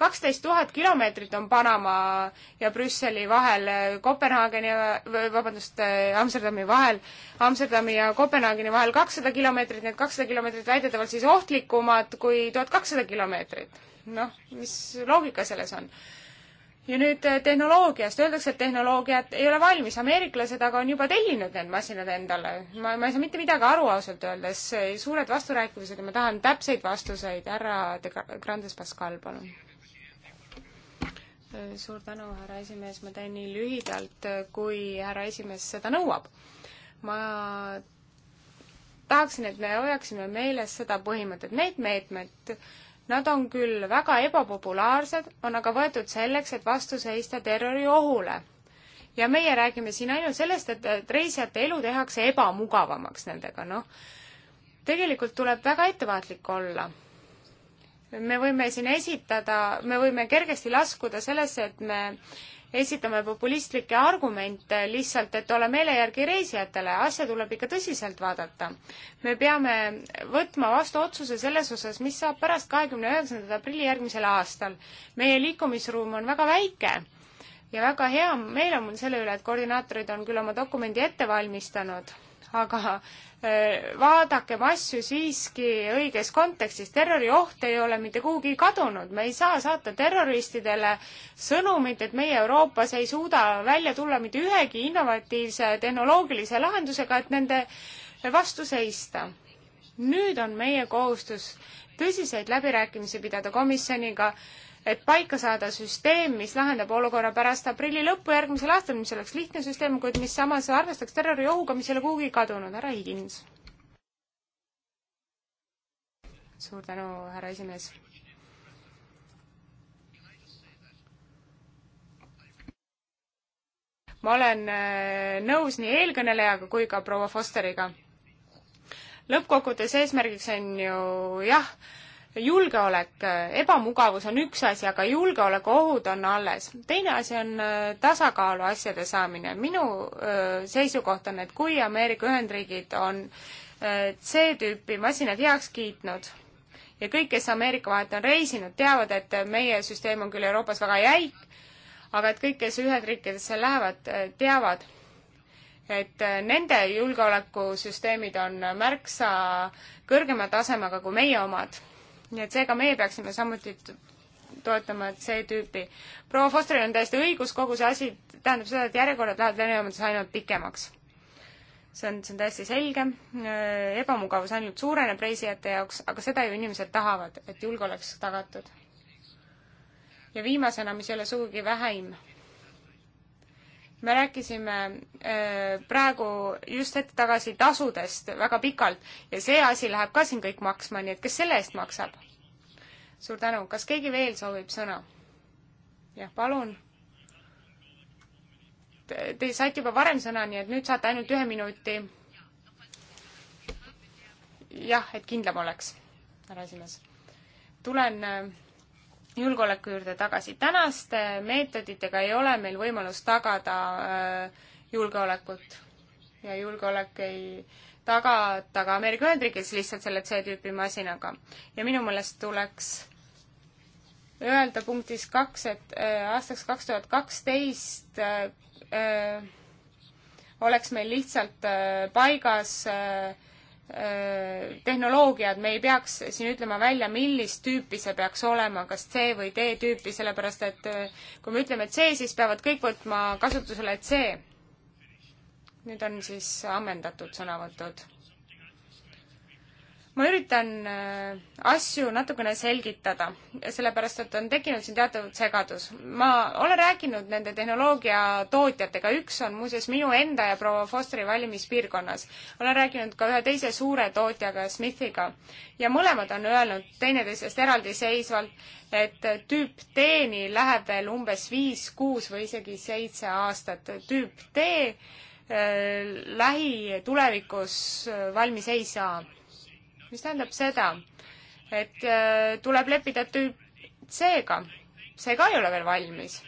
kaksteist tuhat kilomeetrit on Panama ja Brüsseli vahel, Kopenhaageni, vabandust, Amsterdami vahel, Amsterdami ja Kopenhaageni vahel kakssada kilomeetrit, need kakssada kilomeetrit väidetavalt siis ohtlikumad kui tuhat kakssada kilomeetrit. noh, mis loogika selles on? ja nüüd eh, tehnoloogiast, öeldakse, et tehnoloogiat ei ole valmis, ameeriklased aga on juba tellinud need masinad endale. ma, ma ei saa mitte midagi aru ausalt öeldes, suured vasturääkivused ja ma tahan täpseid vastuseid, härra de Grandes Pascal, palun suur tänu, härra esimees, ma teen nii lühidalt, kui härra esimees seda nõuab. ma tahaksin, et me hoiaksime meeles seda põhimõtet, need meetmed, nad on küll väga ebapopulaarsed, on aga võetud selleks, et vastu seista terroriohule. ja meie räägime siin ainult sellest, et, et reisijate elu tehakse ebamugavamaks nendega, noh. tegelikult tuleb väga ettevaatlik olla me võime siin esitada, me võime kergesti laskuda sellesse, et me esitame populistlikke argumente lihtsalt, et olla meele järgi reisijatele, asja tuleb ikka tõsiselt vaadata. me peame võtma vastu otsuse selles osas, mis saab pärast kahekümne üheksandat aprilli järgmisel aastal. meie liikumisruum on väga väike ja väga hea meel on mul selle üle, et koordinaatorid on küll oma dokumendi ette valmistanud aga eh, vaadakem asju siiski õiges kontekstis. terrorioht ei ole mitte kuhugi kadunud, me ei saa saata terroristidele sõnumit, et meie Euroopas ei suuda välja tulla mitte ühegi innovatiivse tehnoloogilise lahendusega, et nende vastu seista nüüd on meie kohustus tõsiseid läbirääkimisi pidada komisjoniga et paika saada süsteem, mis lahendab olukorra pärast aprilli lõppu järgmisel aastal, mis oleks lihtne süsteem, kuid mis samas arvestaks terroriohuga, mis ei ole kuhugi kadunud. härra Higins. suur tänu, härra esimees. ma olen äh, nõus nii eelkõnelejaga kui ka proua Fosteriga. lõppkokkuvõttes eesmärgiks on ju jah, julgeolek, ebamugavus on üks asi, aga julgeolekuohud on alles. teine asi on äh, tasakaalu asjade saamine. minu äh, seisukoht on, et kui Ameerika Ühendriigid on äh, C-tüüpi masinad heaks kiitnud ja kõik, kes Ameerika vahet on reisinud, teavad, et meie süsteem on küll Euroopas väga jäik, aga et kõik, kes Ühendriikidesse lähevad, teavad, et nende julgeolekusüsteemid on märksa kõrgema tasemega kui meie omad nii et seega meie peaksime samuti toetama C-tüüpi. proua Fosteril on täiesti õigus, kogu see asi tähendab seda, et järjekorrad lähevad lennujaamades ainult pikemaks. see on, see on täiesti selge, äh, ebamugavus ainult suureneb reisijate jaoks, aga seda ju inimesed tahavad, et julge oleks tagatud. ja viimasena, mis ei ole sugugi vähem me rääkisime äh, praegu just hetk tagasi tasudest väga pikalt ja see asi läheb ka siin kõik maksma, nii et kes selle eest maksab? suur tänu, kas keegi veel soovib sõna? jah, palun. Te saite juba varem sõna, nii et nüüd saate ainult ühe minuti. jah, et kindlam oleks, härra esimees. tulen äh, julgeoleku juurde tagasi. tänaste meetoditega ei ole meil võimalus tagada äh, julgeolekut ja julgeolek ei taga, taga Ameerika Ühendriikides lihtsalt selle C-tüüpi masinaga. ja minu meelest tuleks öelda punktis kaks, et äh, aastaks kaks tuhat kaksteist äh, oleks meil lihtsalt paigas äh, tehnoloogiad, me ei peaks siin ütlema välja, millist tüüpi see peaks olema, kas C või D tüüpi, sellepärast et äh, kui me ütleme C, siis peavad kõik võtma kasutusele C. nüüd on siis ammendatud sõnavõtud ma üritan äh, asju natukene selgitada, sellepärast et on tekkinud siin teatud segadus. ma olen rääkinud nende tehnoloogiatootjatega, üks on muuseas minu enda ja proua Fosteri valimispiirkonnas. olen rääkinud ka ühe teise suure tootjaga, Smithiga, ja mõlemad on öelnud teineteisest eraldiseisvalt, et tüüp D-ni läheb veel umbes viis, kuus või isegi seitse aastat. tüüp D äh, lähitulevikus äh, valmis ei saa mis tähendab seda, et äh, tuleb leppida tüüp C-ga. see ka ei ole veel valmis.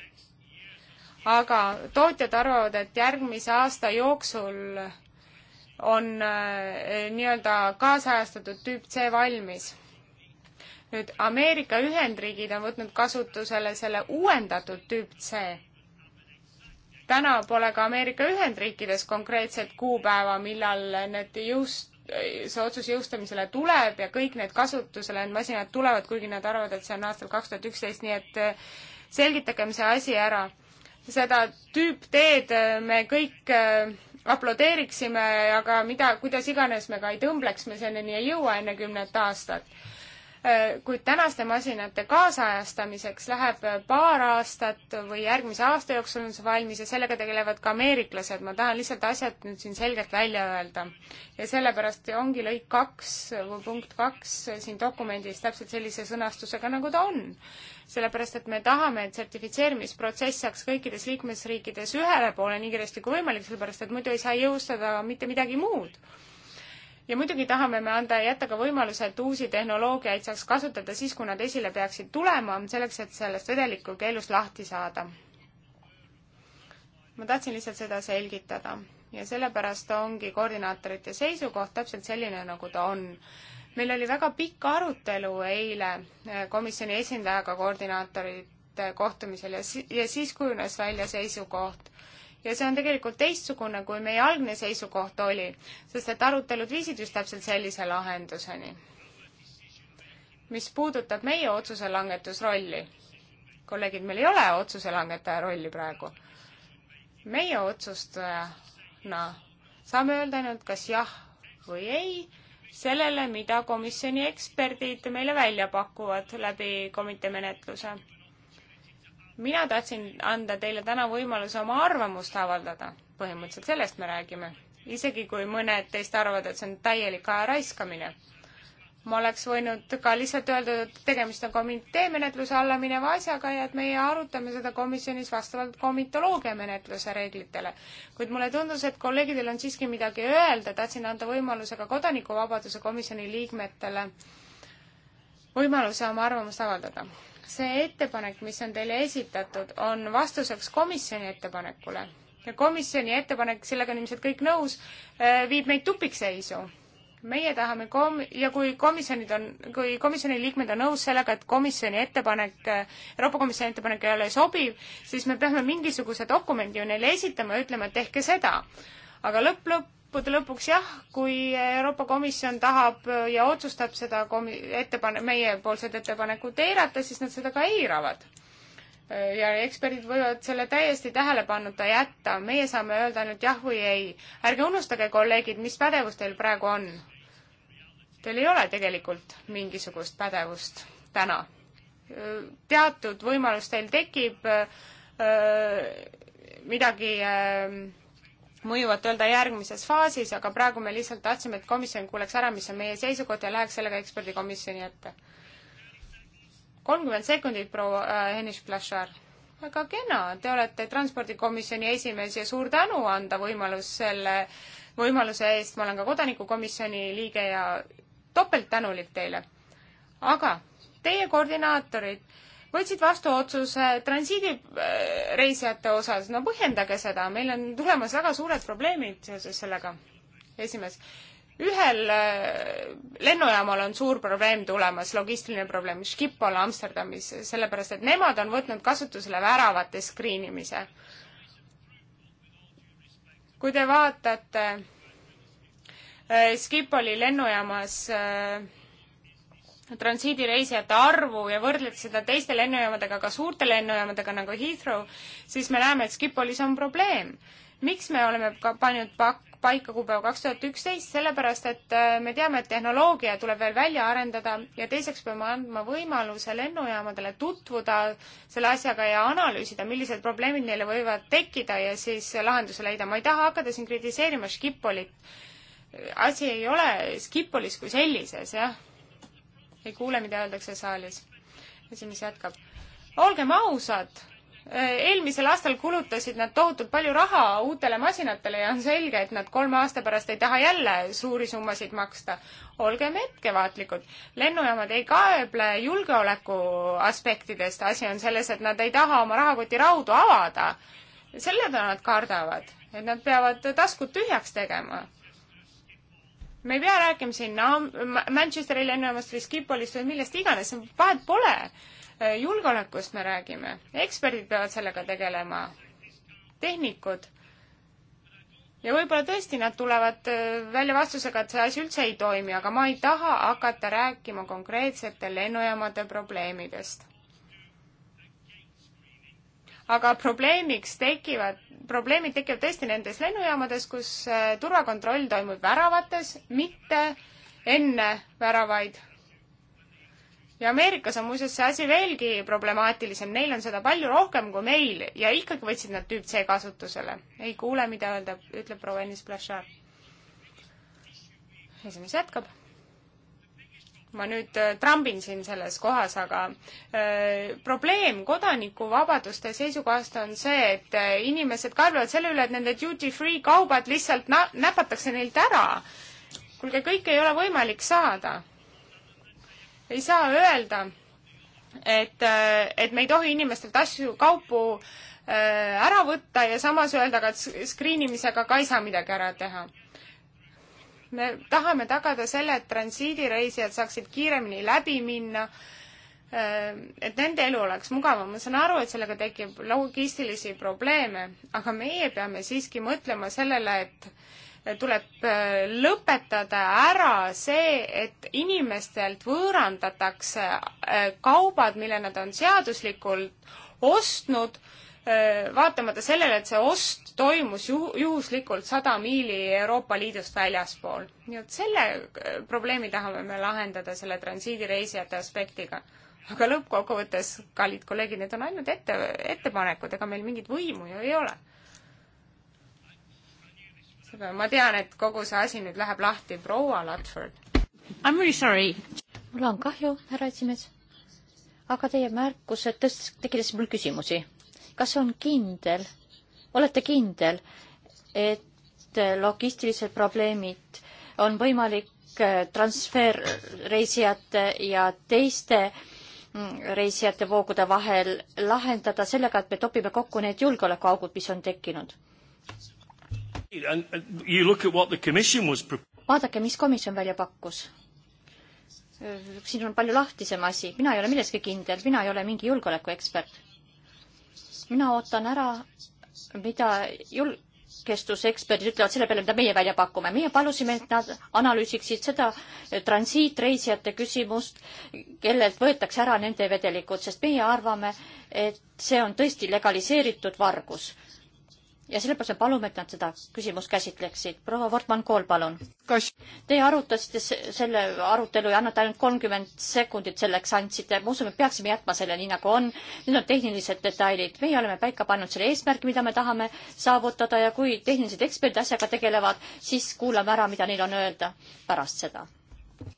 aga tootjad arvavad, et järgmise aasta jooksul on äh, nii-öelda kaasajastatud tüüp C valmis. nüüd Ameerika Ühendriigid on võtnud kasutusele selle uuendatud tüüp C täna pole ka Ameerika Ühendriikides konkreetset kuupäeva, millal need jõust-, see otsus jõustamisele tuleb ja kõik need kasutusele need masinad tulevad, kuigi nad arvavad, et see on aastal kaks tuhat üksteist, nii et eh, selgitagem see asi ära. seda tüüp D-d eh, me kõik eh, aplodeeriksime, aga mida, kuidas iganes me ka ei tõmbleksime, selleni ei jõua enne kümnet aastat Äh, kuid tänaste masinate kaasajastamiseks läheb äh, paar aastat või järgmise aasta jooksul on see valmis ja sellega tegelevad ka ameeriklased. ma tahan lihtsalt asjad nüüd siin selgelt välja öelda. ja sellepärast ongi lõik kaks või punkt kaks äh, siin dokumendis täpselt sellise sõnastusega, nagu ta on. sellepärast, et me tahame, et sertifitseerimisprotsess saaks kõikides liikmesriikides ühele poole nii kiiresti kui võimalik, sellepärast et muidu ei saa jõustada mitte midagi muud ja muidugi tahame me anda, jätta ka võimaluse, et uusi tehnoloogiaid saaks kasutada siis, kui nad esile peaksid tulema, selleks, et sellest vedeliku keelust lahti saada. ma tahtsin lihtsalt seda selgitada ja sellepärast ongi koordinaatorite seisukoht täpselt selline, nagu ta on. meil oli väga pikk arutelu eile eh, komisjoni esindajaga koordinaatorite kohtumisel ja, si ja siis kujunes välja seisukoht ja see on tegelikult teistsugune, kui meie algne seisukoht oli, sest et arutelud viisid just täpselt sellise lahenduseni. mis puudutab meie otsuse langetusrolli, kolleegid, meil ei ole otsuse langetaja rolli praegu. meie otsustajana saame öelda ainult kas jah või ei sellele, mida komisjoni eksperdid meile välja pakuvad läbi komitee menetluse mina tahtsin anda teile täna võimaluse oma arvamust avaldada, põhimõtteliselt sellest me räägime, isegi kui mõned teist arvavad, et see on täielik aja raiskamine. ma oleks võinud ka lihtsalt öelda, et tegemist on komitee menetluse alla mineva asjaga ja et meie arutame seda komisjonis vastavalt komitoloogia menetluse reeglitele. kuid mulle tundus, et kolleegidel on siiski midagi öelda, tahtsin anda võimaluse ka kodanikuvabaduse komisjoni liikmetele võimaluse oma arvamust avaldada see ettepanek, mis on teile esitatud, on vastuseks komisjoni ettepanekule ja komisjoni ettepanek, sellega on ilmselt kõik nõus, äh, viib meid tupikseisu. meie tahame kom- ja kui komisjonid on, kui komisjoni liikmed on nõus sellega, et komisjoni ettepanek, äh, Euroopa Komisjoni ettepanek ei ole sobiv, siis me peame mingisuguse dokumendi ju neile esitama ja ütlema, et tehke seda. aga lõpp, lõpp, lõppude lõpuks jah, kui Euroopa Komisjon tahab ja otsustab seda komi-, ettepane-, meiepoolset ettepanekut eirata, siis nad seda ka eiravad. ja eksperdid võivad selle täiesti tähelepanuta jätta, meie saame öelda ainult jah või ei. ärge unustage, kolleegid, mis pädevus teil praegu on. Teil ei ole tegelikult mingisugust pädevust täna. teatud võimalus teil tekib äh, midagi äh, mõjuvat öelda järgmises faasis, aga praegu me lihtsalt tahtsime, et komisjon kuuleks ära, mis on meie seisukoht ja läheks sellega eksperdikomisjoni ette. kolmkümmend sekundit, proua äh, Henish Plašar. väga kena, te olete transpordikomisjoni esimees ja suur tänu anda võimalus selle võimaluse eest, ma olen ka kodanikukomisjoni liige ja topelt tänulik teile. aga teie koordinaatorid võtsid vastu otsuse transiidireisijate osas, no põhjendage seda, meil on tulemas väga suured probleemid seoses sellega. esimees, ühel äh, lennujaamal on suur probleem tulemas, logistiline probleem, Schiphol Amsterdamis, sellepärast et nemad on võtnud kasutusele väravate skriinimise. kui te vaatate äh, Schipoli lennujaamas äh, transiidireisijate arvu ja võrdled seda teiste lennujaamadega, ka suurte lennujaamadega nagu Heathrow, siis me näeme, et Skipolis on probleem. miks me oleme ka pannud pak-, paika kuupäeva kaks tuhat üksteist, sellepärast et äh, me teame, et tehnoloogia tuleb veel välja arendada ja teiseks peame andma võimaluse lennujaamadele tutvuda selle asjaga ja analüüsida, millised probleemid neile võivad tekkida ja siis lahenduse leida. ma ei taha hakata siin kritiseerima Skipolit. asi ei ole Skipolis kui sellises, jah ei kuule, mida öeldakse saalis. esimees jätkab. olgem ausad, eelmisel aastal kulutasid nad tohutult palju raha uutele masinatele ja on selge, et nad kolme aasta pärast ei taha jälle suuri summasid maksta. olgem ettevaatlikud, lennujaamad ei kaeble julgeoleku aspektidest, asi on selles, et nad ei taha oma rahakoti raudu avada. selle peale nad kardavad, et nad peavad taskud tühjaks tegema me ei pea rääkima siin no, Manchesteri lennujaamast või Skipolist või millest iganes, vahet pole. Äh, julgeolekust me räägime, eksperdid peavad sellega tegelema, tehnikud. ja võib-olla tõesti nad tulevad äh, välja vastusega, et see asi üldse ei toimi, aga ma ei taha hakata rääkima konkreetsete lennujaamade probleemidest aga probleemiks tekivad, probleemid tekivad tõesti nendes lennujaamades, kus äh, turvakontroll toimub väravates, mitte enne väravaid. ja Ameerikas on muuseas see asi veelgi problemaatilisem, neil on seda palju rohkem kui meil ja ikkagi võtsid nad tüüp C kasutusele. ei kuule, mida öelda, ütleb proua Ennis Blachard. esimees jätkab ma nüüd äh, trambin siin selles kohas, aga öö, äh, probleem kodanikuvabaduste seisukohast on see, et äh, inimesed kaeblevad selle üle, et nende duty free kaubad lihtsalt na-, näpatakse neilt ära. kuulge, kõike ei ole võimalik saada. ei saa öelda, et, et me ei tohi inimestelt asju, kaupu öö, ära võtta ja samas öelda ka, et screen imisega ka ei saa midagi ära teha me tahame tagada selle, et transiidireisijad saaksid kiiremini läbi minna, äh, et nende elu oleks mugavam, ma saan aru, et sellega tekib logistilisi probleeme, aga meie peame siiski mõtlema sellele, et tuleb äh, lõpetada ära see, et inimestelt võõrandatakse äh, kaubad, mille nad on seaduslikult ostnud vaatamata sellele, et see ost toimus juh-, juhuslikult sada miili Euroopa Liidust väljaspool. nii et selle äh, probleemi tahame me lahendada selle transiidireisijate aspektiga. aga lõppkokkuvõttes, kallid kolleegid, need on ainult ette, ettepanekud, ega meil mingit võimu ju ei ole. ma tean, et kogu see asi nüüd läheb lahti, proua Ladford. I m really sorry. mul on kahju, härra esimees. aga teie märkused tõstis, tekitas mul küsimusi kas on kindel, olete kindel, et logistilised probleemid on võimalik äh, transferreisijate ja teiste mm, reisijate voogude vahel lahendada sellega, et me topime kokku need julgeolekuaugud, mis on tekkinud? vaadake, mis komisjon välja pakkus. siin on palju lahtisem asi, mina ei ole milleski kindel, mina ei ole mingi julgeolekuekspert mina ootan ära, mida julgestuseksperdid ütlevad selle peale, mida meie välja pakume. meie palusime, et nad analüüsiksid seda transiitreisijate küsimust, kellelt võetakse ära nende vedelikud, sest meie arvame, et see on tõesti legaliseeritud vargus ja sellepärast me palume, et nad seda küsimust käsitleksid. proua Wortmann-Kool, palun. Teie arutasite selle arutelu ja annate ainult kolmkümmend sekundit selleks andsite. ma usun, me peaksime jätma selle nii, nagu on. Need on tehnilised detailid. meie oleme paika pannud selle eesmärgi, mida me tahame saavutada ja kui tehnilised eksperdid asjaga tegelevad, siis kuulame ära, mida neil on öelda pärast seda.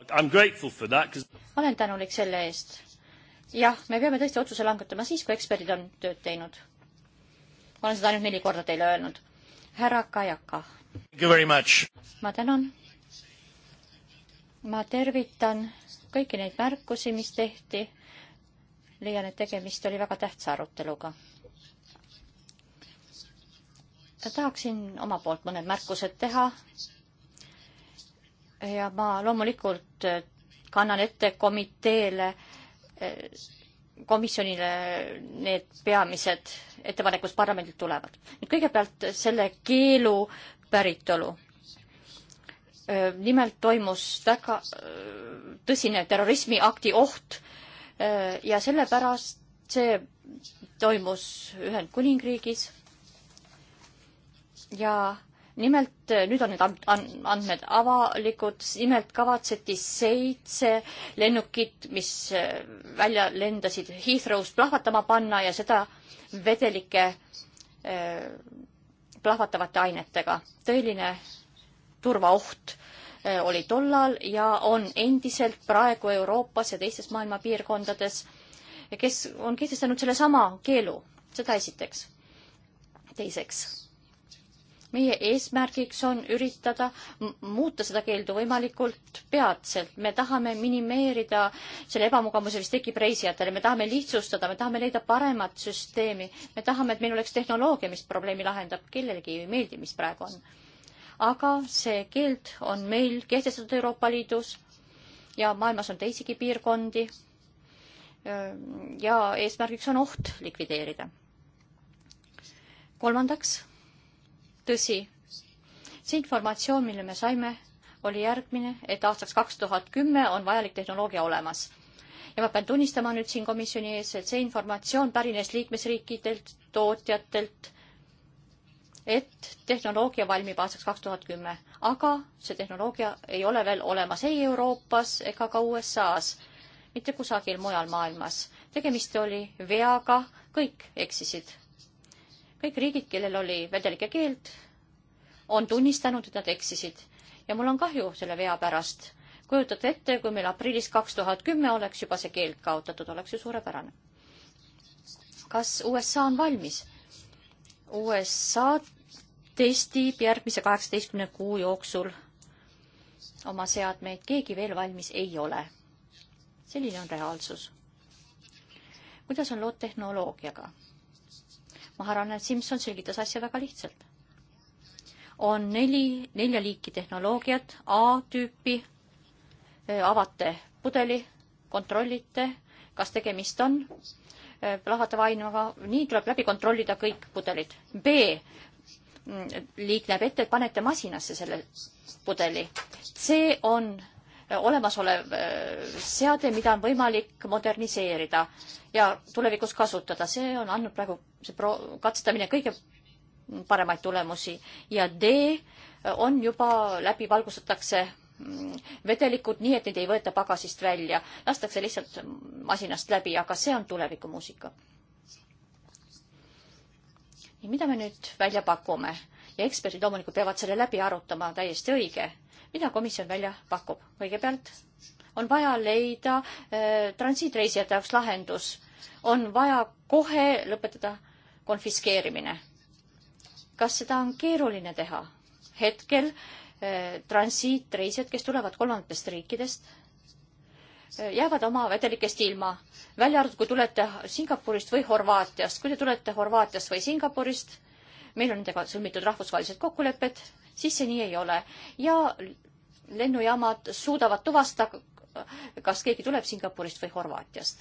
ma olen tänulik selle eest. jah, me peame tõesti otsuse langetama siis, kui eksperdid on tööd teinud olen seda ainult neli korda teile öelnud. härra Kajaka. ma tänan. ma tervitan kõiki neid märkusi, mis tehti. leian, et tegemist oli väga tähtsa aruteluga. tahaksin oma poolt mõned märkused teha. ja ma loomulikult kannan ette komiteele eh, komisjonile need peamised ettepanekud parlamendilt tulevad. nüüd kõigepealt selle keelu päritolu. nimelt toimus väga tõsine terrorismiakti oht ja sellepärast see toimus Ühendkuningriigis ja nimelt äh, nüüd on need andmed avalikud, nimelt kavatseti seitse lennukit, mis äh, välja lendasid Heathrow'st plahvatama panna ja seda vedelike äh, plahvatavate ainetega. tõeline turvaoht oli tollal ja on endiselt praegu Euroopas ja teistes maailma piirkondades, kes on kehtestanud sellesama keelu, seda esiteks. teiseks meie eesmärgiks on üritada muuta seda keeldu võimalikult peatselt. me tahame minimeerida selle ebamugavuse, mis tekib reisijatele, me tahame lihtsustada, me tahame leida paremat süsteemi, me tahame, et meil oleks tehnoloogia, mis probleemi lahendab, kellelegi ei meeldi, mis praegu on. aga see keeld on meil kehtestatud Euroopa Liidus ja maailmas on teisigi piirkondi. ja eesmärgiks on oht likvideerida. kolmandaks tõsi, see informatsioon, mille me saime, oli järgmine, et aastaks kaks tuhat kümme on vajalik tehnoloogia olemas. ja ma pean tunnistama nüüd siin komisjoni ees, et see informatsioon pärines liikmesriikidelt, tootjatelt, et tehnoloogia valmib aastaks kaks tuhat kümme, aga see tehnoloogia ei ole veel olemas ei Euroopas ega ka USA-s, mitte kusagil mujal maailmas. tegemist oli veaga, kõik eksisid kõik riigid, kellel oli vedelike keeld, on tunnistanud, et nad eksisid ja mul on kahju selle vea pärast. kujutate ette, kui meil aprillis kaks tuhat kümme oleks juba see keeld kaotatud, oleks ju suurepärane. kas USA on valmis? USA testib järgmise kaheksateistkümne kuu jooksul oma seadmeid, keegi veel valmis ei ole. selline on reaalsus. kuidas on lood tehnoloogiaga? Maharane Simson selgitas asja väga lihtsalt. on neli, nelja liiki tehnoloogiat, A-tüüpi, eh, avate pudeli, kontrollite, kas tegemist on eh, plahvatava ainuga, nii tuleb läbi kontrollida kõik pudelid. B mm, liik näeb ette, et panete masinasse selle pudeli. C on olemasolev äh, seade, mida on võimalik moderniseerida ja tulevikus kasutada. see on andnud praegu, see pro-, katsetamine kõige paremaid tulemusi ja D äh, on juba, läbi valgustatakse mm, vedelikud, nii et neid ei võeta pagasist välja, lastakse lihtsalt masinast läbi, aga see on tulevikumuusika. ja mida me nüüd välja pakume? ja eksperdid loomulikult peavad selle läbi arutama, täiesti õige mida komisjon välja pakub? kõigepealt on vaja leida äh, transiitreisijate jaoks lahendus, on vaja kohe lõpetada konfiskeerimine. kas seda on keeruline teha? hetkel äh, transiitreisijad, kes tulevad kolmandatest riikidest äh,, jäävad oma vedelikest ilma, välja arvatud, kui tulete Singapurist või Horvaatiast. kui te tulete Horvaatiast või Singapurist, meil on nendega sõlmitud rahvusvahelised kokkulepped, siis see nii ei ole. ja lennujaamad suudavad tuvastada, kas keegi tuleb Singapurist või Horvaatiast.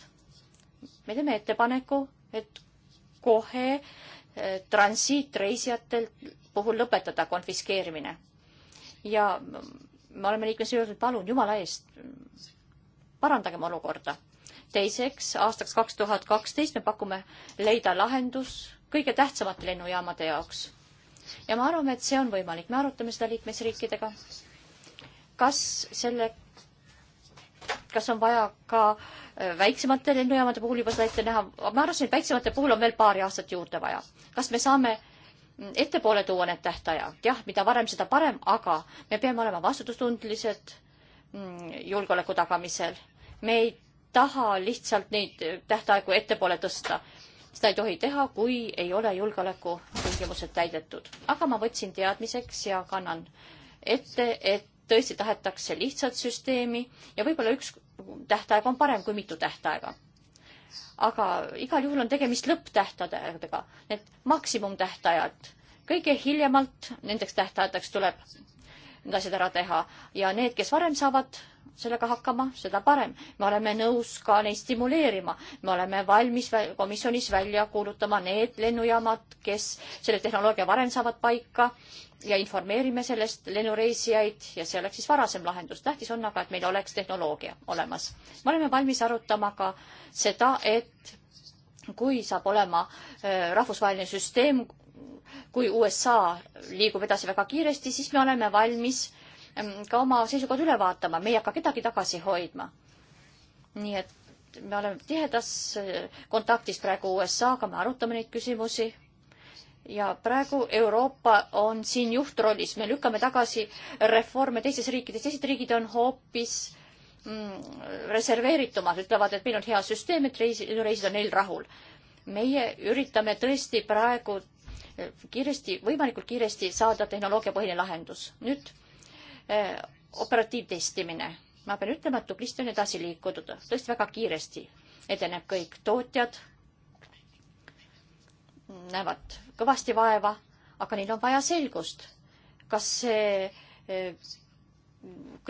me teeme ettepaneku, et kohe eh, transiitreisijatel puhul lõpetada konfiskeerimine. ja me oleme liikmesriigi öelnud, palun jumala eest, parandagem olukorda. teiseks, aastaks kaks tuhat kaksteist me pakume leida lahendus kõige tähtsamate lennujaamade jaoks. ja me arvame, et see on võimalik, me arutame seda liikmesriikidega kas selle, kas on vaja ka äh, väiksemate lennujaamade puhul juba seda ette näha? ma arvasin, et väiksemate puhul on veel paari aastat juurde vaja. kas me saame mm, ettepoole tuua need tähtajad? jah, mida varem, seda parem, aga me peame olema vastutustundlised mm, julgeoleku tagamisel. me ei taha lihtsalt neid äh, tähtaegu ettepoole tõsta. seda ei tohi teha, kui ei ole julgeoleku tingimused täidetud. aga ma võtsin teadmiseks ja kannan ette, et tõesti tahetakse lihtsat süsteemi ja võib-olla üks tähtaeg on parem kui mitu tähtaega. aga igal juhul on tegemist lõpptähtaegadega, need maksimumtähtajad, kõige hiljemalt nendeks tähtaegadeks tuleb need asjad ära teha ja need, kes varem saavad sellega hakkama, seda parem. me oleme nõus ka neid stimuleerima. me oleme valmis komisjonis välja kuulutama need lennujaamad, kes selle tehnoloogia varem saavad paika ja informeerime sellest lennureisijaid ja see oleks siis varasem lahendus. tähtis on aga, et meil oleks tehnoloogia olemas. me oleme valmis arutama ka seda, et kui saab olema äh, rahvusvaheline süsteem, kui USA liigub edasi väga kiiresti, siis me oleme valmis äh, ka oma seisukohad üle vaatama, me ei hakka kedagi tagasi hoidma. nii et me oleme tihedas eh, kontaktis praegu USA-ga, me arutame neid küsimusi ja praegu Euroopa on siin juhtrollis, me lükkame tagasi reforme teistes riikides, teised riigid on hoopis mm, reserveeritumad, ütlevad, et meil on hea süsteem, et reisi, reisid on neil rahul. meie üritame tõesti praegu eh, kiiresti, võimalikult kiiresti saada tehnoloogiapõhine lahendus. nüüd Äh, operatiivtestimine. ma pean ütlema, et tublisti on edasi liikunud, tõesti väga kiiresti edeneb kõik, tootjad näevad kõvasti vaeva, aga neil on vaja selgust, kas see äh,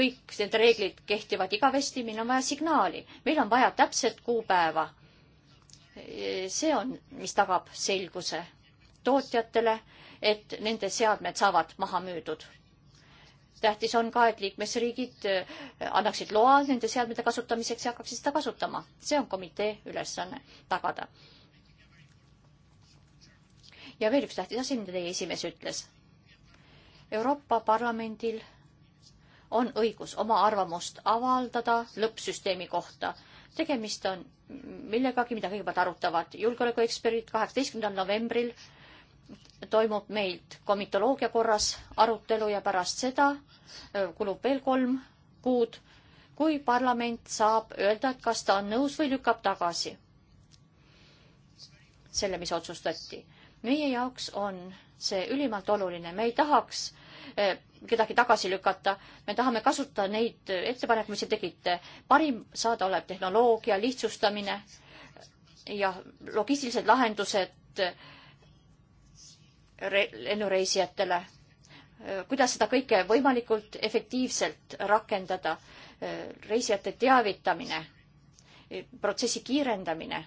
kõik need reeglid kehtivad igavesti, meil on vaja signaali, meil on vaja täpset kuupäeva. Äh, see on, mis tagab selguse tootjatele, et nende seadmed saavad maha müüdud tähtis on ka, et liikmesriigid äh, annaksid loa nende seadmete kasutamiseks ja hakkaksid seda kasutama. see on komitee ülesanne tagada. ja veel üks tähtis asi, mida teie esimees ütles. Euroopa Parlamendil on õigus oma arvamust avaldada lõppsüsteemi kohta. tegemist on millegagi, mida kõigepealt arutavad julgeolekueksperdid kaheksateistkümnendal novembril toimub meilt komitoloogia korras arutelu ja pärast seda kulub veel kolm kuud, kui parlament saab öelda, et kas ta on nõus või lükkab tagasi selle, mis otsustati. meie jaoks on see ülimalt oluline, me ei tahaks kedagi tagasi lükata, me tahame kasutada neid ettepanekuid, mis te tegite, parim saadaolev tehnoloogia, lihtsustamine ja logistilised lahendused lennureisijatele. kuidas seda kõike võimalikult efektiivselt rakendada? reisijate teavitamine, protsessi kiirendamine,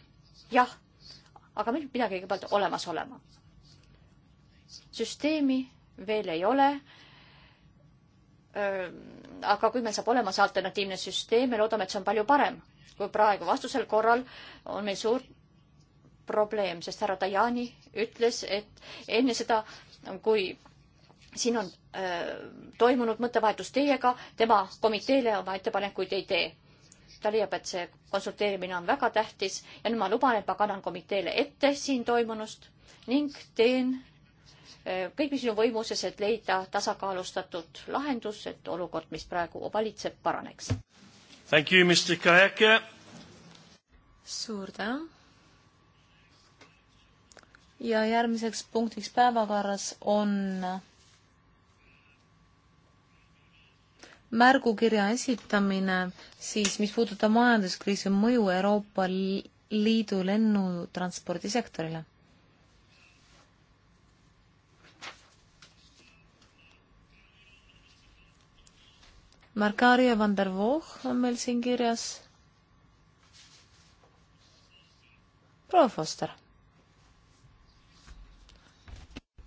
jah, aga meil peab midagi kõigepealt olemas olema. süsteemi veel ei ole aga kui meil saab olema see alternatiivne süsteem, me loodame, et see on palju parem kui praegu. vastusel korral on meil suurt probleem, sest härra Tajani ütles, et enne seda, kui siin on äh, toimunud mõttevahetus teiega, tema komiteele oma ettepanekuid ei tee. ta leiab, et see konsulteerimine on väga tähtis ja nüüd ma luban, et ma kannan komiteele ette siin toimunust ning teen äh, kõik, mis minu võimuses, et leida tasakaalustatud lahendus, et olukord, mis praegu valitseb, paraneks. suur tänu ja järgmiseks punktiks päevakorras on märgukirja esitamine siis, mis puudutab majanduskriisi mõju Euroopa Liidu lennutranspordisektorile. Markaria van der Voog on meil siin kirjas. proua Foster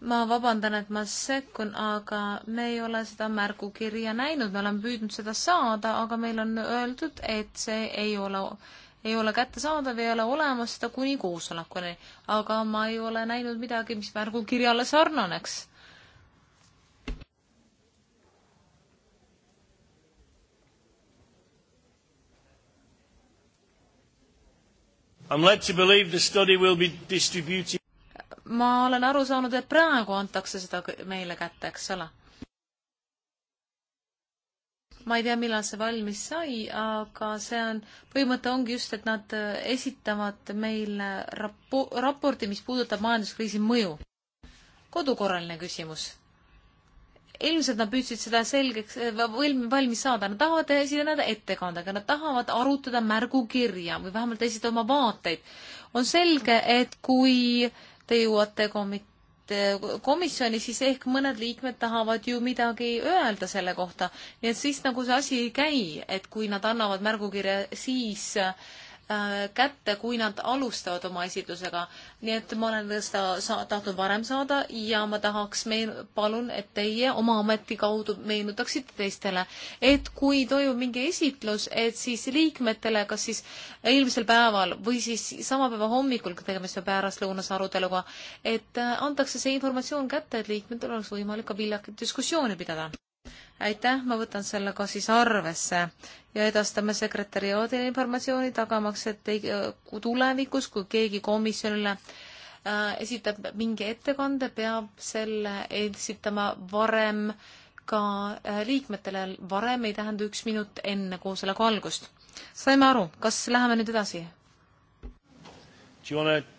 ma vabandan, et ma sekkun, aga me ei ole seda märgukirja näinud, me oleme püüdnud seda saada, aga meil on öeldud, et see ei ole, ei ole kättesaadav, ei ole olemas seda kuni koosolekuni. aga ma ei ole näinud midagi, mis märgukirjale sarnaneks I'm led to believe the study will be distributed ma olen aru saanud, et praegu antakse seda meile kätte, eks ole. ma ei tea, millal see valmis sai, aga see on, põhimõte ongi just, et nad äh, esitavad meile rapo-, raporti, mis puudutab majanduskriisi mõju. kodukorraline küsimus. ilmselt nad püüdsid seda selgeks, äh, valmis saada, nad tahavad esineda ettekandega, nad tahavad arutada märgukirja või vähemalt esitada oma vaateid. on selge, et kui äh, te jõuate komitee komisjoni, siis ehk mõned liikmed tahavad ju midagi öelda selle kohta. nii et siis nagu see asi ei käi, et kui nad annavad märgukirja, siis äh, Äh, kätte, kui nad alustavad oma esitlusega. nii et ma olen seda sa-, tahtnud varem saada ja ma tahaks meen-, palun, et teie oma ameti kaudu meenutaksite teistele, et kui toimub mingi esitlus, et siis liikmetele, kas siis eelmisel päeval või siis sama päeva hommikul, kui tegemist on pärastlõunase aruteluga, et äh, antakse see informatsioon kätte, et liikmetel oleks võimalik ka viljakat diskussiooni pidada aitäh, ma võtan selle ka siis arvesse ja edastame sekretäriaadile informatsiooni tagamaks, et ei, tulevikus, kui keegi komisjonile äh, esitab mingi ettekande, peab selle esitama varem ka äh, liikmetele, varem ei tähenda üks minut enne koosoleku algust. saime aru, kas läheme nüüd edasi? Do you want to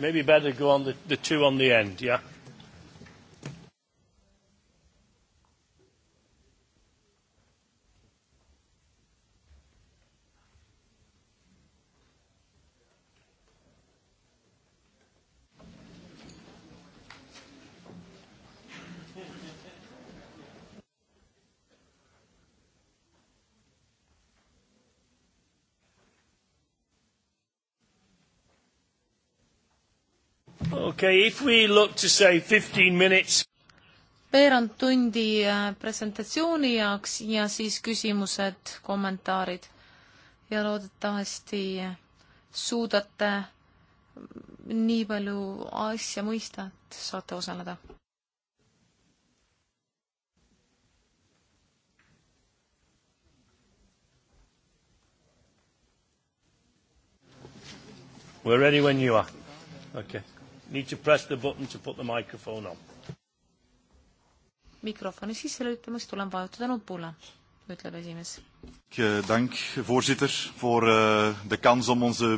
maybe better go on the, the two on the end, yeah? okay,. If we look to say fifteen minutes. veerand tundi äh, presentatsiooni jaoks ja siis küsimused, kommentaarid ja loodetavasti äh, suudate mm, nii palju asja mõista, et saate osaleda. We're ready when you are. Okay. Need to press the button to put the microphone on. mikrofoni sisse lülitamas tuleb vajutada nupule, ütleb esimees. Dank, voorzitter, voor eh, de kans om onze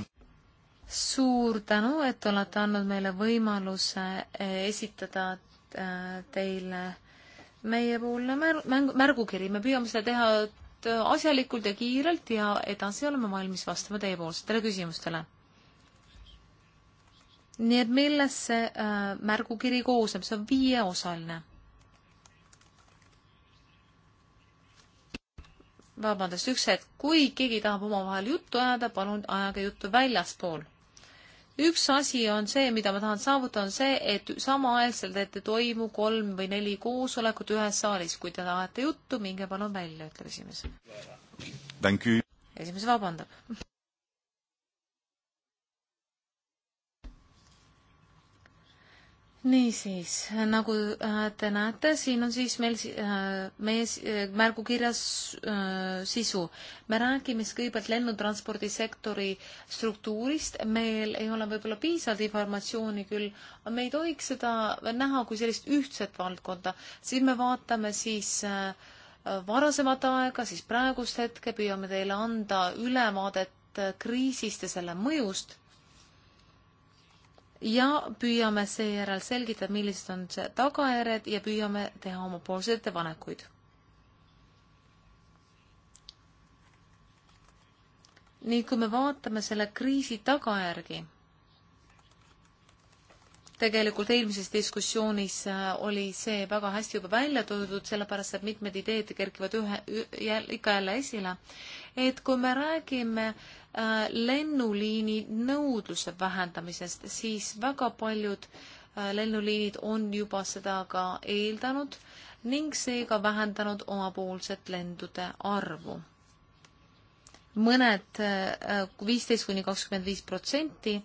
suur tänu, et olete andnud meile võimaluse eh, esitada eh, teile meiepoolne mär-, mäng, märgukiri, me püüame seda teha asjalikult ja kiirelt ja edasi oleme valmis vastama teiepoolsetele küsimustele nii et millest see äh, märgukiri koosneb, see on viieosaline. vabandust, üks hetk, kui keegi tahab omavahel juttu ajada, palun ajage juttu väljaspool. üks asi on see, mida ma tahan saavutada, on see, et samaaegselt, et ei toimu kolm või neli koosolekut ühes saalis. kui te tahate juttu, minge palun välja, ütleb esimees. esimees vabandab. niisiis, nagu äh, te näete, siin on siis meil äh, meie äh, märgukirjas sisu. me räägime siis kõigepealt lennutranspordisektori struktuurist, meil ei ole võib-olla piisavalt informatsiooni küll, me ei tohiks seda näha kui sellist ühtset valdkonda, siis me vaatame siis varasemat aega, siis praegust hetke, püüame teile anda ülevaadet kriisist ja selle mõjust ja püüame seejärel selgitada, millised on see tagajärjed ja püüame teha omapoolseid ettepanekuid. nii, kui me vaatame selle kriisi tagajärgi, tegelikult eelmises diskussioonis äh, oli see väga hästi juba välja toodud, sellepärast et mitmed ideed kerkivad ühe, ühe, ikka jälle esile, et kui me räägime äh, Äh, lennuliini nõudluse vähendamisest, siis väga paljud äh, lennuliinid on juba seda ka eeldanud ning seega vähendanud omapoolset lendude arvu. mõned äh, viisteist kuni kakskümmend viis protsenti,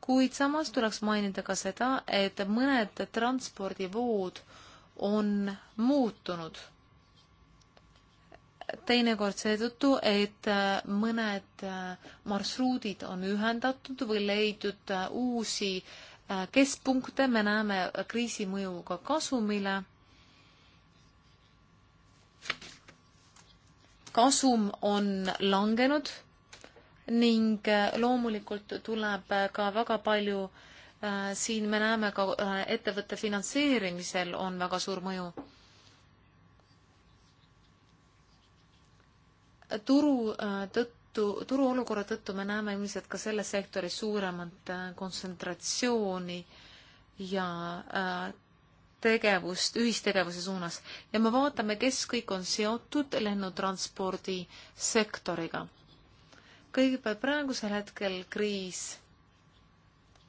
kuid samas tuleks mainida ka seda, et mõned transpordivood on muutunud teinekord seetõttu, et äh, mõned äh, marsruudid on ühendatud või leidnud äh, uusi keskpunkte, me näeme kriisi mõju ka kasumile. kasum on langenud ning loomulikult tuleb ka väga palju, siin me näeme ka ettevõtte finantseerimisel on väga suur mõju turu äh, tõttu, turuolukorra tõttu me näeme ilmselt ka selles sektoris suuremat äh, kontsentratsiooni ja äh, tegevust ühistegevuse suunas ja me vaatame, kes kõik on seotud lennutranspordi sektoriga. kõigepealt praegusel hetkel kriis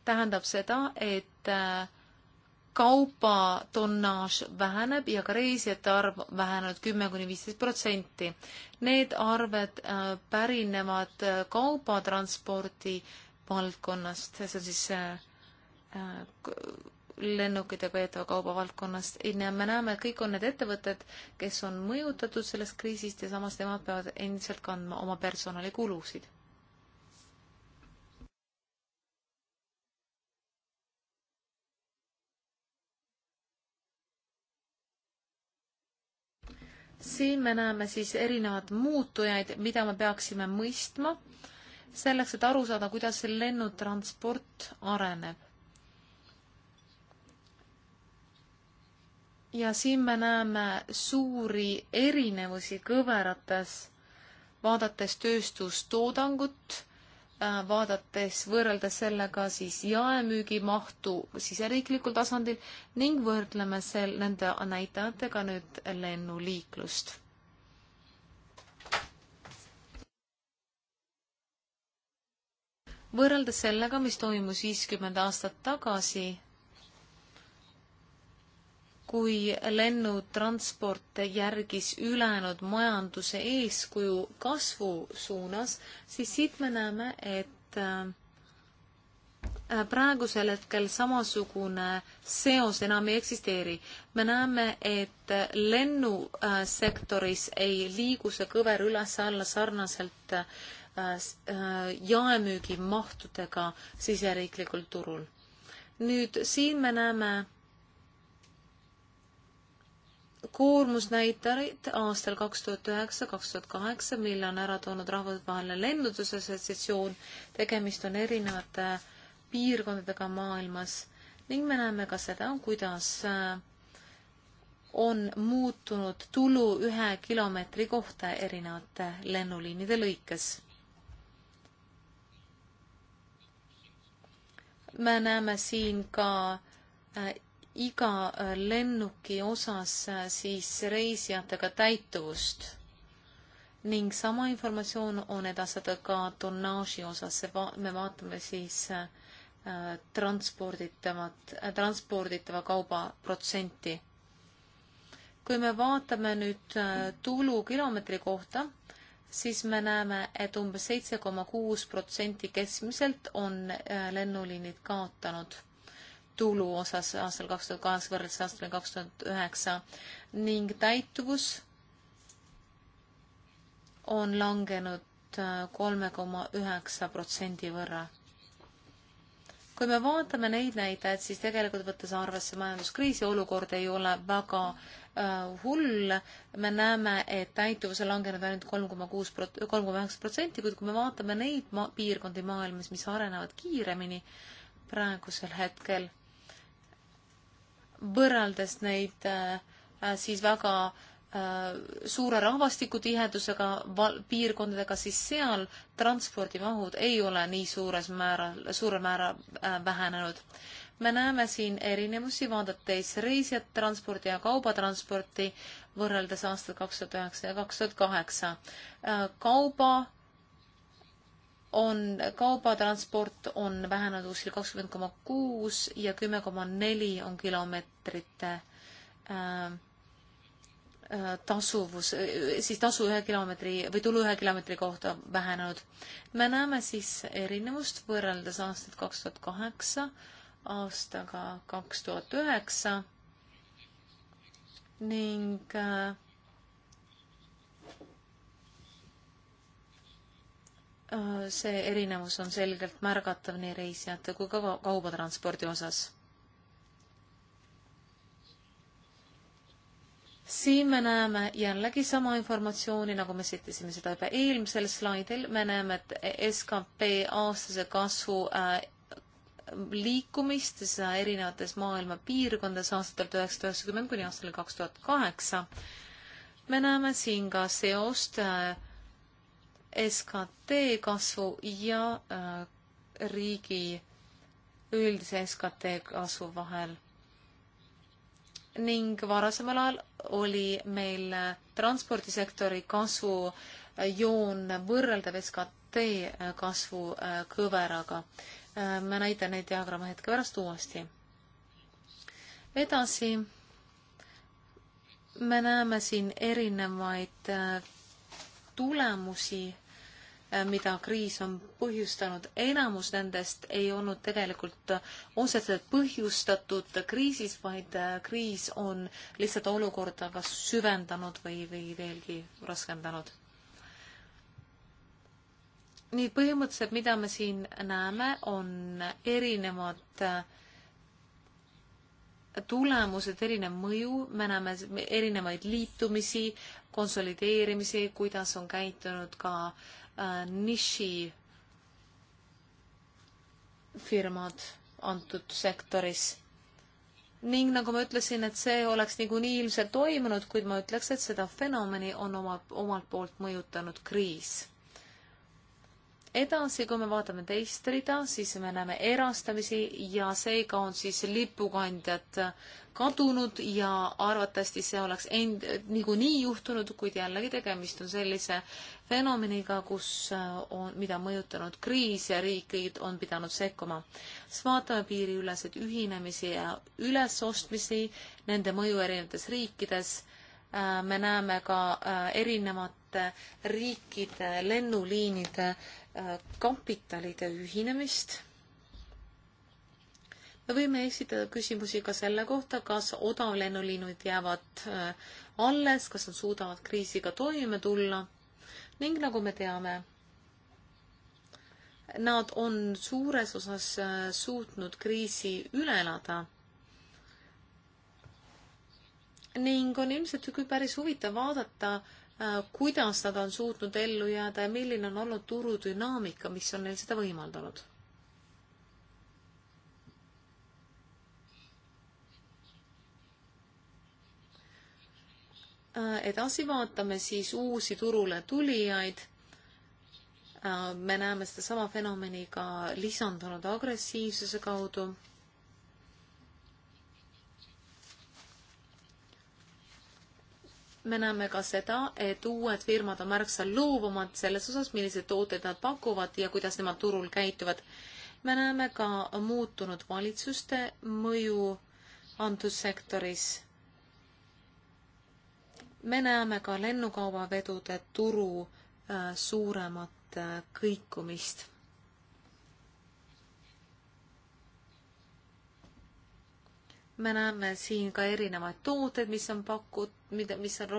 tähendab seda, et äh, kaubatonnaaž väheneb ja ka reisijate arv vähenenud kümme kuni viisteist protsenti. Need arved äh, pärinevad äh, kaubatranspordi valdkonnast, see on siis äh, lennukitega veetava kauba valdkonnast. me näeme, et kõik on need ettevõtted, kes on mõjutatud sellest kriisist ja samas nemad peavad endiselt kandma oma personalikulusid. siin me näeme siis erinevaid muutujaid, mida me peaksime mõistma selleks, et aru saada, kuidas lennutransport areneb. ja siin me näeme suuri erinevusi kõverates, vaadates tööstustoodangut Äh, vaadates võrreldes sellega siis jaemüügi mahtu siseriiklikul tasandil ning võrdleme sel nende näitajatega nüüd lennuliiklust. võrreldes sellega, mis toimus viiskümmend aastat tagasi, kui lennutransport järgis ülejäänud majanduse eeskuju kasvu suunas, siis siit me näeme, et äh, praegusel hetkel samasugune seos enam ei eksisteeri. me näeme, et lennusektoris äh, ei liigu see kõver üles-alla sarnaselt äh, jaemüügimahtudega siseriiklikul turul. nüüd siin me näeme koormusnäitajaid aastal kaks tuhat üheksa, kaks tuhat kaheksa, mille on ära toonud Rahvusvaheline Lendunduse Assotsiatsioon. tegemist on erinevate piirkondadega maailmas ning me näeme ka seda, kuidas äh, on muutunud tulu ühe kilomeetri kohta erinevate lennuliinide lõikes me näeme siin ka äh, iga äh, lennuki osas äh, siis reisijatega täituvust ning sama informatsioon on edastatud ka tonnaaži osas, see va-, me vaatame siis äh, transporditavat äh,, transporditava kauba protsenti. kui me vaatame nüüd äh, tulu kilomeetri kohta, siis me näeme et, et umbes seitse koma kuus protsenti keskmiselt on äh, lennuliinid kaotanud tulu osas aastal kaks tuhat kaheksa võrreldes aastal kaks tuhat üheksa ning täituvus on langenud äh, kolme koma üheksa protsendi võrra. kui me vaatame neid näitajaid, siis tegelikult võttes arvesse majanduskriisi olukord ei ole väga äh, hull, me näeme, et täituvus on langenud ainult kolm koma kuus prot-, kolm koma üheksa protsenti, kuid kui me vaatame neid ma-, piirkondi maailmas, mis arenevad kiiremini praegusel hetkel, võrreldes neid äh, siis väga äh, suure rahvastikutihedusega piirkondadega, siis seal transpordimahud ei ole nii suures määral, suure määra äh, vähenenud. me näeme siin erinevusi, vaadates reisijat transporti ja kaubatransporti võrreldes aastat kaks tuhat üheksa ja kaks tuhat kaheksa. kauba on kaubatransport on vähenenud kuskil kakskümmend koma kuus ja kümme koma neli on kilomeetrite äh, äh, tasuvus, siis tasu ühe kilomeetri või tulu ühe kilomeetri kohta vähenenud. me näeme siis erinevust võrreldes aastat kaks tuhat kaheksa aastaga kaks tuhat üheksa ning äh, Äh, see erinevus on selgelt märgatav nii reisijate kui ka kaubatranspordi osas. siin me näeme jällegi sama informatsiooni, nagu me esitasime seda juba eelmisel slaidil, me näeme, et skp aastase kasvu äh, liikumist seda erinevates maailma piirkondades aastatel üheksasada üheksakümmend kuni aastani kaks tuhat kaheksa. me näeme siin ka seost äh, SKT kasvu ja äh, riigi üldise SKT kasvu vahel ning varasemal ajal oli meil äh, transpordisektori kasvu äh, joon võrreldav SKT kasvu kõveraga. ma näitan neid diagramme hetke pärast uuesti. edasi me näeme siin erinevaid tulemusi Äh, mida kriis on põhjustanud, enamus nendest ei olnud tegelikult otseselt põhjustatud kriisis, vaid äh, kriis on lihtsalt olukorda kas süvendanud või, või veelgi raskendanud. nii, põhimõtteliselt, mida me siin näeme, on erinevad äh, tulemused, erinev mõju, me näeme erinevaid liitumisi, konsolideerimisi, kuidas on käitunud ka äh, Äh, niši firmad antud sektoris. ning nagu ma ütlesin, et see oleks niikuinii ilmselt toimunud, kuid ma ütleks, et seda fenomeni on oma, omalt poolt mõjutanud kriis edasi, kui me vaatame teist rida, siis me näeme erastamisi ja seega on siis lipukandjad kadunud ja arvatavasti see oleks end-, niikuinii juhtunud, kuid jällegi tegemist on sellise fenomeniga, kus äh, on, mida mõjutanud kriis ja riigid on pidanud sekkuma. siis vaatame piiriüleseid ühinemisi ja ülesostmisi, nende mõju erinevates riikides äh, me näeme ka äh, erinevate riikide lennuliinide Äh, kapitalide ühinemist. me võime esitada küsimusi ka selle kohta, kas odavlennuliinud jäävad äh, alles, kas nad suudavad kriisiga toime tulla ning nagu me teame, nad on suures osas äh, suutnud kriisi üle elada ning on ilmselt küll päris huvitav vaadata, Äh, kuidas nad on suutnud ellu jääda ja milline on olnud turudünaamika, mis on neil seda võimaldanud? Äh, edasi vaatame siis uusi turule tulijaid. Äh, me näeme sedasama fenomeni ka lisandunud agressiivsuse kaudu me näeme ka seda, et uued firmad on märksa loovumad selles osas, milliseid tooteid nad pakuvad ja kuidas nemad turul käituvad. me näeme ka muutunud valitsuste mõju antussektoris. me näeme ka lennukaubavedude turu äh, suuremat äh, kõikumist me näeme siin ka erinevaid tooteid, mis on paku-, mida, mis on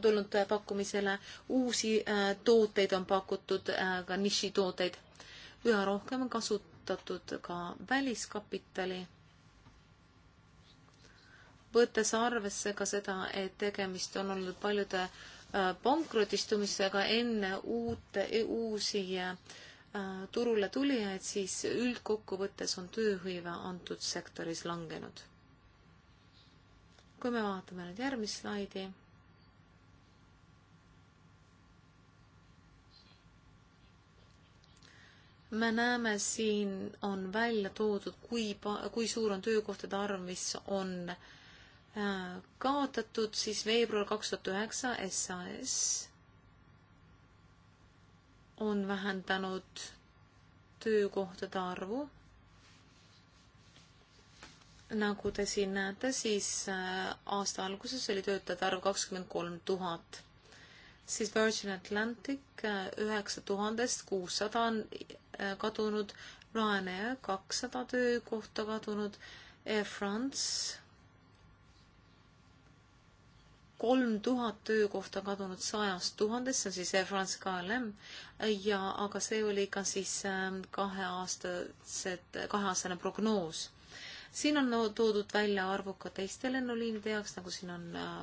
tulnud pakkumisele, uusi äh, tooteid on pakutud äh,, ka nišitooteid. üha rohkem on kasutatud ka väliskapitali, võttes arvesse ka seda, et tegemist on olnud paljude äh, pankrotistumisega enne uute, uusi äh, turule tulijaid, siis üldkokkuvõttes on tööhõive antud sektoris langenud kui me vaatame nüüd järgmist slaidi, me näeme, siin on välja toodud, kui, kui suur on töökohtade arv, mis on äh, kaotatud siis veebruar kaks tuhat üheksa SAS on vähendanud töökohtade arvu nagu te siin näete, siis äh, aasta alguses oli töötajate arv kakskümmend kolm tuhat, siis Virgin Atlantic äh, üheksa tuhandest kuussada on äh, kadunud, Ryanair kakssada töökohta kadunud, Air France kolm tuhat töökohta kadunud sajast tuhandest, see on siis Air France KLM ja, aga see oli ka siis kahe aastased, kaheaastane prognoos siin on no, toodud välja arvud ka teiste lennuliinide jaoks, nagu siin on äh,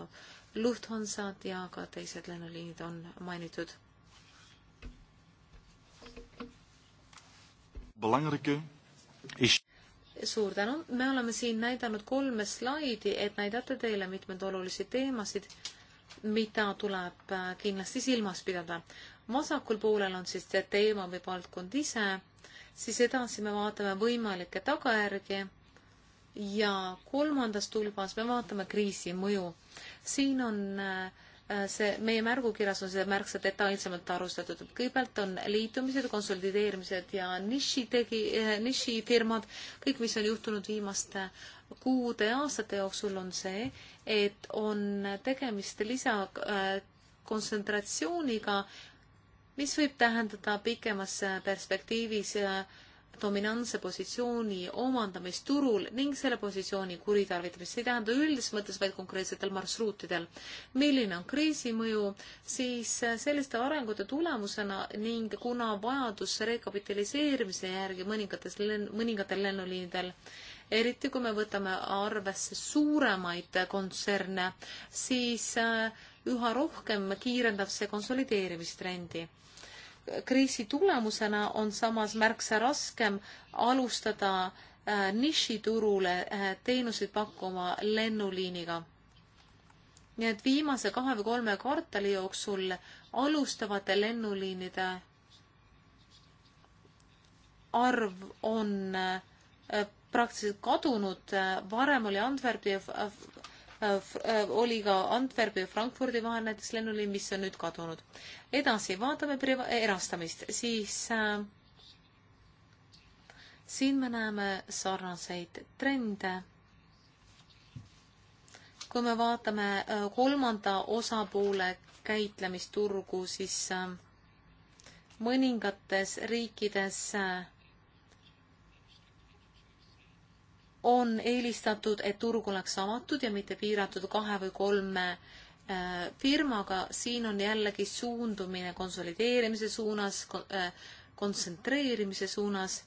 Lufthansad ja ka teised lennuliinid on mainitud. suur tänu, me oleme siin näidanud kolme slaidi, et näidata teile mitmeid olulisi teemasid, mida tuleb äh, kindlasti silmas pidada. vasakul poolel on siis see teema või valdkond ise, siis edasi me vaatame võimalikke tagajärgi ja kolmandas tulbas me vaatame kriisi mõju. siin on äh, see, meie märgukirjas on see märksa detailsemalt arustatud. kõigepealt on liitumised, konsolideerimised ja nišitegi, äh, nišifirmad, kõik, mis on juhtunud viimaste kuude ja aastate jooksul, on see, et on tegemist lisakontsentratsiooniga, äh, mis võib tähendada pikemas perspektiivis äh, dominantse positsiooni omandamist turul ning selle positsiooni kuritarvitamist, see ei tähenda üldises mõttes, vaid konkreetsetel marsruutidel. milline on kriisi mõju, siis äh, selliste arengute tulemusena ning kuna vajadus rekapitaliseerimise järgi mõningates len-, mõningatel lennuliinidel eriti kui me võtame arvesse suuremaid kontserne, siis äh, üha rohkem kiirendab see konsolideerimistrendi kriisi tulemusena on samas märksa raskem alustada äh, nišiturule äh, teenuseid pakkuma lennuliiniga nii et viimase kahe või kolme kvartali jooksul alustavate lennuliinide arv on äh, praktiliselt kadunud, varem oli Antwerpi ja Äh, äh, oli ka Antwerpi ja Frankfurdi vahel näiteks lennuliin, mis on nüüd kadunud. edasi, vaatame priva-, äh, erastamist, siis äh, siin me näeme sarnaseid trende. kui me vaatame kolmanda osapoole käitlemisturgu, siis mõningates riikides äh, on eelistatud, et turg oleks avatud ja mitte piiratud kahe või kolme äh, firmaga, siin on jällegi suundumine konsolideerimise suunas, äh, kontsentreerimise suunas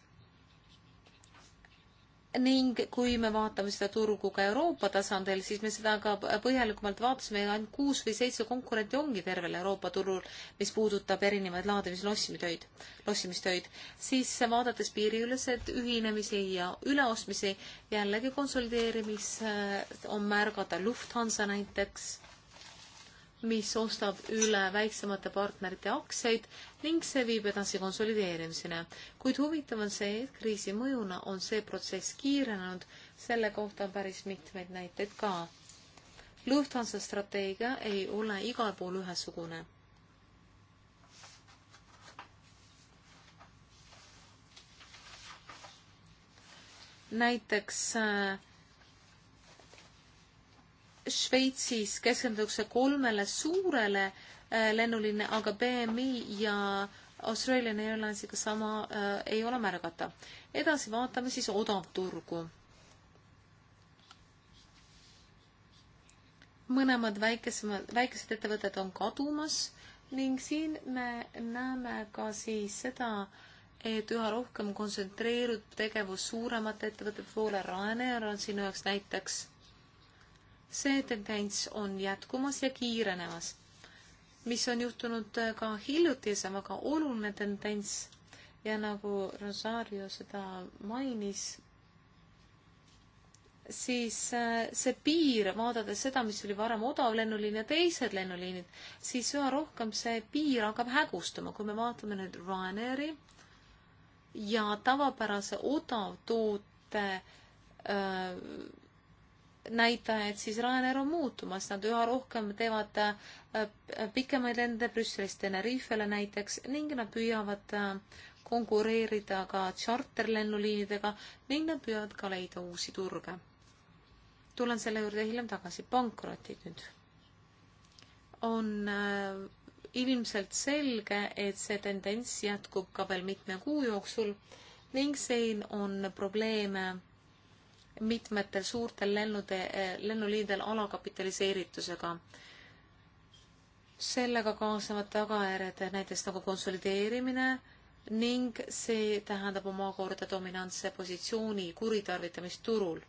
ning kui me vaatame seda turgu ka Euroopa tasandil, siis me seda ka põhjalikumalt vaatasime, ainult kuus või seitse konkurenti ongi tervel Euroopa turul, mis puudutab erinevaid laadimislossimistöid, lossimistöid, siis vaadates piiriüleseid ühinemisi ja üleostmisi, jällegi konsolideerimis äh, on märgata Lufthansa näiteks mis ostab üle väiksemate partnerite aktsiaid ning see viib edasi konsolideerimiseni. kuid huvitav on see, et kriisi mõjuna on see protsess kiirenenud, selle kohta on päris mitmeid näiteid ka. Lufthansa strateegia ei ole igal pool ühesugune. näiteks äh, Šveitsis keskendutakse kolmele suurele äh, lennulinna, aga BMI ja Austraalia Airlinesiga sama äh, ei ole märgata. edasi vaatame siis odavturgu. mõlemad väikesemad, väikesed ettevõtted on kadumas ning siin me näeme ka siis seda, et üha rohkem kontsentreerub tegevus suuremate ettevõtete poole, Ryanair on siin üheks näiteks see tendents on jätkumas ja kiirenemas, mis on juhtunud äh, ka hiljuti, see on väga oluline tendents ja nagu Rosario seda mainis, siis äh, see piir, vaadates seda, mis oli varem odav lennuliin ja teised lennuliinid, siis üha rohkem see piir hakkab hägustuma, kui me vaatame nüüd Ryanairi ja tavapärase odavtoote öö, äh, näitajaid, siis Ryanair on muutumas, nad üha rohkem teevad äh, pikemaid lende Brüsselist Tenerifele näiteks ning nad püüavad äh, konkureerida ka tšarterlennuliinidega ning nad püüavad ka leida uusi turge. tulen selle juurde hiljem tagasi, pankrotid nüüd. on äh, ilmselt selge, et see tendents jätkub ka veel mitme kuu jooksul ning siin on probleeme mitmetel suurtel lennude, lennuliidel alakapitaliseeritusega. sellega kaasnevad tagajärjed näiteks nagu konsolideerimine ning see tähendab omakorda dominantse positsiooni kuritarvitamist turul.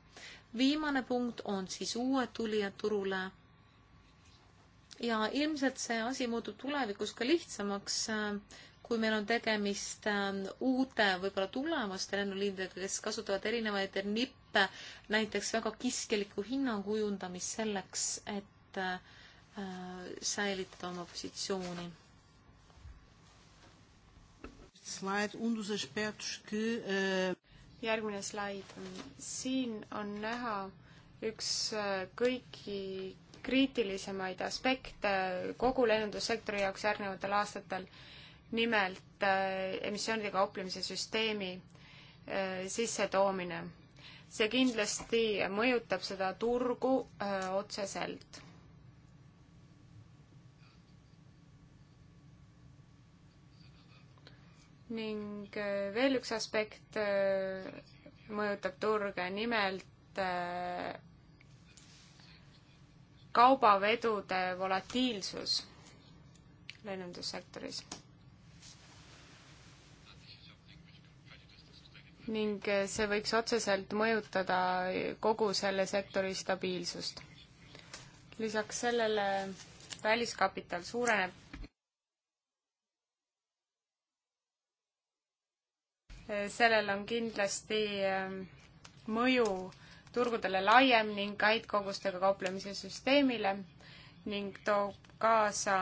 viimane punkt on siis uued tulijad turule ja ilmselt see asi muutub tulevikus ka lihtsamaks äh, kui meil on tegemist ähm, uute võib-olla tulevaste lennuliinidega, kes kasutavad erinevaid nippe, näiteks väga kiskeliku hinnangu kujundamist selleks, et äh, säilitada oma positsiooni. Äh, järgmine slaid on, siin on näha üks äh, kõiki kriitilisemaid aspekte kogu lennundussektori jaoks järgnevatel aastatel nimelt äh, emissioonide kauplemise süsteemi äh, sissetoomine. see kindlasti mõjutab seda turgu öö, äh, otseselt ning veel üks aspekt mõjutab turge, nimelt kaubavedude volatiilsus lennundussektoris ning see võiks otseselt mõjutada kogu selle sektori stabiilsust. lisaks sellele väliskapital suureneb sellel on kindlasti ähm, mõju turgudele laiem ning häid kogustega kauplemise süsteemile ning toob kaasa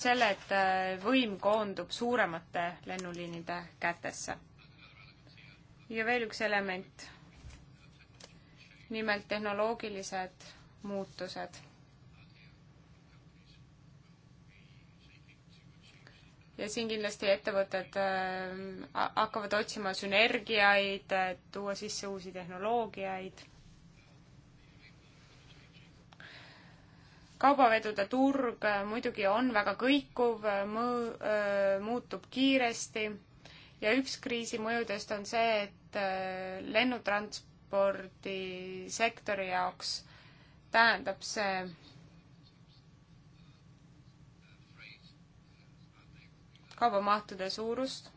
selle, et äh, võim koondub suuremate lennuliinide kätesse. ja veel üks element, nimelt tehnoloogilised muutused. ja siin kindlasti ettevõtted äh, hakkavad otsima sünergiaid, tuua sisse uusi tehnoloogiaid kaubavedude turg äh, muidugi on väga kõikuv, äh, äh, muutub kiiresti ja üks kriisi mõjudest on see, et lennutranspordisektori jaoks tähendab see kaubamahtude suurust,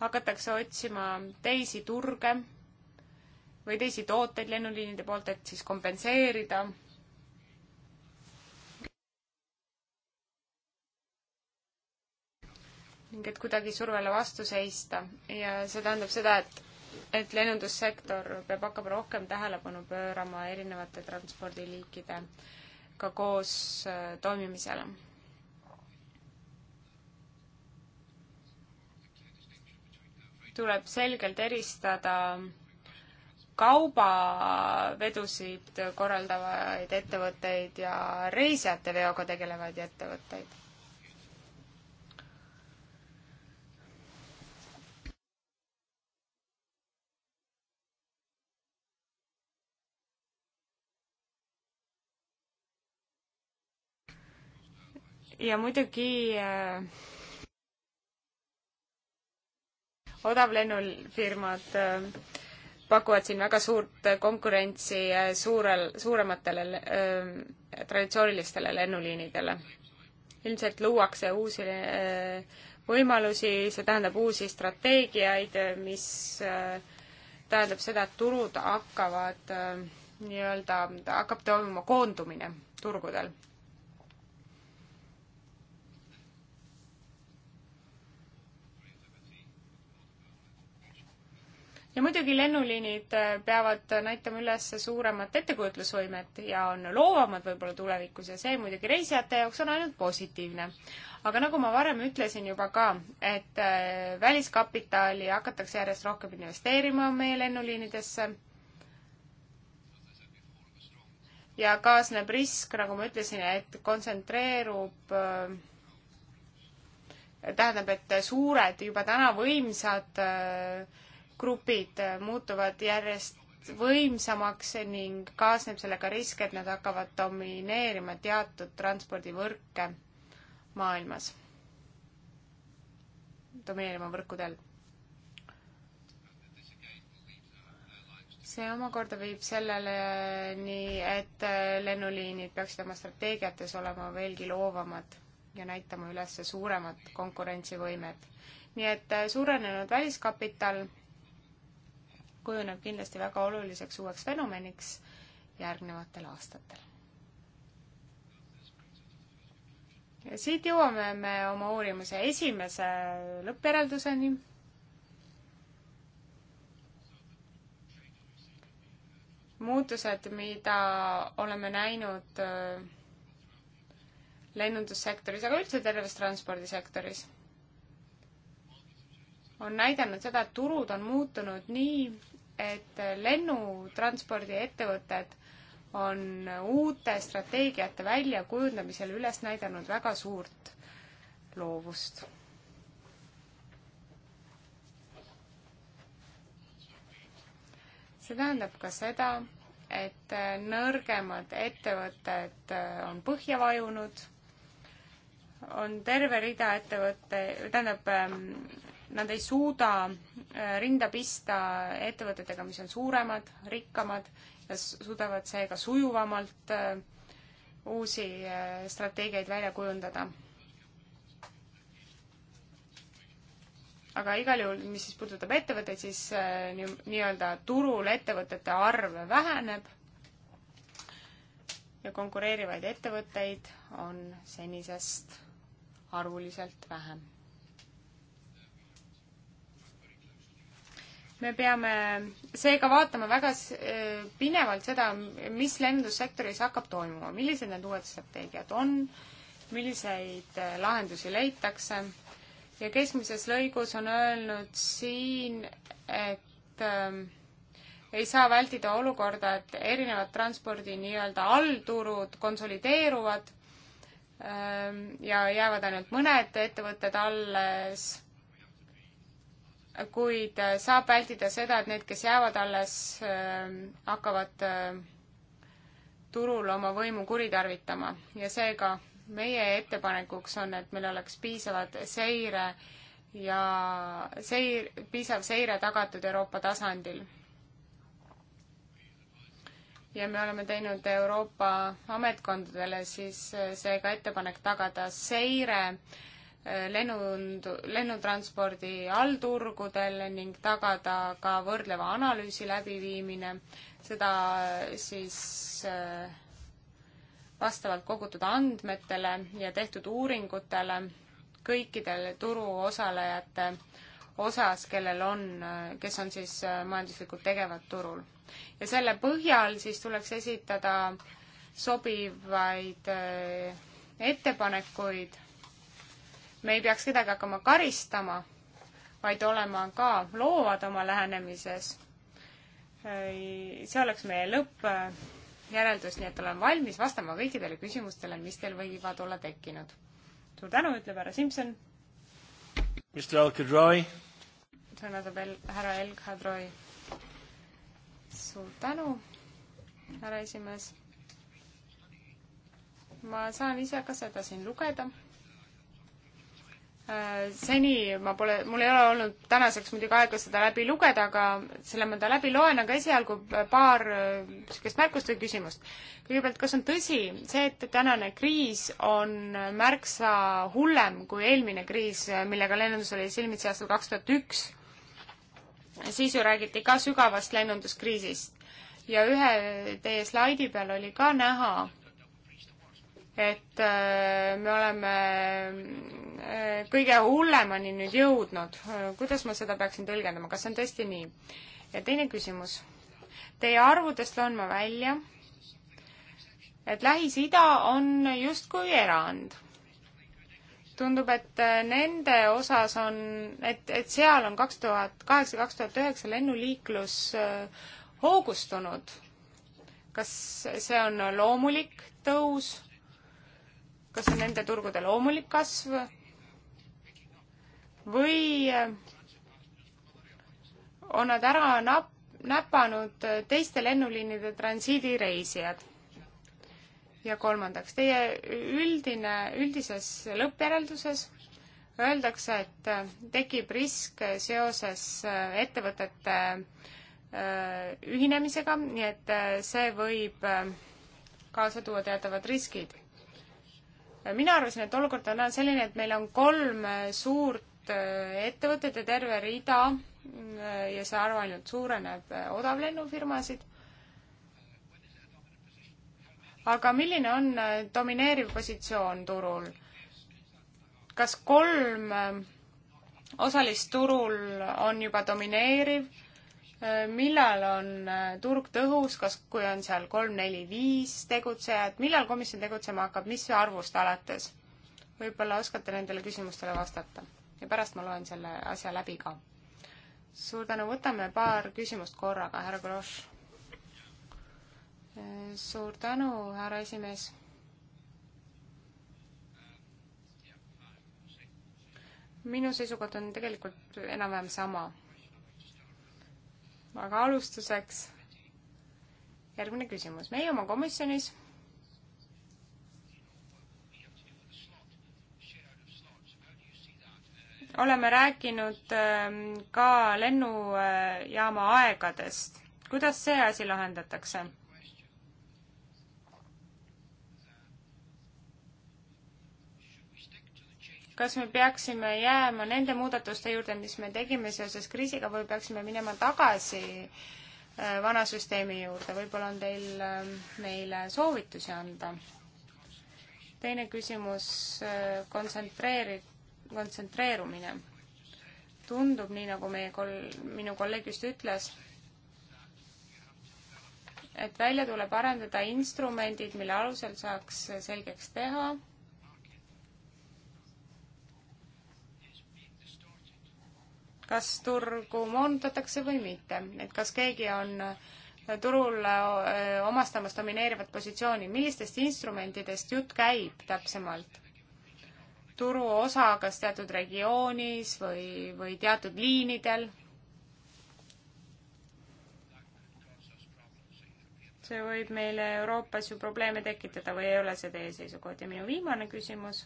hakatakse otsima teisi turge või teisi tooteid lennuliinide poolt, et siis kompenseerida ning et kuidagi survele vastu seista ja see tähendab seda, et et lennundussektor peab hakkama rohkem tähelepanu pöörama erinevate transpordiliikidega koos äh, toimimisele. tuleb selgelt eristada kaubavedusid korraldavaid ettevõtteid ja reisijateveoga tegelevaid ettevõtteid ja muidugi äh, odavlennufirmad äh, pakuvad siin väga suurt konkurentsi äh, suurel, suurematele äh, traditsioonilistele lennuliinidele. ilmselt luuakse uusi äh, võimalusi, see tähendab uusi strateegiaid, äh, mis äh, tähendab seda, et turud hakkavad äh, nii-öelda, hakkab toimuma koondumine turgudel ja muidugi lennuliinid äh, peavad näitama üles suuremat ettekujutlusvõimet ja on loovamad võib-olla tulevikus ja see muidugi reisijate jaoks on ainult positiivne. aga nagu ma varem ütlesin juba ka, et äh, väliskapitali hakatakse järjest rohkem investeerima meie lennuliinidesse ja kaasneb risk, nagu ma ütlesin, et kontsentreerub äh, tähendab, et suured, juba täna võimsad äh, grupid muutuvad järjest võimsamaks ning kaasneb sellega risk, et nad hakkavad domineerima teatud transpordivõrke maailmas, domineerima võrkudel. see omakorda viib selleni, et lennuliinid peaksid oma strateegiates olema veelgi loovamad ja näitama üles suuremat konkurentsivõimet. nii et suurenenud väliskapital kujuneb kindlasti väga oluliseks uueks fenomeniks järgnevatel aastatel. ja siit jõuame me oma uurimuse esimese lõppjärelduseni. muutused, mida oleme näinud äh, lennundussektoris, aga üldse terves transpordisektoris on näidanud seda, et turud on muutunud nii, et lennutranspordiettevõtted on uute strateegiate väljakujundamisel üles näidanud väga suurt loovust. see tähendab ka seda, et nõrgemad ettevõtted on põhja vajunud, on terve rida ettevõtte, tähendab nad ei suuda äh, rinda pista ettevõtetega, mis on suuremad, rikkamad ja suudavad seega sujuvamalt äh, uusi äh, strateegiaid välja kujundada. aga igal juhul, mis siis puudutab ettevõtteid, siis nii-öelda nii turul ettevõtete arv väheneb ja konkureerivaid ettevõtteid on senisest arvuliselt vähem me peame seega vaatama väga äh, pinevalt seda, mis lendussektoris hakkab toimuma, millised need uued strateegiad on, milliseid äh, lahendusi leitakse ja keskmises lõigus on öelnud siin, et ähm, ei saa vältida olukorda, et erinevad transpordi nii-öelda allturud konsolideeruvad ähm, ja jäävad ainult mõned ettevõtted alles kuid äh, saab vältida seda, et need, kes jäävad alles, ähm, hakkavad äh, turul oma võimu kuritarvitama ja seega meie ettepanekuks on, et meil oleks piisavad seire ja seir, piisav seire tagatud Euroopa tasandil. ja me oleme teinud Euroopa ametkondadele siis äh, seega ettepanek tagada seire äh, lennund, lennutranspordi allturgudel ning tagada ka võrdleva analüüsi läbiviimine, seda siis äh, vastavalt kogutud andmetele ja tehtud uuringutele kõikidele turuosalejate osas, kellel on, kes on siis äh, majanduslikult tegevad turul. ja selle põhjal siis tuleks esitada sobivaid äh, ettepanekuid me ei peaks kedagi hakkama karistama, vaid olema ka loovad oma lähenemises. see oleks meie lõppjäreldus, nii et olen valmis vastama kõikidele küsimustele, mis teil võivad olla tekkinud. suur tänu, ütleb härra Simson. Mr Al-Kadroi. sõna saab el-, härra El-Kadroi. suur tänu, härra esimees. ma saan ise ka seda siin lugeda Äh, seni ma pole, mul ei ole olnud tänaseks muidugi aega seda läbi lugeda, aga selle ma ta läbi loen, aga esialgu paar äh, niisugust märkust või küsimust. kõigepealt, kas on tõsi see, et tänane kriis on märksa hullem kui eelmine kriis, millega lennundus oli silmitsi aastal kaks tuhat üks? siis ju räägiti ka sügavast lennunduskriisist ja ühe teie slaidi peal oli ka näha, et äh, me oleme äh, kõige hullemani nüüd jõudnud. kuidas ma seda peaksin tõlgendama, kas see on tõesti nii? ja teine küsimus. Teie arvudest loen ma välja, et Lähis-Ida on justkui erand. tundub, et äh, nende osas on, et, et seal on kaks tuhat kaheksa, kaks tuhat üheksa lennuliiklus hoogustunud. kas see on loomulik tõus? kas on nende turgude loomulik kasv või äh, on nad ära nap-, näpanud teiste lennuliinide transiidireisijad. ja kolmandaks, teie üldine, üldises lõppjärelduses öeldakse, et äh, tekib risk seoses äh, ettevõtete ühinemisega, nii et see võib kaasa tuua teatavad riskid mina arvasin, et olukord on täna selline, et meil on kolm suurt äh, ettevõtet ja terve rida äh, ja see arv ainult suureneb äh, odavlennufirmasid. aga milline on domineeriv positsioon turul? kas kolm osalist turul on juba domineeriv? millal on äh, turg tõhus, kas, kui on seal kolm, neli, viis tegutsejat, millal komisjon tegutsema hakkab, mis arvust alates? võib-olla oskate nendele küsimustele vastata ja pärast ma loen selle asja läbi ka. suur tänu, võtame paar küsimust korraga, härra Grosch. Äh, suur tänu, härra esimees. minu seisukoht on tegelikult enam-vähem sama aga alustuseks järgmine küsimus. meie oma komisjonis oleme rääkinud ähm, ka lennujaama aegadest. kuidas see asi lahendatakse? kas me peaksime jääma nende muudatuste juurde, mis me tegime seoses kriisiga või peaksime minema tagasi äh, vana süsteemi juurde, võib-olla on teil äh, meile soovitusi anda? teine küsimus, äh, kontsentreeri-, kontsentreerumine. tundub nii, nagu meie kol-, minu kolleeg just ütles, et välja tuleb arendada instrumendid, mille alusel saaks selgeks teha, kas turgu moonutatakse või mitte, et kas keegi on turul äh, omastamas domineerivat positsiooni, millistest instrumentidest jutt käib täpsemalt? turuosa kas teatud regioonis või, või teatud liinidel? see võib meile Euroopas ju probleeme tekitada või ei ole see teie seisukoht ja minu viimane küsimus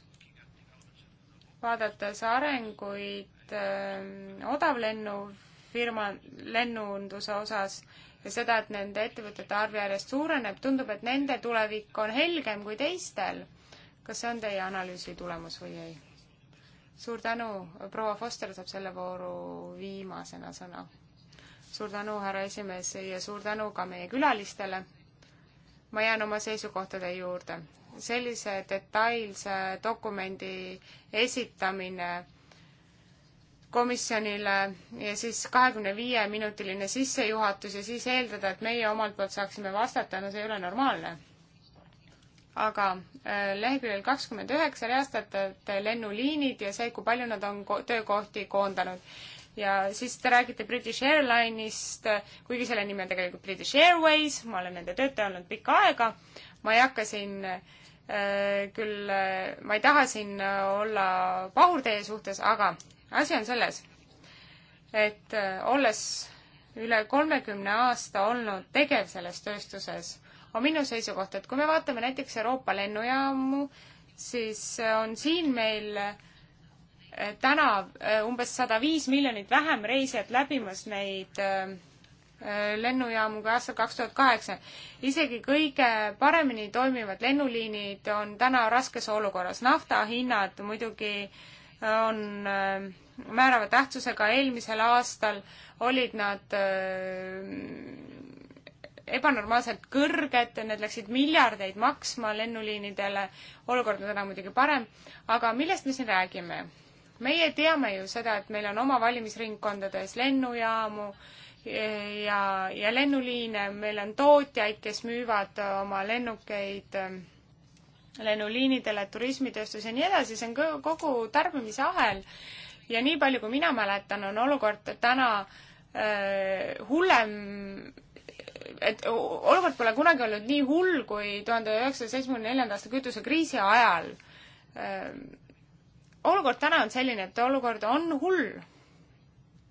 vaadates arenguid öö, ähm, odavlennufirma lennunduse osas ja seda, et nende ettevõtete arv järjest suureneb, tundub, et nende tulevik on helgem kui teistel. kas see on teie analüüsi tulemus või ei? suur tänu, proua Foster saab selle vooru viimasena sõna. suur tänu, härra esimees, ja suur tänu ka meie külalistele. ma jään oma seisukohtade juurde sellise detailse dokumendi esitamine komisjonile ja siis kahekümne viie minutiline sissejuhatus ja siis eeldada, et meie omalt poolt saaksime vastata, no see ei ole normaalne. aga äh, leheküljel kakskümmend üheksa reastatate lennuliinid ja see, kui palju nad on ko töökohti koondanud. ja siis te räägite British Airlines'ist, kuigi selle nimi on tegelikult British Airways, ma olen nende töötaja olnud pikka aega, ma ei hakka siin äh, Äh, küll äh, ma ei taha siin äh, olla pahur teie suhtes, aga asi on selles, et olles üle kolmekümne aasta olnud tegev selles tööstuses, on minu seisukoht, et kui me vaatame näiteks Euroopa lennujaamu, siis on siin meil täna umbes sada viis miljonit vähem reisijat läbimas neid Äh, lennujaamu ka aastal kaks tuhat kaheksa. isegi kõige paremini toimivad lennuliinid on täna raskes olukorras. nafta hinnad muidugi äh, on äh, määrava tähtsusega, eelmisel aastal olid nad ebanormaalselt kõrged, need läksid miljardeid maksma lennuliinidele, olukord on täna muidugi parem, aga millest me siin räägime? meie teame ju seda, et meil on oma valimisringkondades lennujaamu äh,, ja, ja lennuliine, meil on tootjaid, kes müüvad äh, oma lennukeid ähm, lennuliinidele, turismitööstus ja nii edasi, see on kogu tarbimise ahel. ja nii palju, kui mina mäletan, on olukord täna äh, hullem, et olukord pole kunagi olnud nii hull kui tuhande üheksasaja seitsmekümne neljanda aasta kütusekriisi ajal äh,. olukord täna on selline, et olukord on hull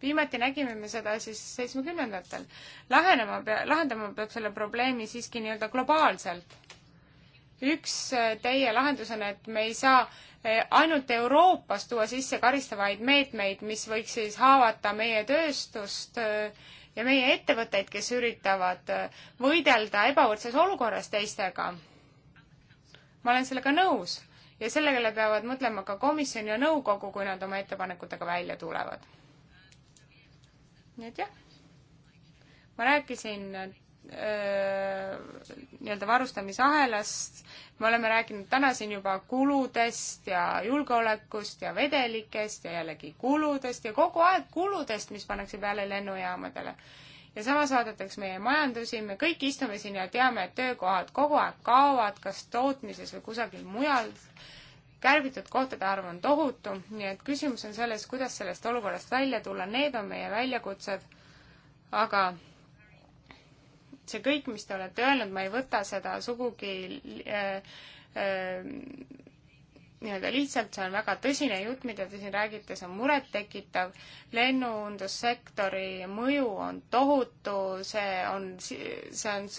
viimati nägime me seda siis seitsmekümnendatel. lahenema pea-, lahendama peab selle probleemi siiski nii-öelda globaalselt. üks äh, teie lahendus on, et me ei saa äh, ainult Euroopas tuua sisse karistavaid meetmeid, mis võiks siis haavata meie tööstust äh, ja meie ettevõtteid, kes üritavad võidelda ebavõrdses olukorras teistega. ma olen sellega nõus ja sellele peavad mõtlema ka komisjon ja nõukogu, kui nad oma ettepanekutega välja tulevad nii et jah, ma rääkisin nii-öelda varustamisahelast, me oleme rääkinud täna siin juba kuludest ja julgeolekust ja vedelikest ja jällegi kuludest ja kogu aeg kuludest, mis pannakse peale lennujaamadele. ja samas vaadatakse meie majandusi, me kõik istume siin ja teame, et töökohad kogu aeg kaovad, kas tootmises või kusagil mujal kärbitud kohtade arv on tohutu, nii et küsimus on selles, kuidas sellest olukorrast välja tulla, need on meie väljakutsed, aga see kõik, mis te olete öelnud, ma ei võta seda sugugi äh, äh, nii-öelda lihtsalt, see on väga tõsine jutt, mida te siin räägite, see on murettekitav, lennundussektori mõju on tohutu, see on, see on,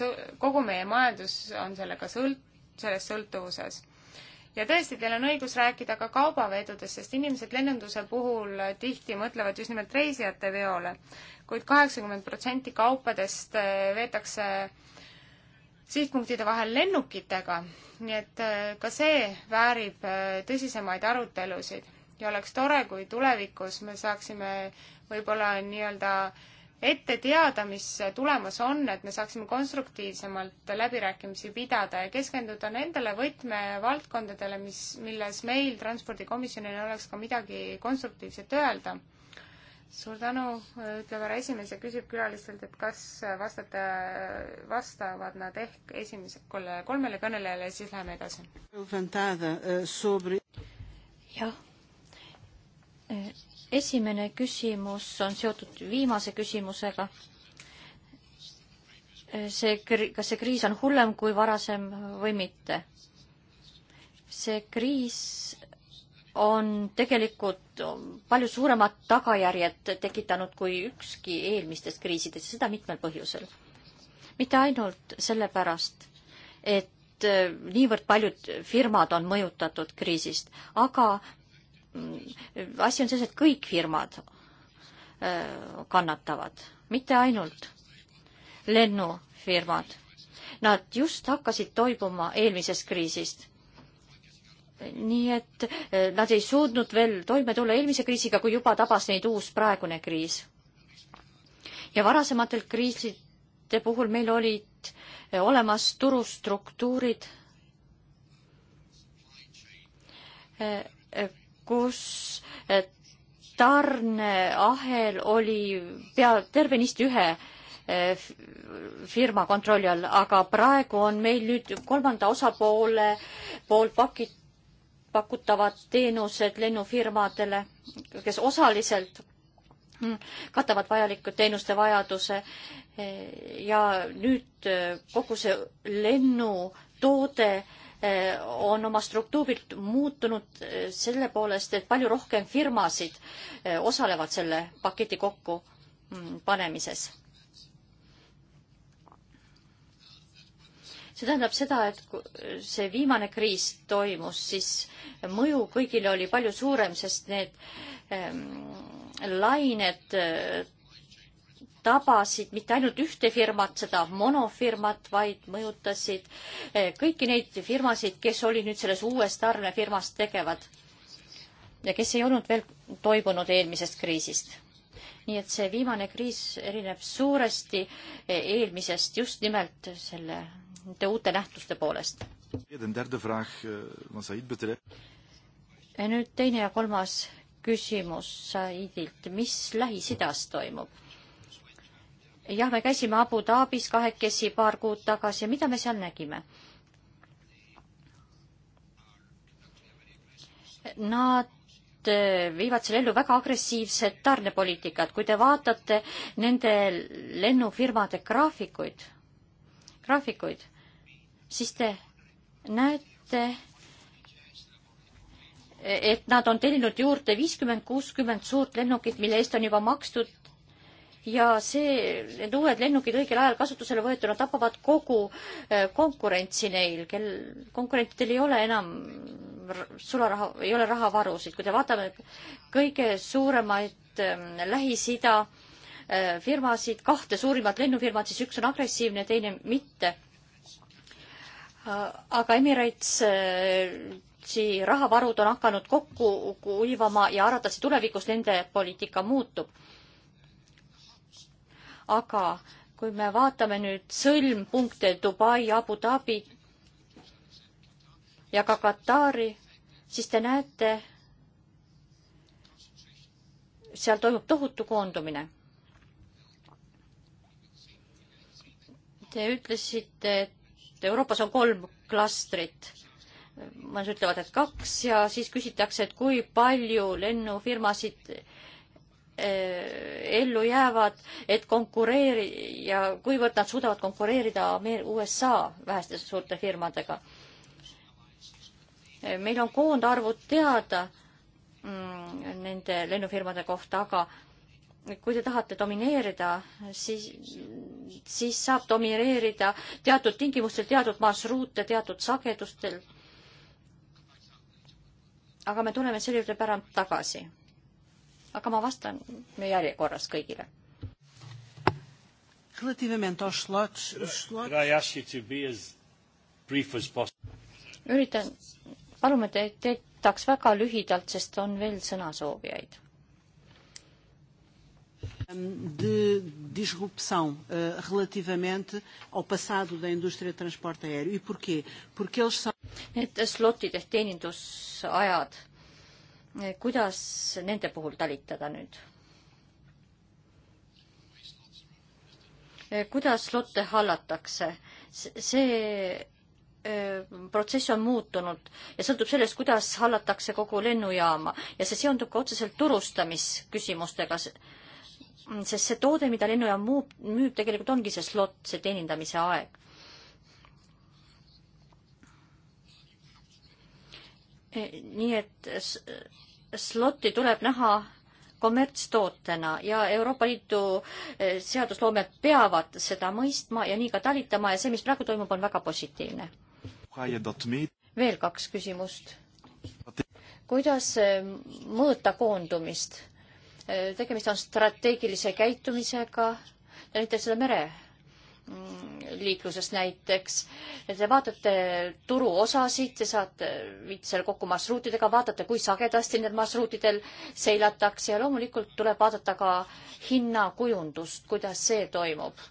kogu meie majandus on sellega sõlt-, sellest sõltuvuses ja tõesti, teil on õigus rääkida ka kaubavedudest, sest inimesed lennunduse puhul tihti mõtlevad just nimelt reisijate veole kuid. kuid kaheksakümmend protsenti kaupadest eh, veetakse sihtpunktide vahel lennukitega, nii et eh, ka see väärib eh, tõsisemaid arutelusid ja oleks tore, kui tulevikus me saaksime võib-olla nii-öelda äh, ette teada, mis tulemas on, et me saaksime konstruktiivsemalt läbirääkimisi pidada ja keskenduda nendele võtmevaldkondadele, mis, milles meil transpordikomisjonil oleks ka midagi konstruktiivset öelda. suur tänu, ütleb härra esimees ja küsib külalistelt, et kas vastate, vastavad nad ehk esimesele kolmele kõnelejale ja siis läheme edasi. Eh, jah eh, esimene küsimus on seotud viimase küsimusega. see, kas see kriis on hullem kui varasem või mitte? see kriis on tegelikult palju suuremad tagajärjed tekitanud kui ükski eelmistest kriisidest ja seda mitmel põhjusel. mitte ainult sellepärast, et niivõrd paljud firmad on mõjutatud kriisist, aga asi on selles, et kõik firmad äh, kannatavad, mitte ainult lennufirmad. Nad just hakkasid toibuma eelmisest kriisist. nii et äh, nad ei suutnud veel toime tulla eelmise kriisiga, kui juba tabas neid uus praegune kriis. ja varasematel kriiside puhul meil olid äh, olemas turustruktuurid kus tarneahel oli pea tervenisti ühe eh, firma kontrolli all, aga praegu on meil nüüd kolmanda osapoole poolt pakid, pakutavad teenused lennufirmadele, kes osaliselt mm, katavad vajalikud teenuste vajaduse eh, ja nüüd eh, kogu see lennutoode äh, Eh, on oma struktuurilt muutunud eh, selle poolest, et palju rohkem firmasid eh, osalevad selle paketi kokkupanemises. Mm, see tähendab seda, et kui see viimane kriis toimus, siis mõju kõigile oli palju suurem, sest need ähm, lained tabasid mitte ainult ühte firmat, seda monofirmat, vaid mõjutasid eh, kõiki neid firmasid, kes olid nüüd selles uues tarnefirmas tegevad ja kes ei olnud veel toibunud eelmisest kriisist. nii et see viimane kriis erineb suuresti eh, eelmisest just nimelt selle, nende uute nähtuste poolest. Eh, ja nüüd teine ja kolmas küsimus Saidilt, mis Lähis-Idas toimub? jah, me käisime Abu Dhabis kahekesi paar kuud tagasi ja mida me seal nägime? Nad äh, viivad seal ellu väga agressiivset tarnepoliitikat. kui te vaatate nende lennufirmade graafikuid, graafikuid, siis te näete, et nad on tellinud juurde viiskümmend, kuuskümmend suurt lennukit, mille eest on juba makstud ja see, need uued lennukid õigel ajal kasutusele võetuna tapavad kogu eh, konkurentsi neil, kel, konkurentidel ei ole enam sularaha, ei ole rahavarusid, kui te vaatame kõige suuremaid eh, Lähis-Ida eh, firmasid, kahte suurimat lennufirmat, siis üks on agressiivne, teine mitte. aga Emirates rahavarud on hakanud kokku kuivama ja arvatavasti tulevikus nende poliitika muutub aga kui me vaatame nüüd sõlmpunkte Dubai, Abu Dhabi ja ka Katari, siis te näete, seal toimub tohutu koondumine. Te ütlesite, et Euroopas on kolm klastrit. mõned ütlevad, et kaks ja siis küsitakse, et kui palju lennufirmasid Eh, ellu jäävad, et konkureeri- ja kuivõrd nad suudavad konkureerida USA väheste suurte firmadega. Eh, meil on koondarvud teada mm, nende lennufirmade kohta, aga kui te tahate domineerida, siis, siis saab domineerida teatud tingimustel, teatud marsruute, teatud sagedustel. aga me tuleme selle juurde pärand tagasi aga ma vastan järjekorras kõigile. üritan, palume te, teetaks väga lühidalt, sest on veel sõnasoovijaid. de disrupção uh, relativamente ao passado da indústria de transporte aéreo. E porquê? Porque eles são... Need slotid ehk teenindusajad kuidas nende puhul talitada nüüd? kuidas lotte hallatakse? see protsess on muutunud ja sõltub sellest, kuidas hallatakse kogu lennujaama ja see seondub ka otseselt turustamisküsimustega, sest see toode, mida lennujaam müüb, müüb tegelikult ongi see slot, see teenindamise aeg nii et slotti tuleb näha kommertstootena ja Euroopa Liidu eh, seadusloomed peavad seda mõistma ja nii ka talitama ja see, mis praegu toimub, on väga positiivne. veel kaks küsimust. kuidas eh, mõõta koondumist? Eh, tegemist on strateegilise käitumisega, näiteks seda mere Mm, liikluses näiteks. Te vaatate turuosasid, te saate, viite selle kokku marsruutidega, vaatate, kui sagedasti need marsruutidel seilatakse ja loomulikult tuleb vaadata ka hinnakujundust, kuidas see toimub.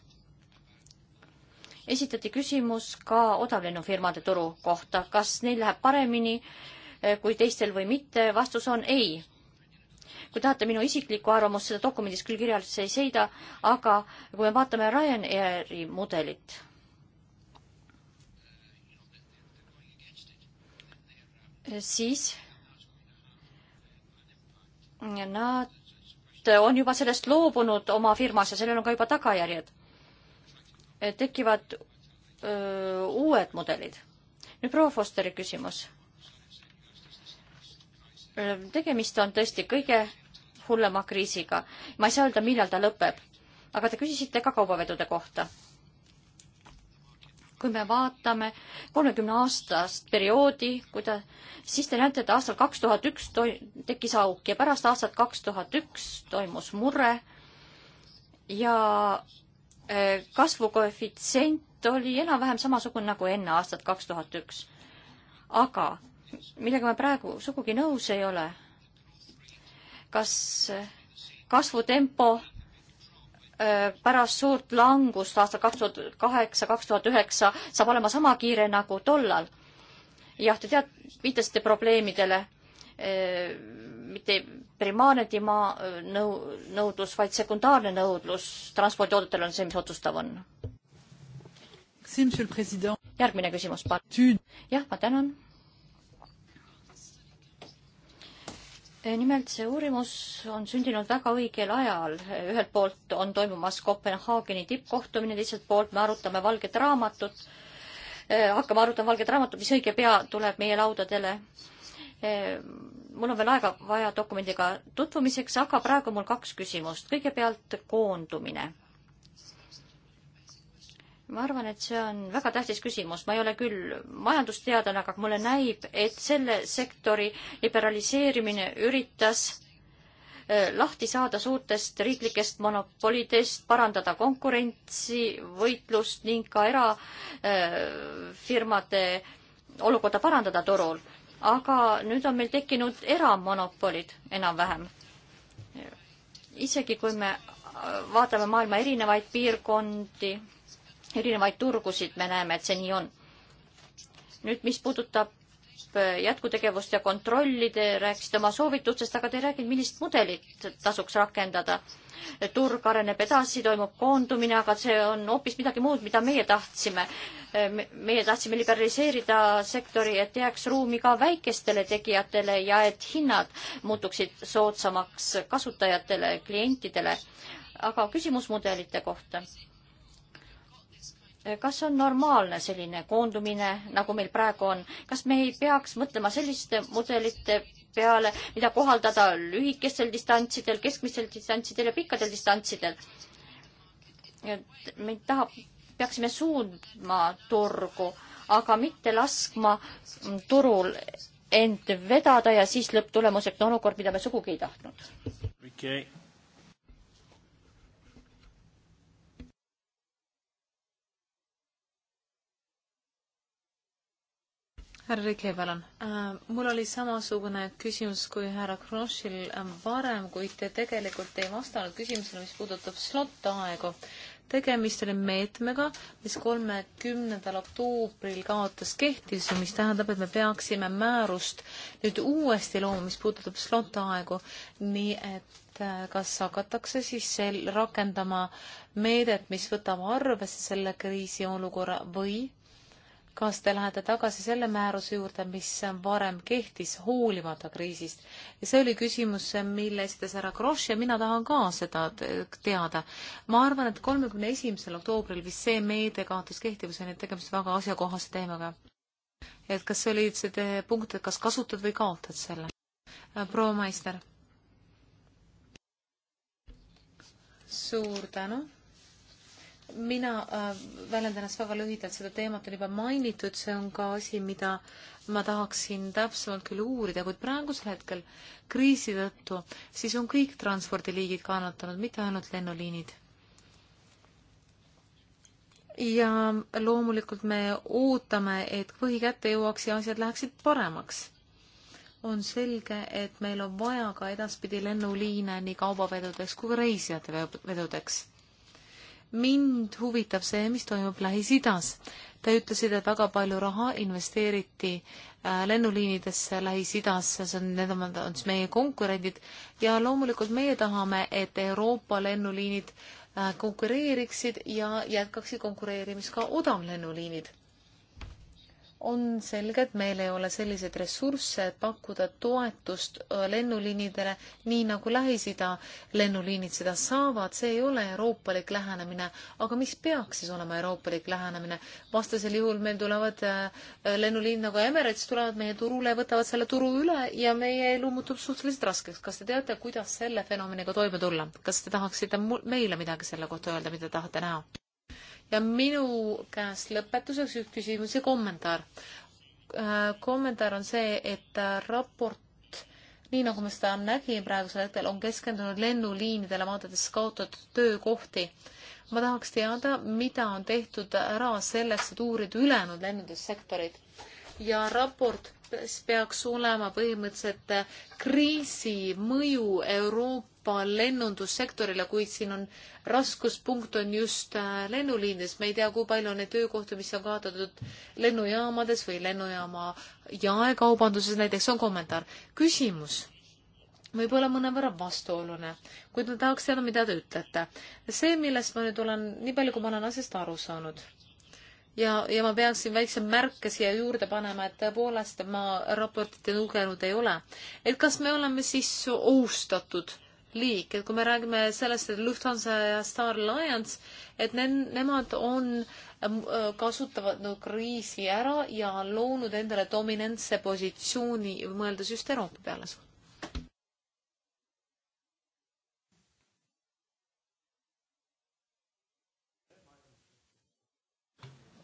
esitati küsimus ka odavlennufirmade turu kohta, kas neil läheb paremini eh, kui teistel või mitte, vastus on ei kui tahate minu isiklikku arvamust, seda dokumendis küll kirjaliselt ei seida, aga kui me vaatame Ryanairi mudelit, siis nad on juba sellest loobunud oma firmas ja sellel on ka juba tagajärjed. tekivad öö, uued mudelid. nüüd proua Fosteri küsimus tegemist on tõesti kõige hullema kriisiga. ma ei saa öelda, millal ta lõpeb. aga te küsisite ka kaubavedude kohta. kui me vaatame kolmekümne aastast perioodi, kuida-, siis te näete, et aastal kaks tuhat üks toi-, tekkis auk ja pärast aastat kaks tuhat üks toimus murre ja kasvukoefitsient oli enam-vähem samasugune nagu enne aastat kaks tuhat üks. aga millega ma praegu sugugi nõus ei ole. kas kasvutempo äh, pärast suurt langust aastal kaks tuhat kaheksa, kaks tuhat üheksa saab olema sama kiire nagu tollal. jah, te tead, viitasite probleemidele, äh, mitte primaarne tema nõu-, nõudlus, vaid sekundaarne nõudlus transpordioodetele on see, mis otsustav on. järgmine küsimus, palun. jah, ma tänan Eh, nimelt see uurimus on sündinud väga õigel ajal. Eh, ühelt poolt on toimumas Kopenhaageni tippkohtumine, teiselt poolt me arutame valget raamatut, eh, hakkame arutama valget raamatut, mis õige pea tuleb meie laudadele. mul on veel aega vaja dokumendiga tutvumiseks, aga praegu on mul kaks küsimust. kõigepealt koondumine ma arvan, et see on väga tähtis küsimus, ma ei ole küll majandusteadlane, aga mulle näib, et selle sektori liberaliseerimine üritas äh, lahti saada suurtest riiklikest monopolidest, parandada konkurentsi, võitlust ning ka erafirmade äh, olukorda parandada turul. aga nüüd on meil tekkinud eramonopolid enam-vähem. isegi kui me äh, vaatame maailma erinevaid piirkondi erinevaid turgusid, me näeme, et see nii on. nüüd, mis puudutab äh, jätkutegevust ja kontrolli, te rääkisite oma soovitustest, aga te ei rääkinud, millist mudelit tasuks rakendada. turg areneb edasi, toimub koondumine, aga see on hoopis midagi muud, mida meie tahtsime. Äh, meie tahtsime liberaliseerida sektori, et jääks ruumi ka väikestele tegijatele ja et hinnad muutuksid soodsamaks kasutajatele, klientidele. aga küsimus mudelite kohta kas on normaalne selline koondumine, nagu meil praegu on, kas me ei peaks mõtlema selliste mudelite peale, mida kohaldada lühikestel distantsidel, keskmistel distantsidel ja pikkadel distantsidel? et me tahab, peaksime suundma turgu, aga mitte laskma turul end vedada ja siis lõpptulemuseks on olukord, mida me sugugi ei tahtnud okay.. härra Rike, palun. Äh, mul oli samasugune küsimus kui härra Krossil äh, varem, kuid te tegelikult ei vastanud küsimusele, mis puudutab slot-aegu. tegemist oli meetmega, mis kolmekümnendal oktoobril kaotas kehtivuse, mis tähendab, et me peaksime määrust nüüd uuesti looma, mis puudutab slot-aegu, nii et äh, kas hakatakse siis sel rakendama meedet, mis võtab arvesse selle kriisiolukorra või kas te lähete tagasi selle määruse juurde, mis varem kehtis, hoolimata kriisist? ja see oli küsimus, mille esitas härra Grosch ja mina tahan ka seda teada. ma arvan, et kolmekümne esimesel oktoobril vist see meede kaotas kehtivuse, nii et tegemist väga asjakohase teemaga. et kas see oli see punkt, et kas kasutad või kaotad selle? proua Maister. suur tänu mina äh, väljendan ennast väga lühidalt, seda teemat on juba mainitud, see on ka asi, mida ma tahaksin täpsemalt küll uurida, kuid praegusel hetkel kriisi tõttu siis on kõik transpordiliigid kannatanud, mitte ainult lennuliinid. ja loomulikult me ootame, et põhi kätte jõuaks ja asjad läheksid paremaks. on selge, et meil on vaja ka edaspidi lennuliine nii kaubavedudeks kui ka reisijate vedudeks mind huvitab see, mis toimub Lähis-Idas. Te ütlesite, et väga palju raha investeeriti äh, lennuliinidesse Lähis-Idasse, see on, need on, on siis meie konkurendid ja loomulikult meie tahame, et Euroopa lennuliinid äh, konkureeriksid ja jätkaksid konkureerimist ka odavlennuliinid on selge, et meil ei ole selliseid ressursse, et pakkuda toetust äh, lennuliinidele, nii nagu Lähis-Ida lennuliinid seda saavad, see ei ole euroopalik lähenemine. aga mis peaks siis olema euroopalik lähenemine? vastasel juhul meil tulevad äh, äh, lennuliin nagu Emirates tulevad meie turule, võtavad selle turu üle ja meie elu muutub suhteliselt raskeks. kas te teate, kuidas selle fenomeniga toime tulla? kas te tahaksite meile midagi selle kohta öelda, mida tahate näha? ja minu käest lõpetuseks üks küsimus ja kommentaar. Äh, kommentaar on see, et äh, raport, nii nagu me seda nägime praegusel hetkel, on keskendunud lennuliinidele, vaadates kaotatud töökohti. ma tahaks teada, mida on tehtud ära selleks, et uurida ülejäänud lennundussektorit ja raport peaks olema põhimõtteliselt kriisi mõju Euroopa lennundussektorile, kuid siin on raskuspunkt on just äh, lennuliinides. me ei tea, kui palju on neid töökohti, mis on kaotatud lennujaamades või lennujaama jaekaubanduses näiteks, on kommentaar. küsimus võib-olla mõnevõrra vastuoluline, kuid ma tahaks teada, mida te ütlete. see, millest ma nüüd olen, nii palju, kui ma olen asjast aru saanud ja, ja ma peaksin väikse märke siia juurde panema, et tõepoolest ma raportit lugenud ei ole. et kas me oleme siis ohustatud liik, et kui me räägime sellest, et Lufthansa ja Star Alliance, et ne-, nemad on, ähm, äh, kasutavad no kriisi ära ja loonud endale dominantse positsiooni, mõeldes just Euroopa peale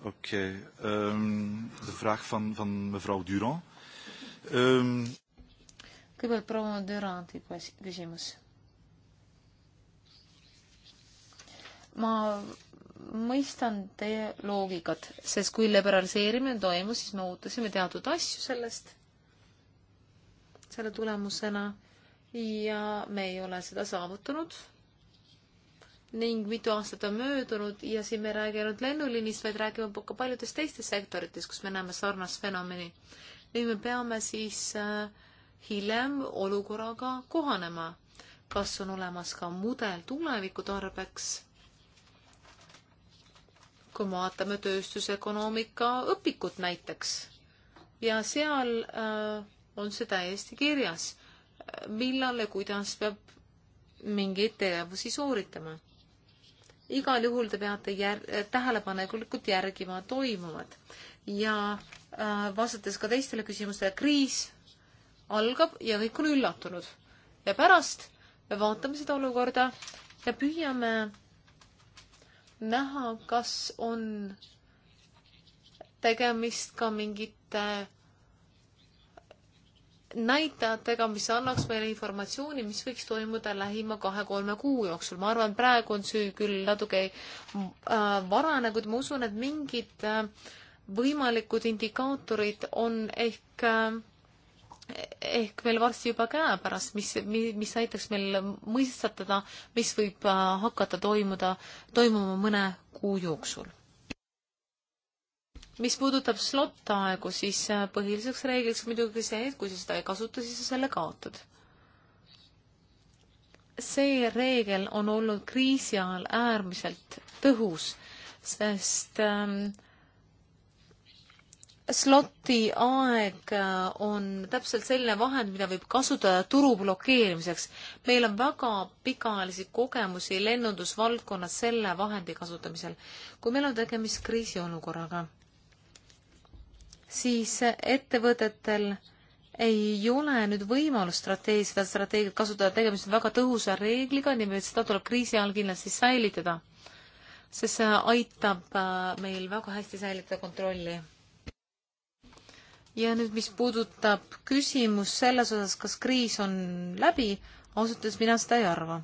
Oké. Okay. Um, ehm, de vraag van, van mevrouw Durand. Um... kõigepealt proua Duranti küsimus. ma mõistan teie loogikat, sest kui liberaliseerimine toimus, siis me ootasime teatud asju sellest, selle tulemusena ja me ei ole seda saavutanud ning mitu aastat on möödunud ja siin me ei räägi ainult lennuliinist, vaid räägime ka paljudes teistes sektorites, kus me näeme sarnast fenomeni. ning me peame siis äh, hiljem olukorraga kohanema. kas on olemas ka mudel tuleviku tarbeks? kui me vaatame tööstusökonoomika õpikut näiteks ja seal äh, on see täiesti kirjas, millal ja kuidas peab mingeid tegevusi sooritama igal juhul te peate jär-, tähelepanelikult järgima toimuvat. ja äh, vastates ka teistele küsimustele, kriis algab ja kõik on üllatunud. ja pärast me vaatame seda olukorda ja püüame näha, kas on tegemist ka mingite näitajatega, mis annaks meile informatsiooni, mis võiks toimuda lähima kahe-kolme kuu jooksul. ma arvan, praegu on süü küll natuke äh, varane, kuid ma usun, et mingid äh, võimalikud indikaatorid on ehk äh, ehk meil varsti juba käepärast, mis, mis, mis aitaks meil mõistatada, mis võib äh, hakata toimuda, toimuma mõne kuu jooksul mis puudutab slot-aegu, siis äh, põhiliseks reegliks muidugi see, et kui sa seda ei kasuta, siis sa selle kaotad. see reegel on olnud kriisi ajal äärmiselt tõhus, sest ähm, sloti aeg äh, on täpselt selline vahend, mida võib kasutada turu blokeerimiseks. meil on väga pikaajalisi kogemusi lennundusvaldkonnas selle vahendi kasutamisel, kui meil on tegemist kriisiolukorraga siis ettevõtetel ei ole nüüd võimalust strateegi, seda strateegiat kasutada, tegemist on väga tõhusa reegliga, nii et seda tuleb kriisi ajal kindlasti säilitada, sest see aitab äh, meil väga hästi säilitada kontrolli. ja nüüd, mis puudutab küsimus selles osas, kas kriis on läbi, ausalt öeldes mina seda ei arva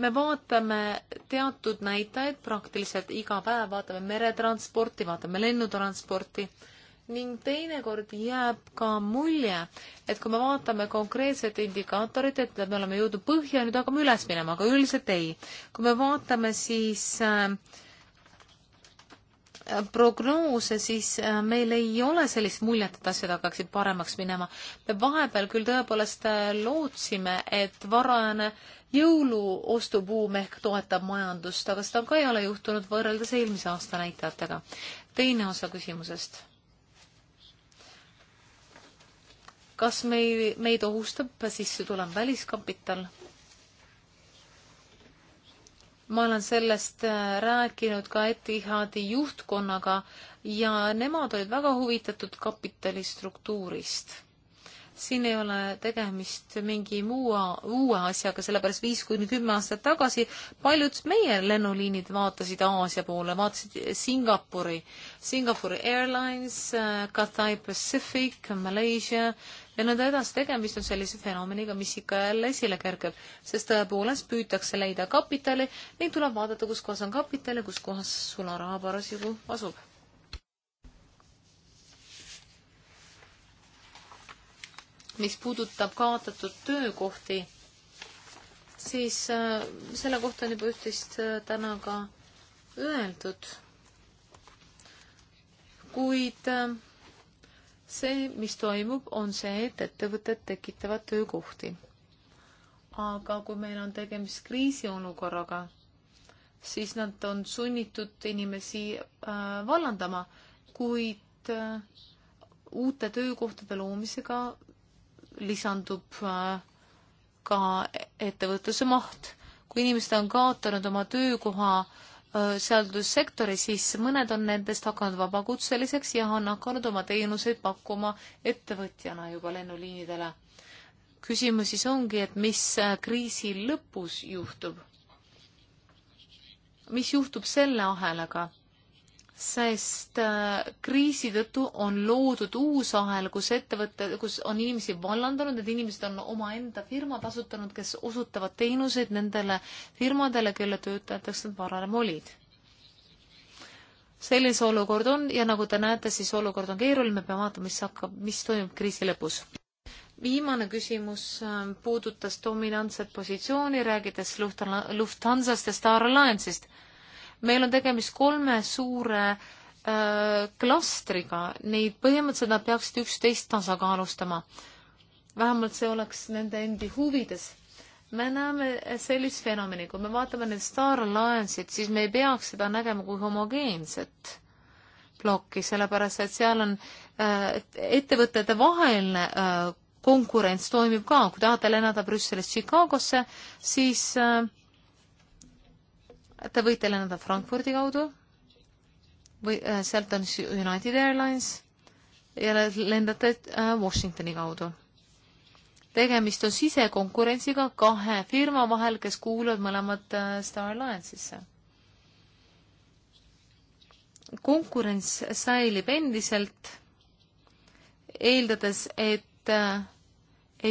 me vaatame teatud näitajaid praktiliselt iga päev, vaatame meretransporti, vaatame lennutransporti ning teinekord jääb ka mulje, et kui me vaatame konkreetset indikaatorit, et me oleme jõudnud põhja, nüüd hakkame üles minema, aga üldiselt ei. kui me vaatame siis äh, prognoose, siis äh, meil ei ole sellist muljet, et asjad hakkaksid paremaks minema. me vahepeal küll tõepoolest äh, lootsime, et varajane jõuluostubuum ehk toetab majandust, aga seda ka ei ole juhtunud võrreldes eelmise aasta näitajatega. teine osa küsimusest. kas meil, meid ohustab sisse tulev väliskapital? ma olen sellest äh, rääkinud ka Etihadi juhtkonnaga ja nemad olid väga huvitatud kapitalistruktuurist. siin ei ole tegemist mingi muu, uue asjaga, sellepärast viis kuni kümme aastat tagasi paljud meie lennuliinid vaatasid Aasia poole, vaatasid Singapuri, Singapuri Airlines, äh, Cathay Pacific, Malaysia äh,, ja nõnda edasi, tegemist on sellise fenomeniga, mis ikka jälle esile kerkeb, sest tõepoolest püütakse leida kapitali ning tuleb vaadata, kus kohas on kapital ja kus kohas sularaha parasjagu asub. mis puudutab kaotatud töökohti, siis äh, selle kohta on juba üht-teist äh, täna ka öeldud, kuid äh, see, mis toimub, on see, et ettevõtted tekitavad töökohti. aga kui meil on tegemist kriisiolukorraga, siis nad on sunnitud inimesi äh, vallandama, kuid äh, uute töökohtade loomisega lisandub äh, ka ettevõtluse maht. kui inimesed on kaotanud oma töökoha äh, seadussektori, siis mõned on nendest hakanud vabakutseliseks ja on hakanud oma teenuseid pakkuma ettevõtjana juba lennuliinidele. küsimus siis ongi, et mis kriisi lõpus juhtub? mis juhtub selle ahelaga? sest äh, kriisi tõttu on loodud uus ahel, kus ettevõte, kus on inimesi vallandanud, need inimesed on omaenda firmad asutanud, kes osutavad teenuseid nendele firmadele, kelle töötajateks nad varem olid. selline see olukord on ja nagu te näete, siis olukord on keeruline, me peame vaatama, mis hakkab, mis toimub kriisi lõpus viimane küsimus äh, puudutas dominantset positsiooni, räägides Lufthansa-st ja Star Alliance'ist meil on tegemist kolme suure äh, klastriga, neid põhimõtteliselt nad peaksid üksteist tasakaalustama. vähemalt see oleks nende endi huvides me näeme sellist fenomeni, kui me vaatame neid Star Alliance'id, siis me ei peaks seda nägema kui homogeenset plokki, sellepärast et seal on äh, ettevõtete vaheline äh, konkurents toimib ka, kui tahate lennada Brüsselist Chicagosse, siis äh, Te võite lennada Frankfurdi kaudu või äh, sealt on United Airlines ja lendate äh, Washingtoni kaudu. tegemist on sisekonkurentsiga kahe firma vahel, kes kuuluvad mõlemad äh, Star Alliance'isse. konkurents säilib endiselt, eeldades, et äh,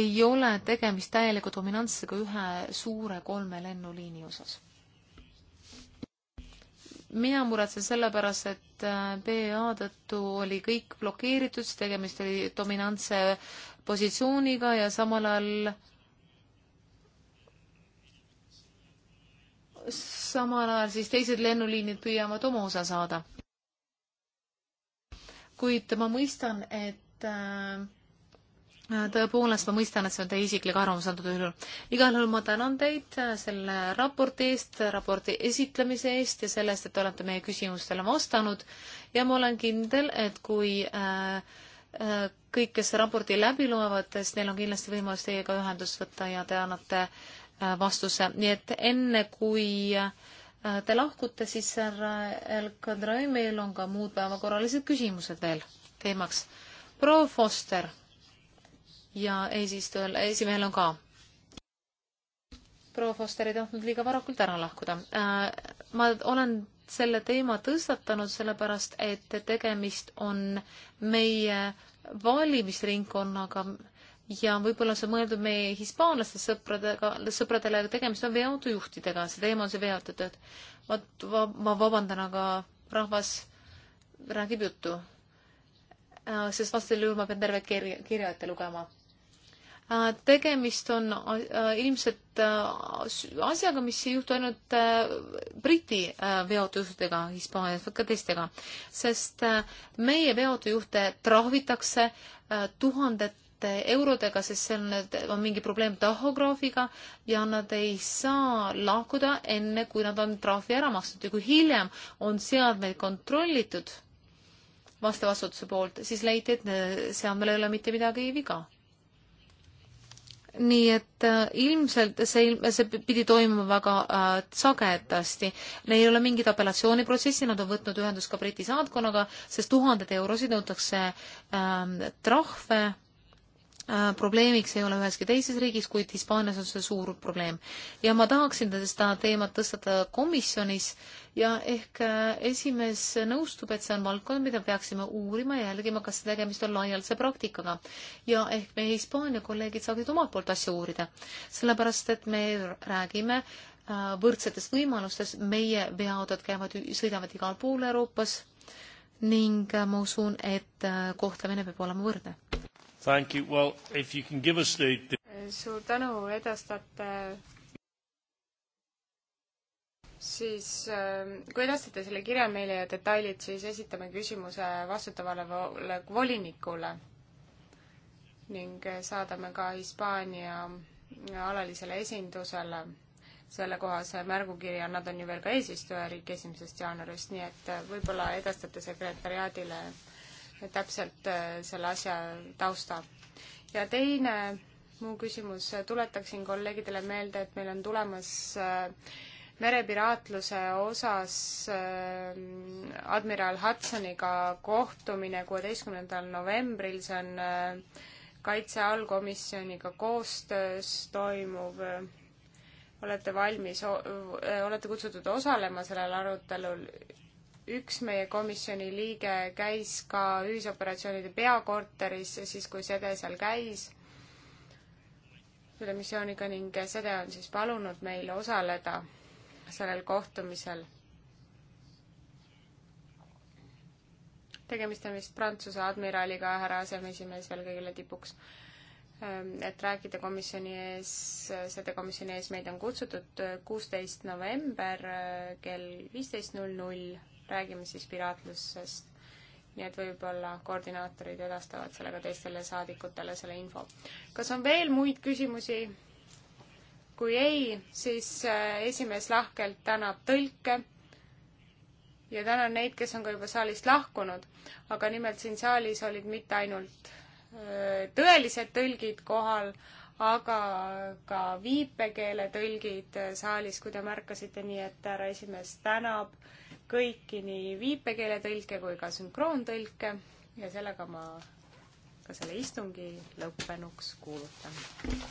ei ole tegemist täieliku dominantsega ühe suure kolme lennuliini osas mina muretsen sellepärast, et äh, BA tõttu oli kõik blokeeritud, sest tegemist oli dominantse positsiooniga ja samal ajal samal ajal siis teised lennuliinid püüavad oma osa saada. kuid ma mõistan, et äh, tõepoolest, ma mõistan, et see on teie isiklik arvamus antud juhul. igal juhul ma tänan teid äh, selle raporti eest, raporti esitlemise eest ja selle eest, et te olete meie küsimustele vastanud ja ma olen kindel, et kui äh, äh, kõik, kes raporti läbi loevad, siis neil on kindlasti võimalus teiega ühendust võtta ja te annate vastuse, nii et enne kui te lahkute, siis härra El-Kadrai, meil on ka muud päevakorralised küsimused veel teemaks. proua Foster ja eesistujal, esimehel on ka. proua Foster ei tahtnud liiga varakult ära lahkuda. Äh, ma olen selle teema tõstatanud sellepärast, et tegemist on meie valimisringkonnaga ja võib-olla see on mõeldud meie hispaanlaste sõpradega, sõpradele, aga tegemist on veoautojuhtidega, see teema on see veoautotööd. ma, ma vabandan, aga rahvas räägib juttu. Äh, sest vastasel juhul ma pean terved kirja ette lugema Äh, tegemist on äh, ilmselt äh, asjaga, mis ei juhtu ainult Briti veoautojuhtidega Hispaanias, vaid ka teistega, sest meie veoautojuhte trahvitakse tuhandete eurodega, sest seal on mingi probleem tahograafiga ja nad ei saa lahkuda enne, kui nad on trahvi ära maksnud ja kui hiljem on seadmeid kontrollitud vastava asutuse poolt, siis leiti, et seadmel ei ole mitte midagi viga nii et äh, ilmselt see, see pidi toimuma väga äh, sagedasti. Neil ei ole mingit apellatsiooniprotsessi, nad on võtnud ühendust ka Briti saatkonnaga, sest tuhanded eurosid nõutakse äh, trahve Äh, probleemiks ei ole üheski teises riigis, kuid Hispaanias on see suur probleem. ja ma tahaksin seda teemat tõstatada komisjonis ja ehk äh, esimees nõustub, et see on valdkond, mida peaksime uurima ja jälgima, kas tegemist on laialdase praktikaga. ja ehk meie Hispaania kolleegid saaksid omalt poolt asju uurida, sellepärast et me räägime äh, võrdsetest võimalustest, meie veoautod käivad, sõidavad igal pool Euroopas ning ma usun, et kohtlemine peab olema võrdne. Thank you. Well, if you can give us the... Suur tänu, edastate siis ähm, kui edastate selle kirja meile ja detailid, siis esitame küsimuse vastutavale volinikule ning äh, saadame ka Hispaania alalisele esindusele sellekohase märgukirja, nad on ju veel ka eesistujariik esimesest jaanuarist, nii et äh, võib-olla edastate sekretäriaadile täpselt äh, selle asja tausta. ja teine mu küsimus, äh, tuletaksin kolleegidele meelde, et meil on tulemas äh, merepiraatluse osas admiral Hudsoniga kohtumine kuueteistkümnendal novembril, see on kaitse allkomisjoniga koostöös toimuv olete valmis, olete kutsutud osalema sellel arutelul üks meie komisjoni liige käis ka ühisoperatsioonide peakorteris, siis kui Sede seal käis selle missiooniga ning Sede on siis palunud meil osaleda sellel kohtumisel. tegemist on vist Prantsuse admiraliga, härra aseesimees veel kõigile tipuks. Ehm, et rääkida komisjoni ees, Sede komisjoni ees meid on kutsutud kuusteist november eh, kell viisteist null null räägime siis piraatlusest. nii et võib-olla koordinaatorid edastavad sellega teistele saadikutele selle info. kas on veel muid küsimusi? kui ei, siis äh, esimees lahkelt tänab tõlke ja tänan neid, kes on ka juba saalist lahkunud, aga nimelt siin saalis olid mitte ainult äh, tõelised tõlgid kohal, aga ka viipekeeletõlgid äh, saalis, kui te märkasite, nii et härra esimees tänab kõiki nii viipekeeletõlke kui ka sünkroontõlke ja sellega ma ka selle istungi lõppenuks kuulutan.